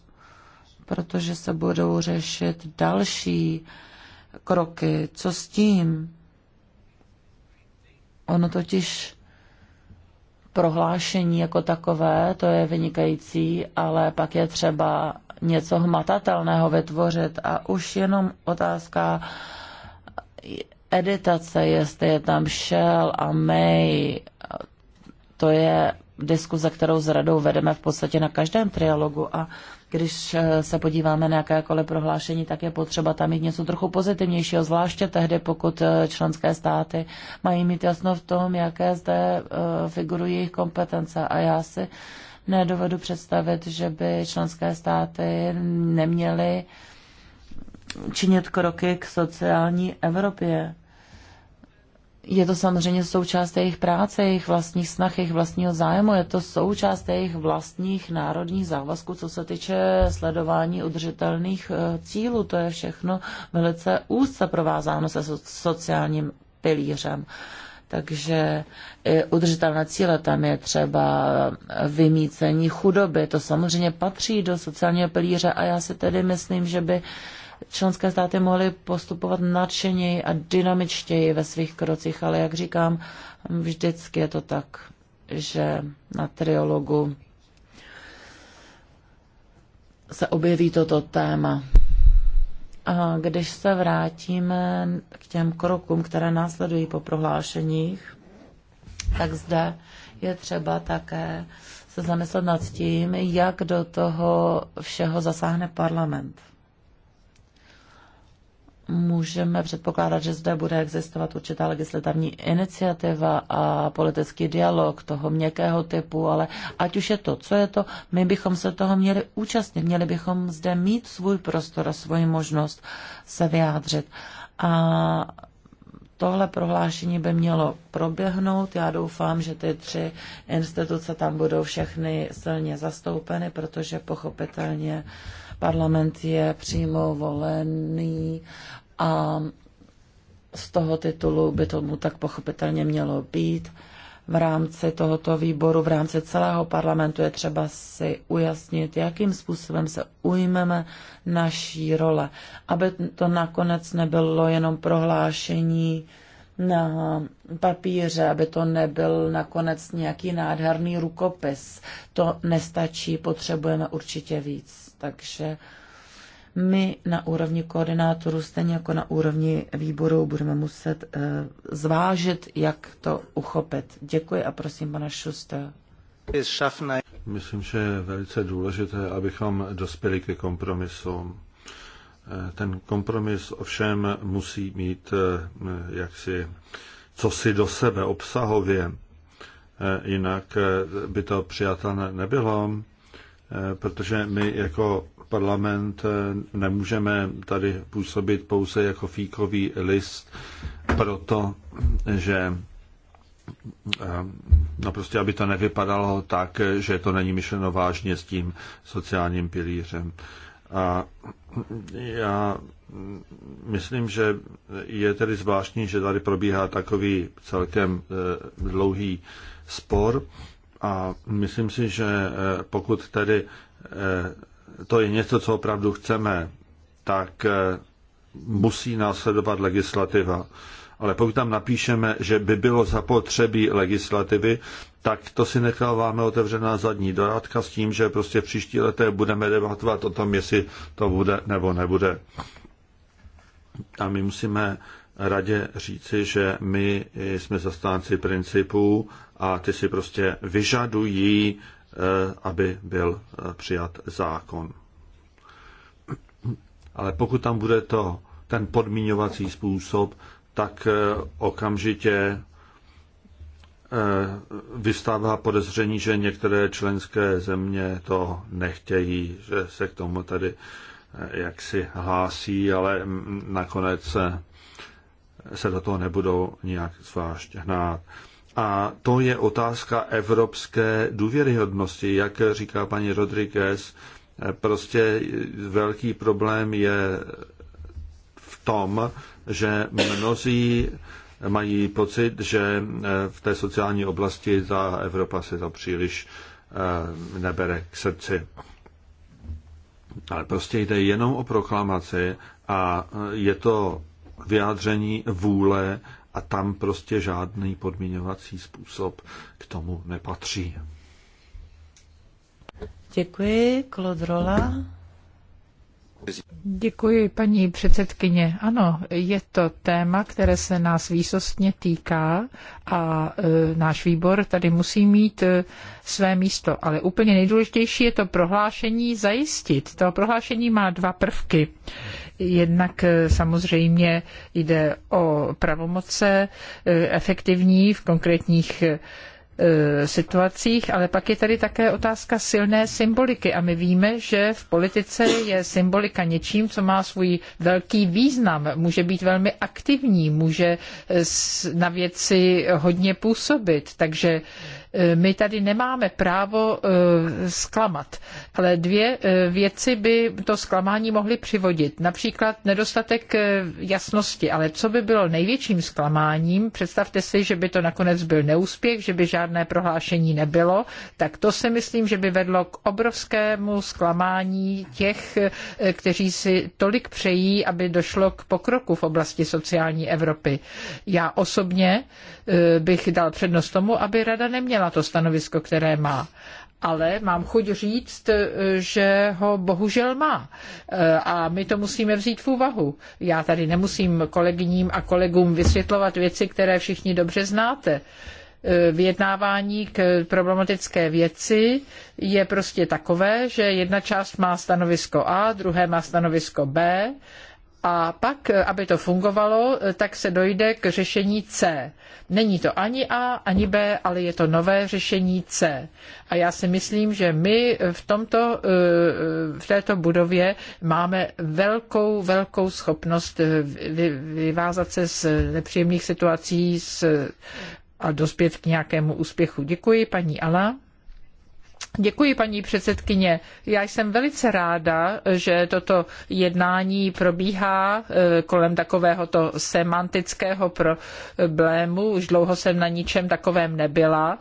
[SPEAKER 4] protože se budou řešit další kroky. Co s tím? Ono totiž prohlášení jako takové, to je vynikající, ale pak je třeba něco hmatatelného vytvořit a už jenom otázka editace, jestli je tam Shell a May, to je diskuze, kterou s radou vedeme v podstatě na každém trialogu a když eh, se podíváme na jakékoliv prohlášení, tak je potřeba tam mít něco trochu pozitivnějšího, zvláště tehdy, pokud eh, členské státy mají mít jasno v tom, jaké zde eh, figurují jejich kompetence. A já si nedovedu představit, že by členské státy neměly činit kroky k sociální Evropě. Je to samozřejmě součást jejich práce, jejich vlastních snah, jejich vlastního zájmu, je to součást jejich vlastních národních závazků, co se týče sledování udržitelných eh, cílů. To je všechno velice úzce provázáno se sociálním pilířem. Takže i eh, udržitelné cíle tam je třeba eh, vymícení chudoby. To samozřejmě patří do sociálního pilíře a já si tedy myslím, že by členské státy mohly postupovat nadšeněji a dynamičtěji ve svých krocích, ale jak říkám, vždycky je to tak, že na triologu se objeví toto téma. A když se vrátíme k těm krokům, které následují po prohlášeních, tak zde je třeba také se zamyslet nad tím, jak do toho všeho zasáhne parlament můžeme předpokládat, že zde bude existovat určitá legislativní iniciativa a politický dialog toho měkkého typu, ale ať už je to, co je to, my bychom se toho měli účastnit, měli bychom zde mít svůj prostor a svoji možnost se vyjádřit. A tohle prohlášení by mělo proběhnout. Já doufám, že ty tři instituce tam budou všechny silně zastoupeny, protože pochopitelně parlament je přímo volený a z toho titulu by tomu tak pochopitelně mělo být. V rámci tohoto výboru, v rámci celého parlamentu je třeba si ujasnit, jakým způsobem se ujmeme naší role, aby to nakonec nebylo jenom prohlášení na papíře, aby to nebyl nakonec nějaký nádherný rukopis. To nestačí, potřebujeme určitě víc. Takže my na úrovni koordinátorů, stejně jako na úrovni výboru, budeme muset eh, zvážit, jak to uchopit. Děkuji a prosím pana Šusta.
[SPEAKER 2] Myslím, že je velice důležité, abychom dospěli ke kompromisu. Eh, ten kompromis ovšem musí mít eh, jaksi cosi do sebe obsahově, jinak by to přijatelné nebylo, protože my jako parlament eh, nemůžeme tady působit pouze jako fíkový list, proto, že eh, no prostě, aby to nevypadalo tak, že to není myšleno vážně s tím sociálním pilířem. A já myslím, že je tedy zvláštní, že tady probíhá takový celkem eh, dlouhý spor a myslím si, že pokud tedy to je něco, co opravdu chceme, tak eh, musí následovat legislativa. Ale pokud tam napíšeme, že by bylo zapotřebí legislativy, tak to si necháváme otevřená zadní dodatka s tím, že prostě v příští leté budeme debatovat o tom, jestli to bude nebo nebude. A my musíme radě říci, že my jsme zastánci principů a ty si prostě vyžadují Eh, aby byl eh, přijat zákon. Ale pokud tam bude to, ten podmíňovací způsob, tak eh, okamžitě vystává podezření, že některé členské země to nechtějí, že se k tomu tady jaksi hlásí, ale mm, nakonec se do toho nebudou nijak zvlášť hnát. A to je otázka evropské důvěryhodnosti. Jak říká paní Rodriguez, prostě velký problém je v tom, že mnozí mají pocit, že v té sociální oblasti ta Evropa se to příliš eh, nebere k srdci. Ale prostě jde jenom o proklamaci a je to vyjádření vůle a tam prostě žádný podmiňovací způsob k tomu nepatří.
[SPEAKER 3] Děkuji, Claude Rola. Děkuji, paní předsedkyně. Ano, je to téma, které se nás výsostně týká a e, náš výbor tady musí mít e, své místo. Ale úplně nejdůležitější je to prohlášení zajistit. To prohlášení má dva prvky. Jednak e, samozřejmě jde o pravomoce e, efektivní v konkrétních e, Eh, situacích, ale pak je tady také otázka silné symboliky a my víme, že v politice je symbolika něčím, co má svůj velký význam, může být velmi aktivní, může eh, na věci hodně působit, takže Eh, my tady nemáme právo eh, zklamat, ale dvě eh, věci by to zklamání mohly přivodit. Například nedostatek jasnosti, ale co by bylo největším zklamáním, představte si, že by to nakonec byl neúspěch, že by žádné prohlášení nebylo, tak to si myslím, že by vedlo k obrovskému zklamání těch, kteří si tolik přejí, aby došlo k pokroku v oblasti sociální Evropy. Já osobně Eh, bych dal přednost tomu, aby rada neměla to stanovisko, které má ale mám chuť říct, eh, že ho bohužel má. Eh, a my to musíme vzít v úvahu. Já tady nemusím kolegyním a kolegům vysvětlovat věci, které všichni dobře znáte. Vyjednávání k problematické věci je prostě takové, že jedna část má stanovisko A, druhé má stanovisko B a pak, eh, aby to fungovalo, eh, tak se dojde k řešení C. Není to ani A, ani B, ale je to nové řešení C. A já si myslím, že my eh, v, tomto, v této budově máme velkou, velkou schopnost vyvázat se z nepříjemných situací a dospět k nějakému úspěchu. Děkuji, paní Ala. Děkuji, paní předsedkyně. Já jsem velice ráda, že toto jednání probíhá eh, kolem takovéhoto semantického problému. Už dlouho jsem na ničem takovém nebyla.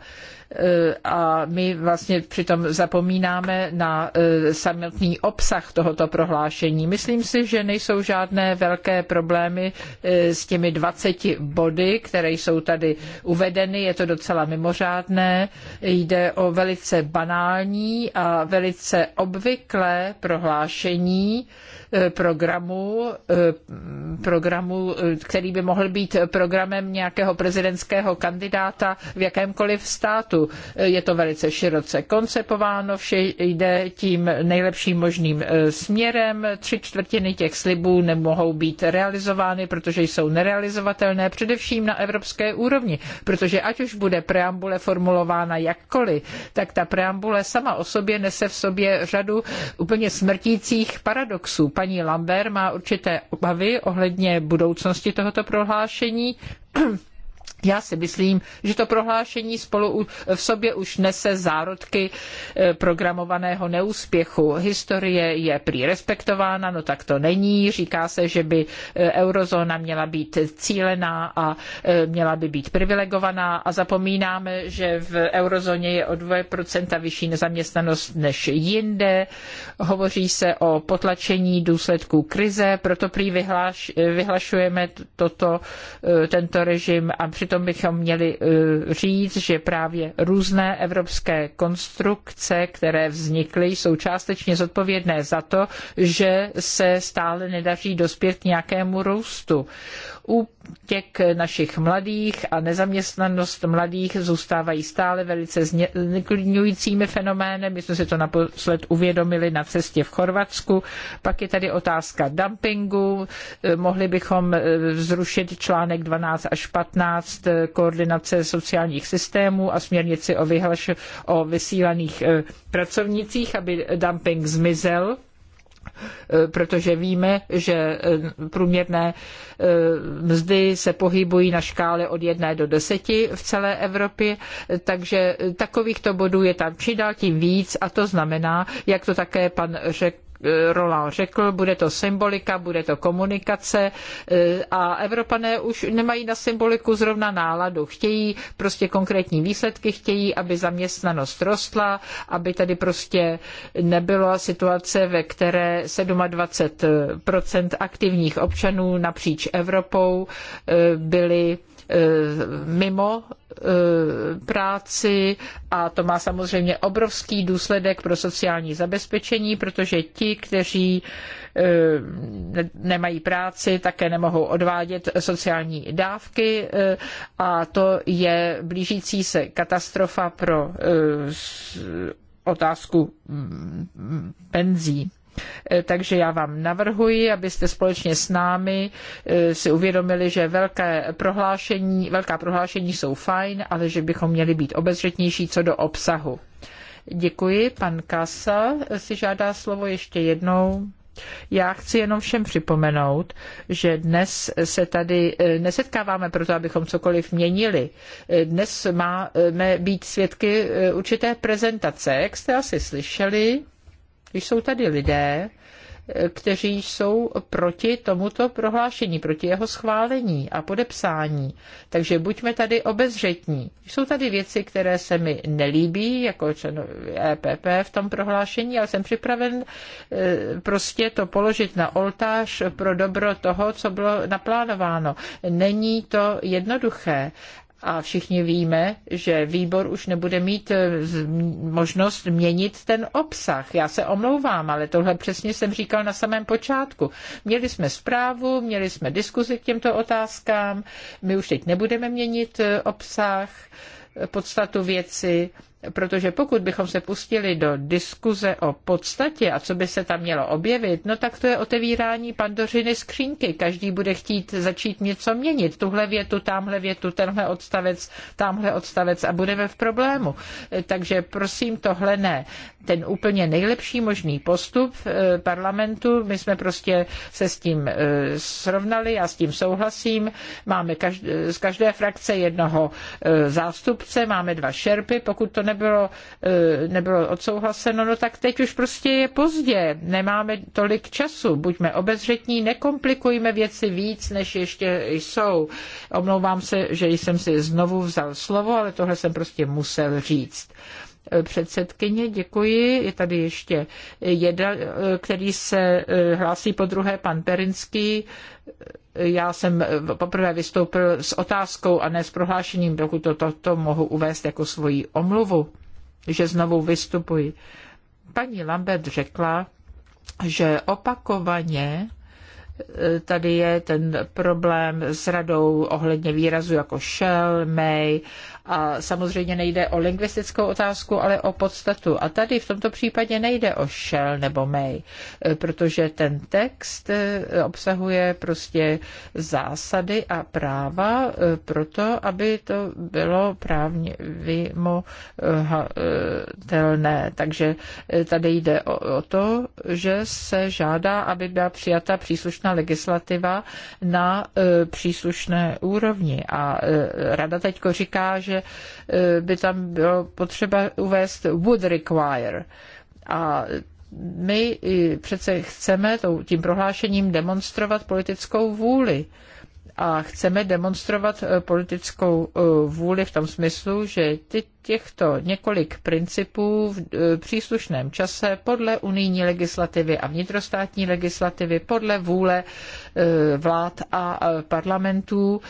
[SPEAKER 3] Eh, a my vlastně přitom zapomínáme na eh, samotný obsah tohoto prohlášení. Myslím si, že nejsou žádné velké problémy eh, s těmi 20 body, které jsou tady uvedeny. Je to docela mimořádné. Jde o velice banální a velice obvyklé prohlášení, Eh, programu, eh, programu, eh, který by mohl být programem nějakého prezidentského kandidáta v jakémkoliv státu. Je to velice široce koncepováno, vše jde tím nejlepším možným směrem. Tři čtvrtiny těch slibů nemohou být realizovány, protože jsou nerealizovatelné především na evropské úrovni, protože ať už bude preambule formulována jakkoliv, tak ta preambule sama o sobě nese v sobě řadu úplně smrtících paradoxů paní Lambert má určité obavy ohledně budoucnosti tohoto prohlášení já si myslím, že to prohlášení spolu v sobě už nese zárodky e, programovaného neúspěchu. Historie je prý respektována, no tak to není. Říká se, že by e, eurozóna měla být cílená a e, měla by být privilegovaná a zapomínáme, že v eurozóně je o 2% vyšší nezaměstnanost než jinde. Hovoří se o potlačení důsledků krize, proto prý vyhlaš, vyhlašujeme toto, tento režim a při Přitom bychom měli eh, říct, že právě různé evropské konstrukce, které vznikly, jsou částečně zodpovědné za to, že se stále nedaří dospět k nějakému růstu útěk našich mladých a nezaměstnanost mladých zůstávají stále velice zneklidňujícími fenomény. My jsme si to naposled uvědomili na cestě v Chorvatsku. Pak je tady otázka dumpingu. Mohli bychom eh, zrušit článek 12 až 15 eh, koordinace sociálních systémů a směrnici o, vyhlaš- o vysílaných eh, pracovnicích, aby dumping zmizel protože víme, že eh, průměrné eh, mzdy se pohybují na škále od jedné do deseti v celé Evropě, takže takovýchto bodů je tam čím dál tím víc a to znamená, jak to také pan řekl. Eh, Roland řekl, bude to symbolika, bude to komunikace eh, a Evropané už nemají na symboliku zrovna náladu. Chtějí prostě konkrétní výsledky, chtějí, aby zaměstnanost rostla, aby tady prostě nebyla situace, ve které 27% aktivních občanů napříč Evropou eh, byli Eh, mimo eh, práci a to má samozřejmě obrovský důsledek pro sociální zabezpečení, protože ti, kteří eh, nemají práci, také nemohou odvádět sociální dávky a to je blížící se katastrofa pro otázku mm, mm, penzí. Eh, takže já vám navrhuji, abyste společně s námi eh, si uvědomili, že velké prohlášení, velká prohlášení jsou fajn, ale že bychom měli být obezřetnější co do obsahu. Děkuji. Pan Kasa si žádá slovo ještě jednou. Já chci jenom všem připomenout, že dnes se tady eh, nesetkáváme proto, abychom cokoliv měnili. Dnes máme být svědky určité prezentace, jak jste asi slyšeli jsou tady lidé, kteří jsou proti tomuto prohlášení, proti jeho schválení a podepsání. Takže buďme tady obezřetní. Jsou tady věci, které se mi nelíbí, jako člen EPP v tom prohlášení, ale jsem připraven eh, prostě to položit na oltář pro dobro toho, co bylo naplánováno. Není to jednoduché, a všichni víme, že výbor už nebude mít eh, možnost měnit ten obsah. Já se omlouvám, ale tohle přesně jsem říkal na samém počátku. Měli jsme zprávu, měli jsme diskuzi k těmto otázkám, my už teď nebudeme měnit eh, obsah, eh, podstatu věci Protože pokud bychom se pustili do diskuze o podstatě a co by se tam mělo objevit, no tak to je otevírání pandořiny skřínky. Každý bude chtít začít něco měnit. Tuhle větu, tamhle větu, tenhle odstavec, tamhle odstavec a budeme v problému. Takže prosím, tohle ne. Ten úplně nejlepší možný postup eh, parlamentu, my jsme prostě se s tím eh, srovnali, já s tím souhlasím. Máme každé, z každé frakce jednoho eh, zástupce, máme dva šerpy, pokud to nebylo, e, nebylo odsouhlaseno, no tak teď už prostě je pozdě, nemáme tolik času, buďme obezřetní, nekomplikujme věci víc, než ještě jsou. Omlouvám se, že jsem si znovu vzal slovo, ale tohle jsem prostě musel říct e, předsedkyně, děkuji. Je tady ještě jeden, který se e, hlásí po druhé, pan Perinský já jsem poprvé vystoupil s otázkou a ne s prohlášením, dokud to, to, to mohu uvést jako svoji omluvu, že znovu vystupuji. Paní Lambert řekla, že opakovaně e, tady je ten problém s radou ohledně výrazu jako shell, may a samozřejmě nejde o lingvistickou otázku, ale o podstatu. A tady v tomto případě nejde o shell nebo may, eh, protože ten text eh, obsahuje prostě zásady a práva eh, pro to, aby to bylo právně vymohatelné. Takže tady jde o to, že se žádá, aby byla přijata příslušná legislativa na příslušné úrovni. A rada teďko říká, že Eh, by tam bylo potřeba uvést would require. A my přece chceme tím prohlášením demonstrovat politickou vůli a chceme demonstrovat eh, politickou eh, vůli v tom smyslu, že ty, těchto několik principů v eh, příslušném čase podle unijní legislativy a vnitrostátní legislativy, podle vůle vlád a parlamentů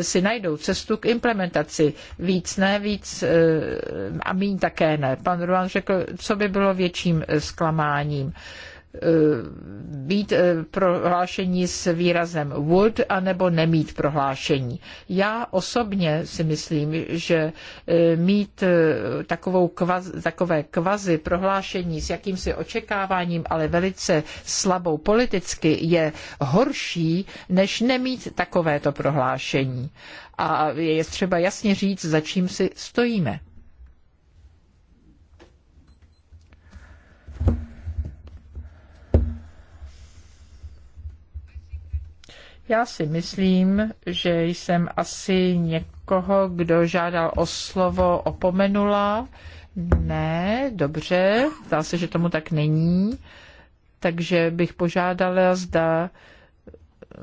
[SPEAKER 3] si najdou cestu k implementaci. Víc ne, víc a méně také ne. Pan Ruan řekl, co by bylo větším zklamáním. Eh, být eh, prohlášení s výrazem would, anebo nemít prohlášení. Já osobně si myslím, že eh, mít takovou kvaz, takové kvazi prohlášení s jakýmsi očekáváním, ale velice slabou politicky, je horší, než nemít takovéto prohlášení. A je třeba jasně říct, za čím si stojíme. Já si myslím, že jsem asi někoho, kdo žádal o slovo, opomenula. Ne, dobře, zdá se, že tomu tak není. Takže bych požádala, zda eh,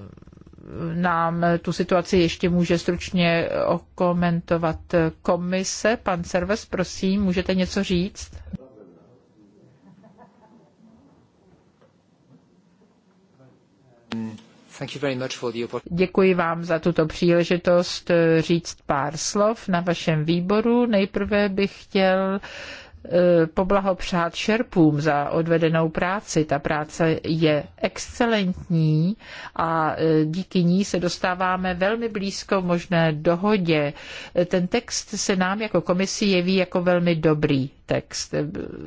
[SPEAKER 3] nám tu situaci ještě může stručně okomentovat komise. Pan Serves, prosím, můžete něco říct? Děkuji vám za tuto příležitost eh, říct pár slov na vašem výboru. Nejprve bych chtěl Eh, poblahopřát šerpům za odvedenou práci. Ta práce je excelentní a eh, díky ní se dostáváme velmi blízko možné dohodě. Eh, ten text se nám jako komisi jeví jako velmi dobrý text.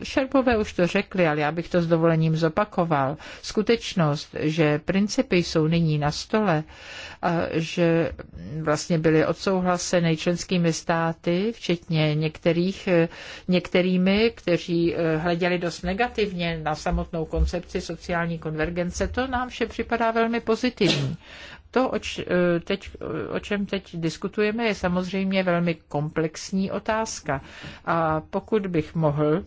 [SPEAKER 3] Šerpové už to řekli, ale já bych to s dovolením zopakoval. Skutečnost, že principy jsou nyní na stole, a že vlastně byly odsouhlaseny členskými státy, včetně některých, některými lidmi, kteří eh, hleděli dost negativně na samotnou koncepci sociální konvergence, to nám vše připadá velmi pozitivní. To, oč, eh, teď, o čem teď diskutujeme, je samozřejmě velmi komplexní otázka. A pokud bych mohl,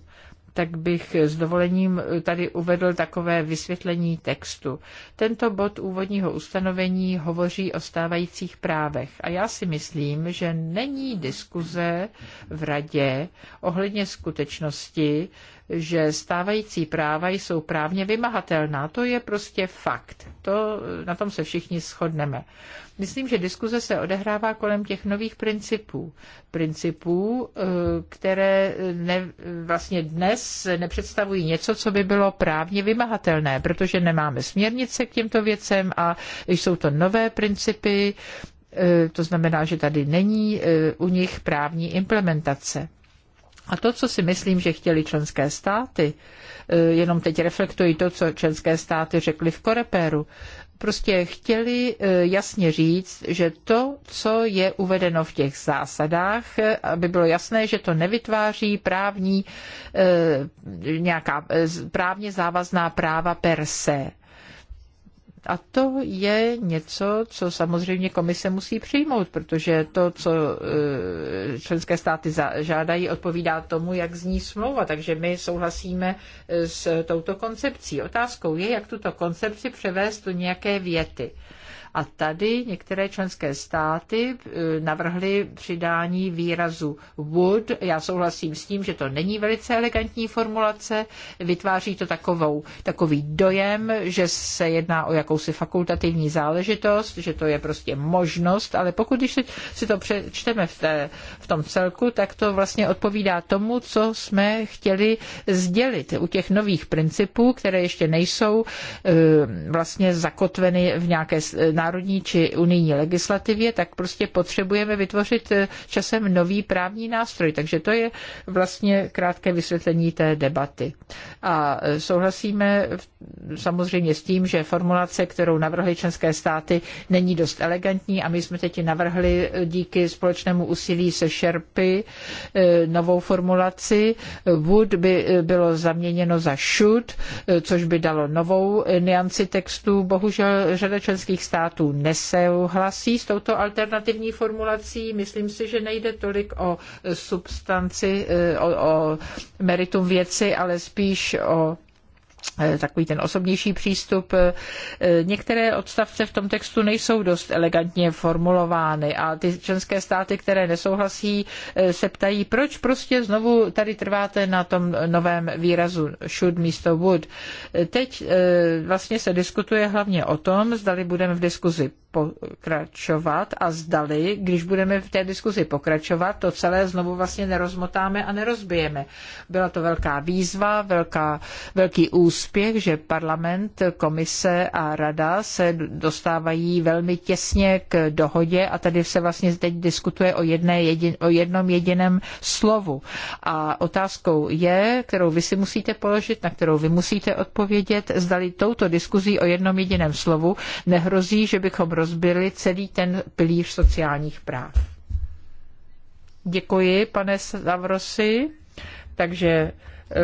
[SPEAKER 3] tak bych s dovolením tady uvedl takové vysvětlení textu. Tento bod úvodního ustanovení hovoří o stávajících právech a já si myslím, že není diskuze v radě ohledně skutečnosti, že stávající práva jsou právně vymahatelná. To je prostě fakt. To, na tom se všichni shodneme. Myslím, že diskuze se odehrává kolem těch nových principů. Principů, eh, které ne, vlastně dnes nepředstavují něco, co by bylo právně vymahatelné, protože nemáme směrnice k těmto věcem a jsou to nové principy, eh, to znamená, že tady není eh, u nich právní implementace. A to, co si myslím, že chtěli členské státy, e, jenom teď reflektují to, co členské státy řekly v Korepéru, prostě chtěli e, jasně říct, že to, co je uvedeno v těch zásadách, e, aby bylo jasné, že to nevytváří právní, nějaká právně závazná práva per se. A to je něco, co samozřejmě komise musí přijmout, protože to, co eh, členské státy žádají, odpovídá tomu, jak zní smlouva. Takže my souhlasíme eh, s touto koncepcí. Otázkou je, jak tuto koncepci převést do nějaké věty. A tady některé členské státy eh, navrhly přidání výrazu would. Já souhlasím s tím, že to není velice elegantní formulace, vytváří to takovou, takový dojem, že se jedná o jakousi fakultativní záležitost, že to je prostě možnost, ale pokud když si to přečteme v, té, v tom celku, tak to vlastně odpovídá tomu, co jsme chtěli sdělit u těch nových principů, které ještě nejsou eh, vlastně zakotveny v nějaké, na národní či unijní legislativě, tak prostě potřebujeme vytvořit eh, časem nový právní nástroj. Takže to je vlastně krátké vysvětlení té debaty. A eh, souhlasíme samozřejmě s tím, že formulace, kterou navrhly členské státy, není dost elegantní a my jsme teď navrhli eh, díky společnému úsilí se šerpy novou formulaci. Would by bylo zaměněno za should, což by dalo novou nianci textu. Bohužel řada členských států států nesouhlasí s touto alternativní formulací. Myslím si, že nejde tolik o substanci, eh, o, o meritum věci, ale spíš o Eh, takový ten osobnější přístup. Eh, některé odstavce v tom textu nejsou dost elegantně formulovány a ty členské státy, které nesouhlasí, eh, se ptají, proč prostě znovu tady trváte na tom novém výrazu should místo would. Teď vlastně se diskutuje hlavně o tom, zdali budeme v diskuzi pokračovat a zdali, když budeme v té diskuzi pokračovat, to celé znovu vlastně nerozmotáme a nerozbijeme. Byla to velká výzva, velká, velký úspěch, že parlament, komise a rada se dostávají velmi těsně k dohodě a tady se vlastně teď diskutuje o, jedné jedin, o jednom jediném slovu. A otázkou je, kterou vy si musíte položit, na kterou vy musíte odpovědět, zdali touto diskuzí o jednom jediném slovu nehrozí, že bychom roz rozbili celý ten pilíř sociálních práv. Děkuji, pane Zavrosi. Takže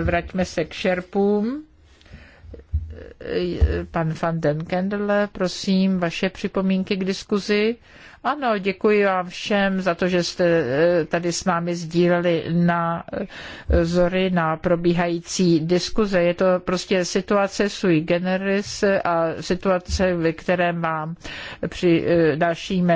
[SPEAKER 3] vraťme se k šerpům. Pan van den Kendle, prosím, vaše připomínky k diskuzi. Ano, děkuji vám všem za to, že jste eh, tady s námi sdíleli na eh, zory na probíhající diskuze. Je to prostě situace sui generis a situace, ve které mám při eh, dalším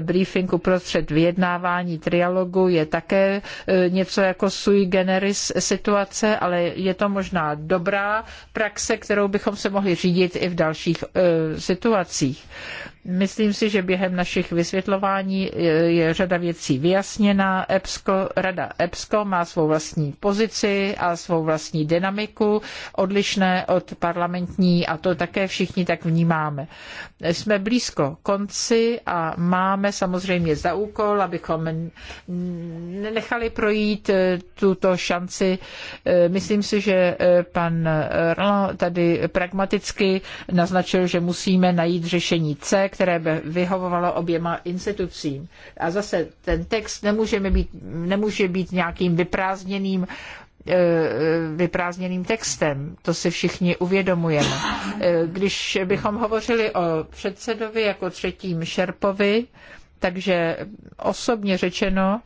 [SPEAKER 3] briefingu prostřed vyjednávání trialogu je také něco jako sui generis situace, ale je to možná dobrá praxe, kterou bychom se mohli řídit i v dalších situacích. Myslím si, že během našich vysvětlování eh, je řada věcí vyjasněna. EPSCO, rada EPSCO má svou vlastní pozici a svou vlastní dynamiku, odlišné od parlamentní a to také všichni tak vnímáme. Jsme blízko konci a máme samozřejmě za úkol, abychom nenechali projít eh, tuto šanci. Eh, myslím si, že pan Roland tady pragmaticky naznačil, že musíme najít řešení C, které by vyhovovalo oběma institucím. A zase ten text nemůžeme být, nemůže být nějakým vyprázdněným eh, vyprázdněným textem. To si všichni uvědomujeme. Eh, když bychom hovořili o předsedovi jako třetím šerpovi, takže osobně řečeno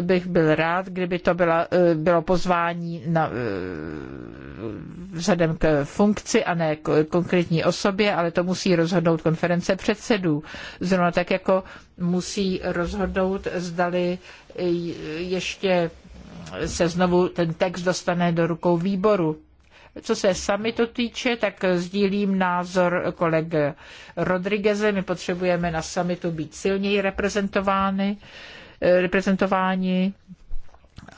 [SPEAKER 3] bych byl rád, kdyby to byla, eh, bylo pozvání na, eh, vzhledem k funkci a ne k konkrétní osobě, ale to musí rozhodnout konference předsedů. Zrovna tak jako musí rozhodnout, zdali eh, ještě se znovu ten text dostane do rukou výboru. Co se to týče, tak sdílím názor kolega Rodrigueze. My potřebujeme na samitu být silněji reprezentovány, reprezentováni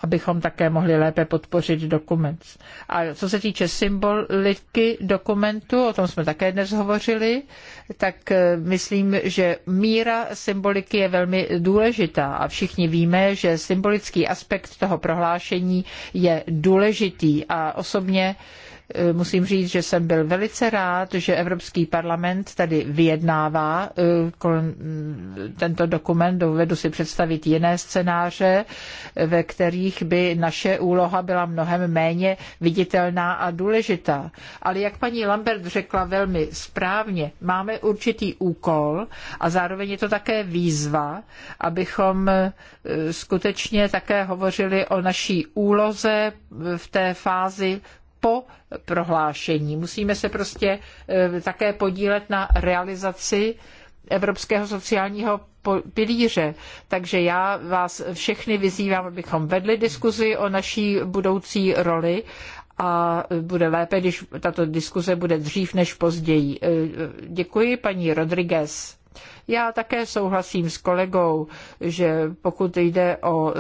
[SPEAKER 3] abychom také mohli lépe podpořit dokument. A co se týče symboliky dokumentu, o tom jsme také dnes hovořili, tak eh, myslím, že míra symboliky je velmi důležitá a všichni víme, že symbolický aspekt toho prohlášení je důležitý a osobně Eh, musím říct, že jsem byl velice rád, že Evropský parlament tady vyjednává eh, tento dokument. Dovedu si představit jiné scénáře, eh, ve kterých by naše úloha byla mnohem méně viditelná a důležitá. Ale jak paní Lambert řekla velmi správně, máme určitý úkol a zároveň je to také výzva, abychom skutečně také hovořili o naší úloze v té fázi po prohlášení. Musíme se prostě eh, také podílet na realizaci Evropského sociálního pilíře. Takže já vás všechny vyzývám, abychom vedli diskuzi o naší budoucí roli a bude lépe, když tato diskuze bude dřív než později. Eh, děkuji paní Rodriguez. Já také souhlasím s kolegou, že pokud jde o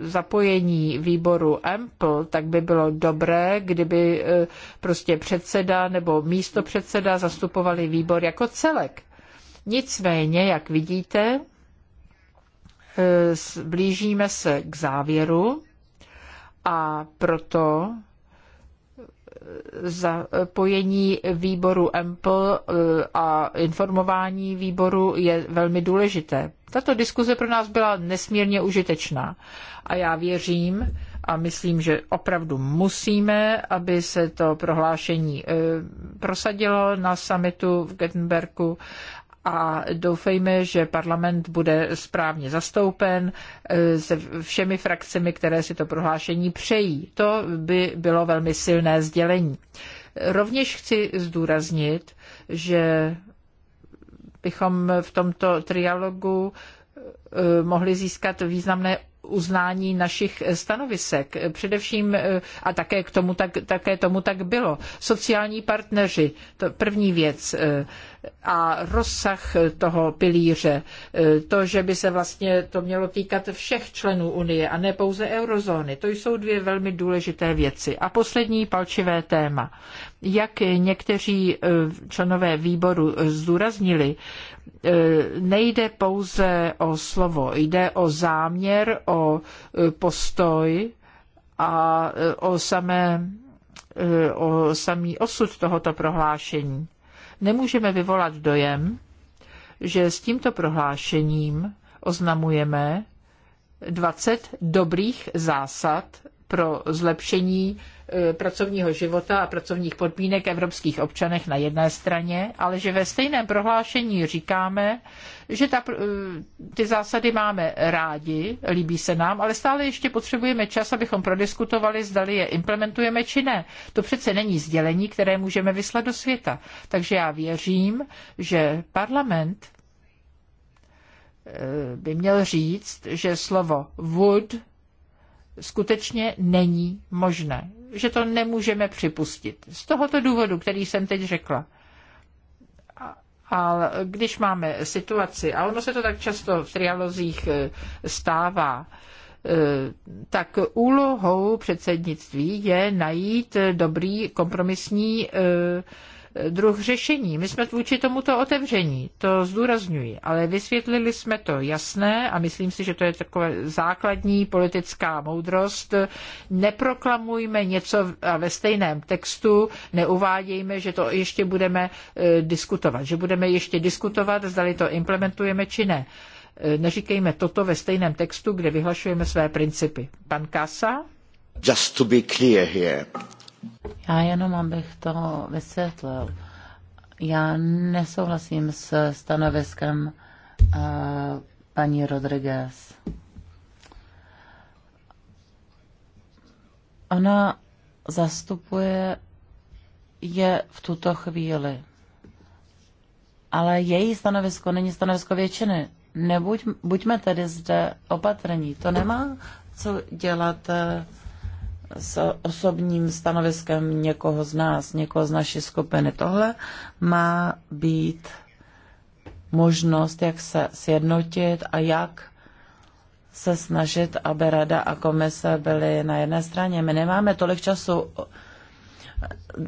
[SPEAKER 3] zapojení výboru EMPL, tak by bylo dobré, kdyby e, prostě předseda nebo místo předseda zastupovali výbor jako celek. Nicméně, jak vidíte, e, blížíme se k závěru a proto zapojení výboru EMPL eh, a informování výboru je velmi důležité. Tato diskuze pro nás byla nesmírně užitečná a já věřím a myslím, že opravdu musíme, aby se to prohlášení eh, prosadilo na summitu v Göteborgu a doufejme, že parlament bude správně zastoupen eh, se všemi frakcemi, které si to prohlášení přejí. To by bylo velmi silné sdělení. Rovněž chci zdůraznit, že bychom v tomto trialogu eh, mohli získat významné uznání našich stanovisek. Především, eh, a také, k tomu tak, také tomu tak bylo, sociální partneři, to první věc, a rozsah toho pilíře, e, to, že by se vlastně to mělo týkat všech členů Unie a ne pouze eurozóny, to jsou dvě velmi důležité věci. A poslední palčivé téma. Jak někteří e, členové výboru zdůraznili, e, nejde pouze o slovo, jde o záměr, o postoj a o samé o samý osud tohoto prohlášení nemůžeme vyvolat dojem, že s tímto prohlášením oznamujeme 20 dobrých zásad pro zlepšení e, pracovního života a pracovních podmínek evropských občanech na jedné straně, ale že ve stejném prohlášení říkáme, že ta, e, ty zásady máme rádi, líbí se nám, ale stále ještě potřebujeme čas, abychom prodiskutovali, zdali je implementujeme či ne. To přece není sdělení, které můžeme vyslat do světa. Takže já věřím, že parlament e, by měl říct, že slovo would skutečně není možné, že to nemůžeme připustit. Z tohoto důvodu, který jsem teď řekla. A když máme situaci, a ono se to tak často v trialozích e, stává, e, tak úlohou předsednictví je najít dobrý kompromisní e, druh řešení. My jsme vůči tomuto otevření, to zdůrazňuji, ale vysvětlili jsme to jasné a myslím si, že to je taková základní politická moudrost. Neproklamujme něco a ve stejném textu neuvádějme, že to ještě budeme e, diskutovat, že budeme ještě diskutovat, zdali to implementujeme či ne. E, neříkejme toto ve stejném textu, kde vyhlašujeme své principy. Pan Kasa?
[SPEAKER 6] Just to be clear here.
[SPEAKER 4] Já jenom abych to vysvětlil. Já nesouhlasím s stanoviskem uh, paní Rodriguez. Ona zastupuje je v tuto chvíli. Ale její stanovisko není stanovisko většiny. Nebuď, buďme tedy zde opatrní. To nemá co dělat uh, s osobním stanoviskem někoho z nás, někoho z naší skupiny. Tohle má být možnost, jak se sjednotit a jak se snažit, aby rada a komise byly na jedné straně. My nemáme tolik času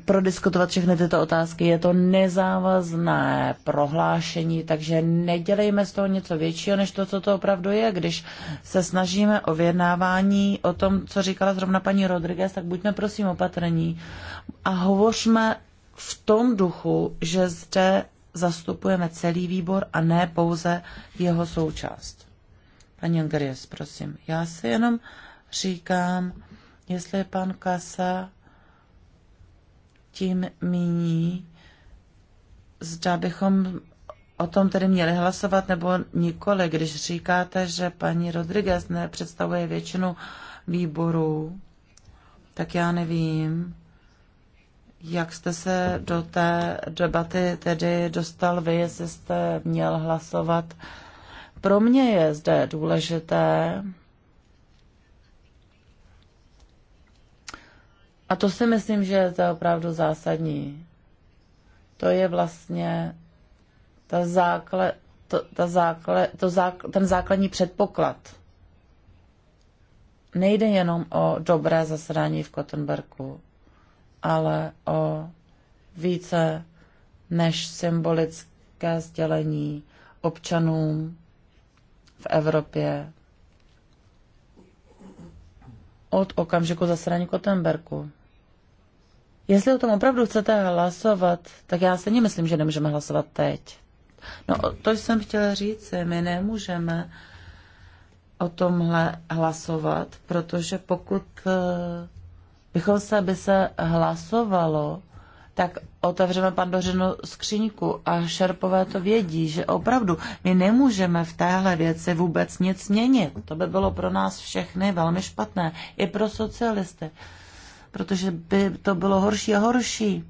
[SPEAKER 4] prodiskutovat všechny tyto otázky. Je to nezávazné prohlášení, takže nedělejme z toho něco většího, než to, co to opravdu je. Když se snažíme o vyjednávání o tom, co říkala zrovna paní Rodriguez, tak buďme prosím opatrní a hovořme v tom duchu, že zde zastupujeme celý výbor a ne pouze jeho součást. Paní Angeries, prosím. Já si jenom říkám, jestli pan Kasa tím míní, zda bychom o tom tedy měli hlasovat nebo nikoli, když říkáte, že paní Rodriguez nepředstavuje většinu výborů, tak já nevím, jak jste se do té debaty tedy dostal vy, jestli jste měl hlasovat. Pro mě je zde důležité, A to si myslím, že je to opravdu zásadní. To je vlastně ta zákle, to, ta zákle, to zák, ten základní předpoklad. Nejde jenom o dobré zasedání v Kotenberku, ale o více než symbolické sdělení občanům v Evropě od okamžiku zasedání Kotenberku. Jestli o tom opravdu chcete hlasovat, tak já stejně myslím, že nemůžeme hlasovat teď. No, to jsem chtěla říct, my nemůžeme o tomhle hlasovat, protože pokud eh, bychom se, by se hlasovalo, tak otevřeme pandořinu skříňku a šerpové to vědí, že opravdu my nemůžeme v téhle věci vůbec nic měnit. To by bylo pro nás všechny velmi špatné, i pro socialisty protože by to bylo horší a horší.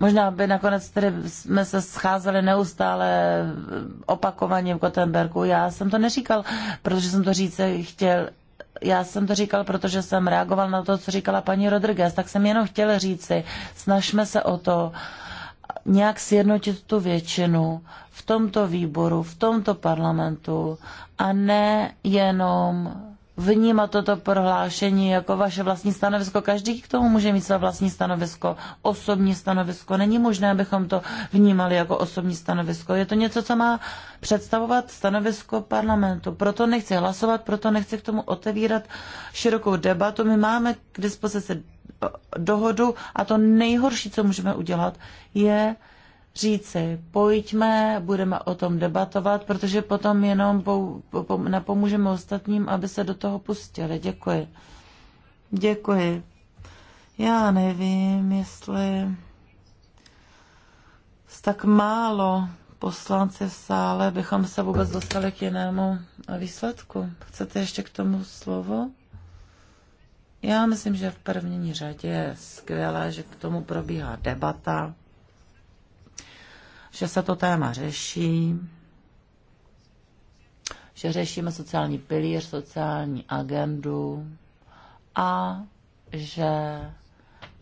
[SPEAKER 4] Možná by nakonec tedy jsme se scházeli neustále opakovaně v Gotenbergu. Já jsem to neříkal, protože jsem to říct chtěl. Já jsem to říkal, protože jsem reagoval na to, co říkala paní Rodriguez, tak jsem jenom chtěl říci, snažme se o to, nějak sjednotit tu většinu v tomto výboru, v tomto parlamentu a ne jenom vnímat toto prohlášení jako vaše vlastní stanovisko. Každý k tomu může mít své vlastní stanovisko, osobní stanovisko. Není možné, abychom to vnímali jako osobní stanovisko. Je to něco, co má představovat stanovisko parlamentu. Proto nechci hlasovat, proto nechci k tomu otevírat širokou debatu. My máme k dispozici dohodu a to nejhorší, co můžeme udělat, je říci, pojďme, budeme o tom debatovat, protože potom jenom po, po, napomůžeme ostatním, aby se do toho pustili. Děkuji. Děkuji. Já nevím, jestli s tak málo poslanci v sále bychom se vůbec dostali k jinému výsledku. Chcete ještě k tomu slovo? Já myslím, že v první řadě je skvělé, že k tomu probíhá debata že se to téma řeší, že řešíme sociální pilíř, sociální agendu a že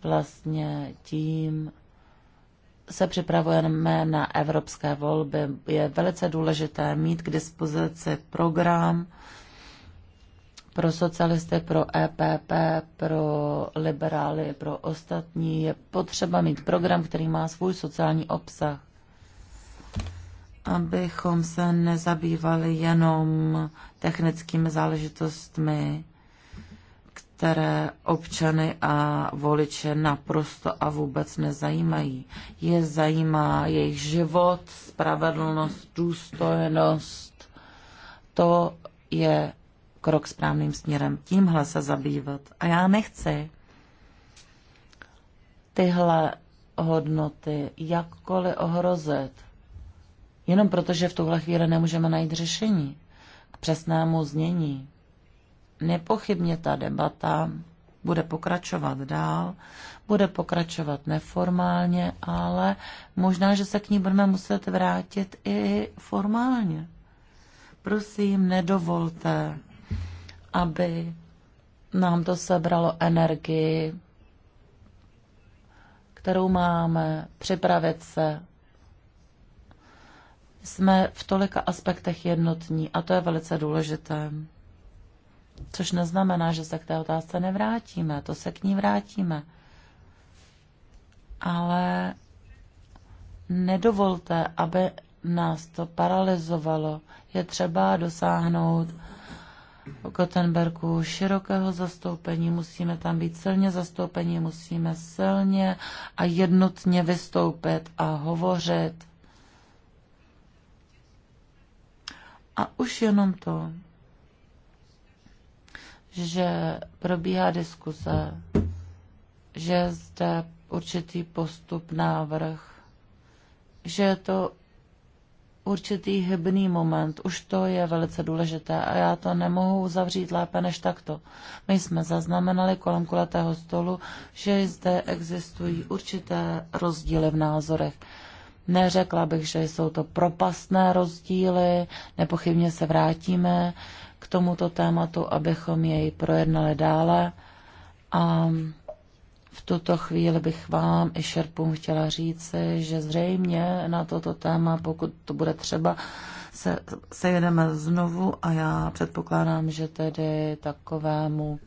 [SPEAKER 4] vlastně tím se připravujeme na evropské volby. Je velice důležité mít k dispozici program pro socialisty, pro EPP, pro liberály, pro ostatní. Je potřeba mít program, který má svůj sociální obsah abychom se nezabývali jenom technickými záležitostmi, které občany a voliče naprosto a vůbec nezajímají. Je zajímá jejich život, spravedlnost, důstojnost. To je krok správným směrem. Tímhle se zabývat. A já nechci tyhle hodnoty jakkoliv ohrozit. Jenom protože v tuhle chvíli nemůžeme najít řešení k přesnému znění. Nepochybně ta debata bude pokračovat dál, bude pokračovat neformálně, ale možná, že se k ní budeme muset vrátit i formálně. Prosím, nedovolte, aby nám to sebralo energii, kterou máme připravit se jsme v tolika aspektech jednotní a to je velice důležité. Což neznamená, že se k té otázce nevrátíme, to se k ní vrátíme. Ale nedovolte, aby nás to paralyzovalo. Je třeba dosáhnout v Gotenbergu širokého zastoupení, musíme tam být silně zastoupení, musíme silně a jednotně vystoupit a hovořit A už jenom to, že probíhá diskuze, že zde určitý postup, návrh, že je to určitý hybný moment. Už to je velice důležité a já to nemohu uzavřít lépe než takto. My jsme zaznamenali kolem kulatého stolu, že zde existují určité rozdíly v názorech. Neřekla bych, že jsou to propastné rozdíly, nepochybně se vrátíme k tomuto tématu, abychom jej projednali dále. A v tuto chvíli bych vám i šerpům chtěla říci, že zřejmě na toto téma, pokud to bude třeba, se, jedeme znovu a já předpokládám, že tedy takovému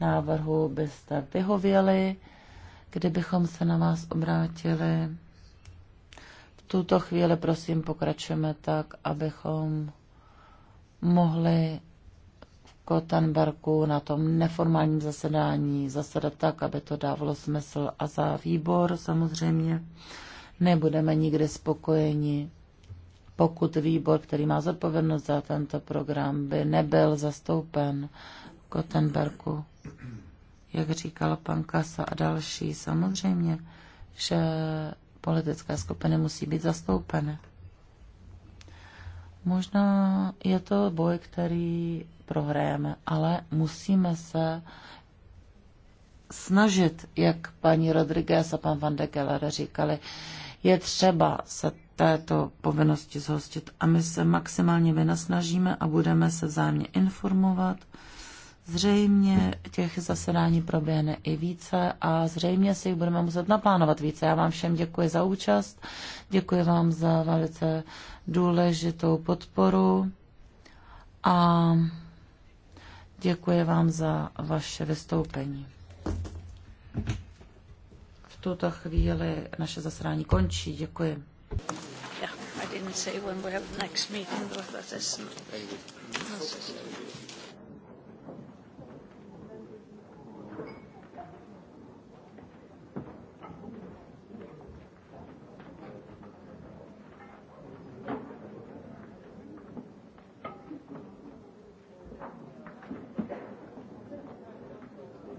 [SPEAKER 4] návrhu byste vyhověli, kdybychom se na vás obrátili tuto chvíli prosím pokračujeme tak, abychom mohli v Kotenberku na tom neformálním zasedání zasedat tak, aby to dávalo smysl a za výbor samozřejmě nebudeme nikdy spokojeni, pokud výbor, který má zodpovědnost za tento program, by nebyl zastoupen v Kotenberku. Jak říkal pan Kasa a další, samozřejmě, že politické skupiny musí být zastoupeny. Možná je to boj, který prohrajeme, ale musíme se snažit, jak paní Rodriguez a pan Van de Geller říkali, je třeba se této povinnosti zhostit a my se maximálně vynasnažíme a budeme se vzájemně informovat Zřejmě těch zasedání proběhne i více a zřejmě si jich budeme muset naplánovat více. Já vám všem děkuji za účast, děkuji vám za velice důležitou podporu a děkuji vám za vaše vystoupení. V tuto chvíli naše zasedání končí. Děkuji.
[SPEAKER 1] Yeah, I didn't say when we have next meeting, but that is not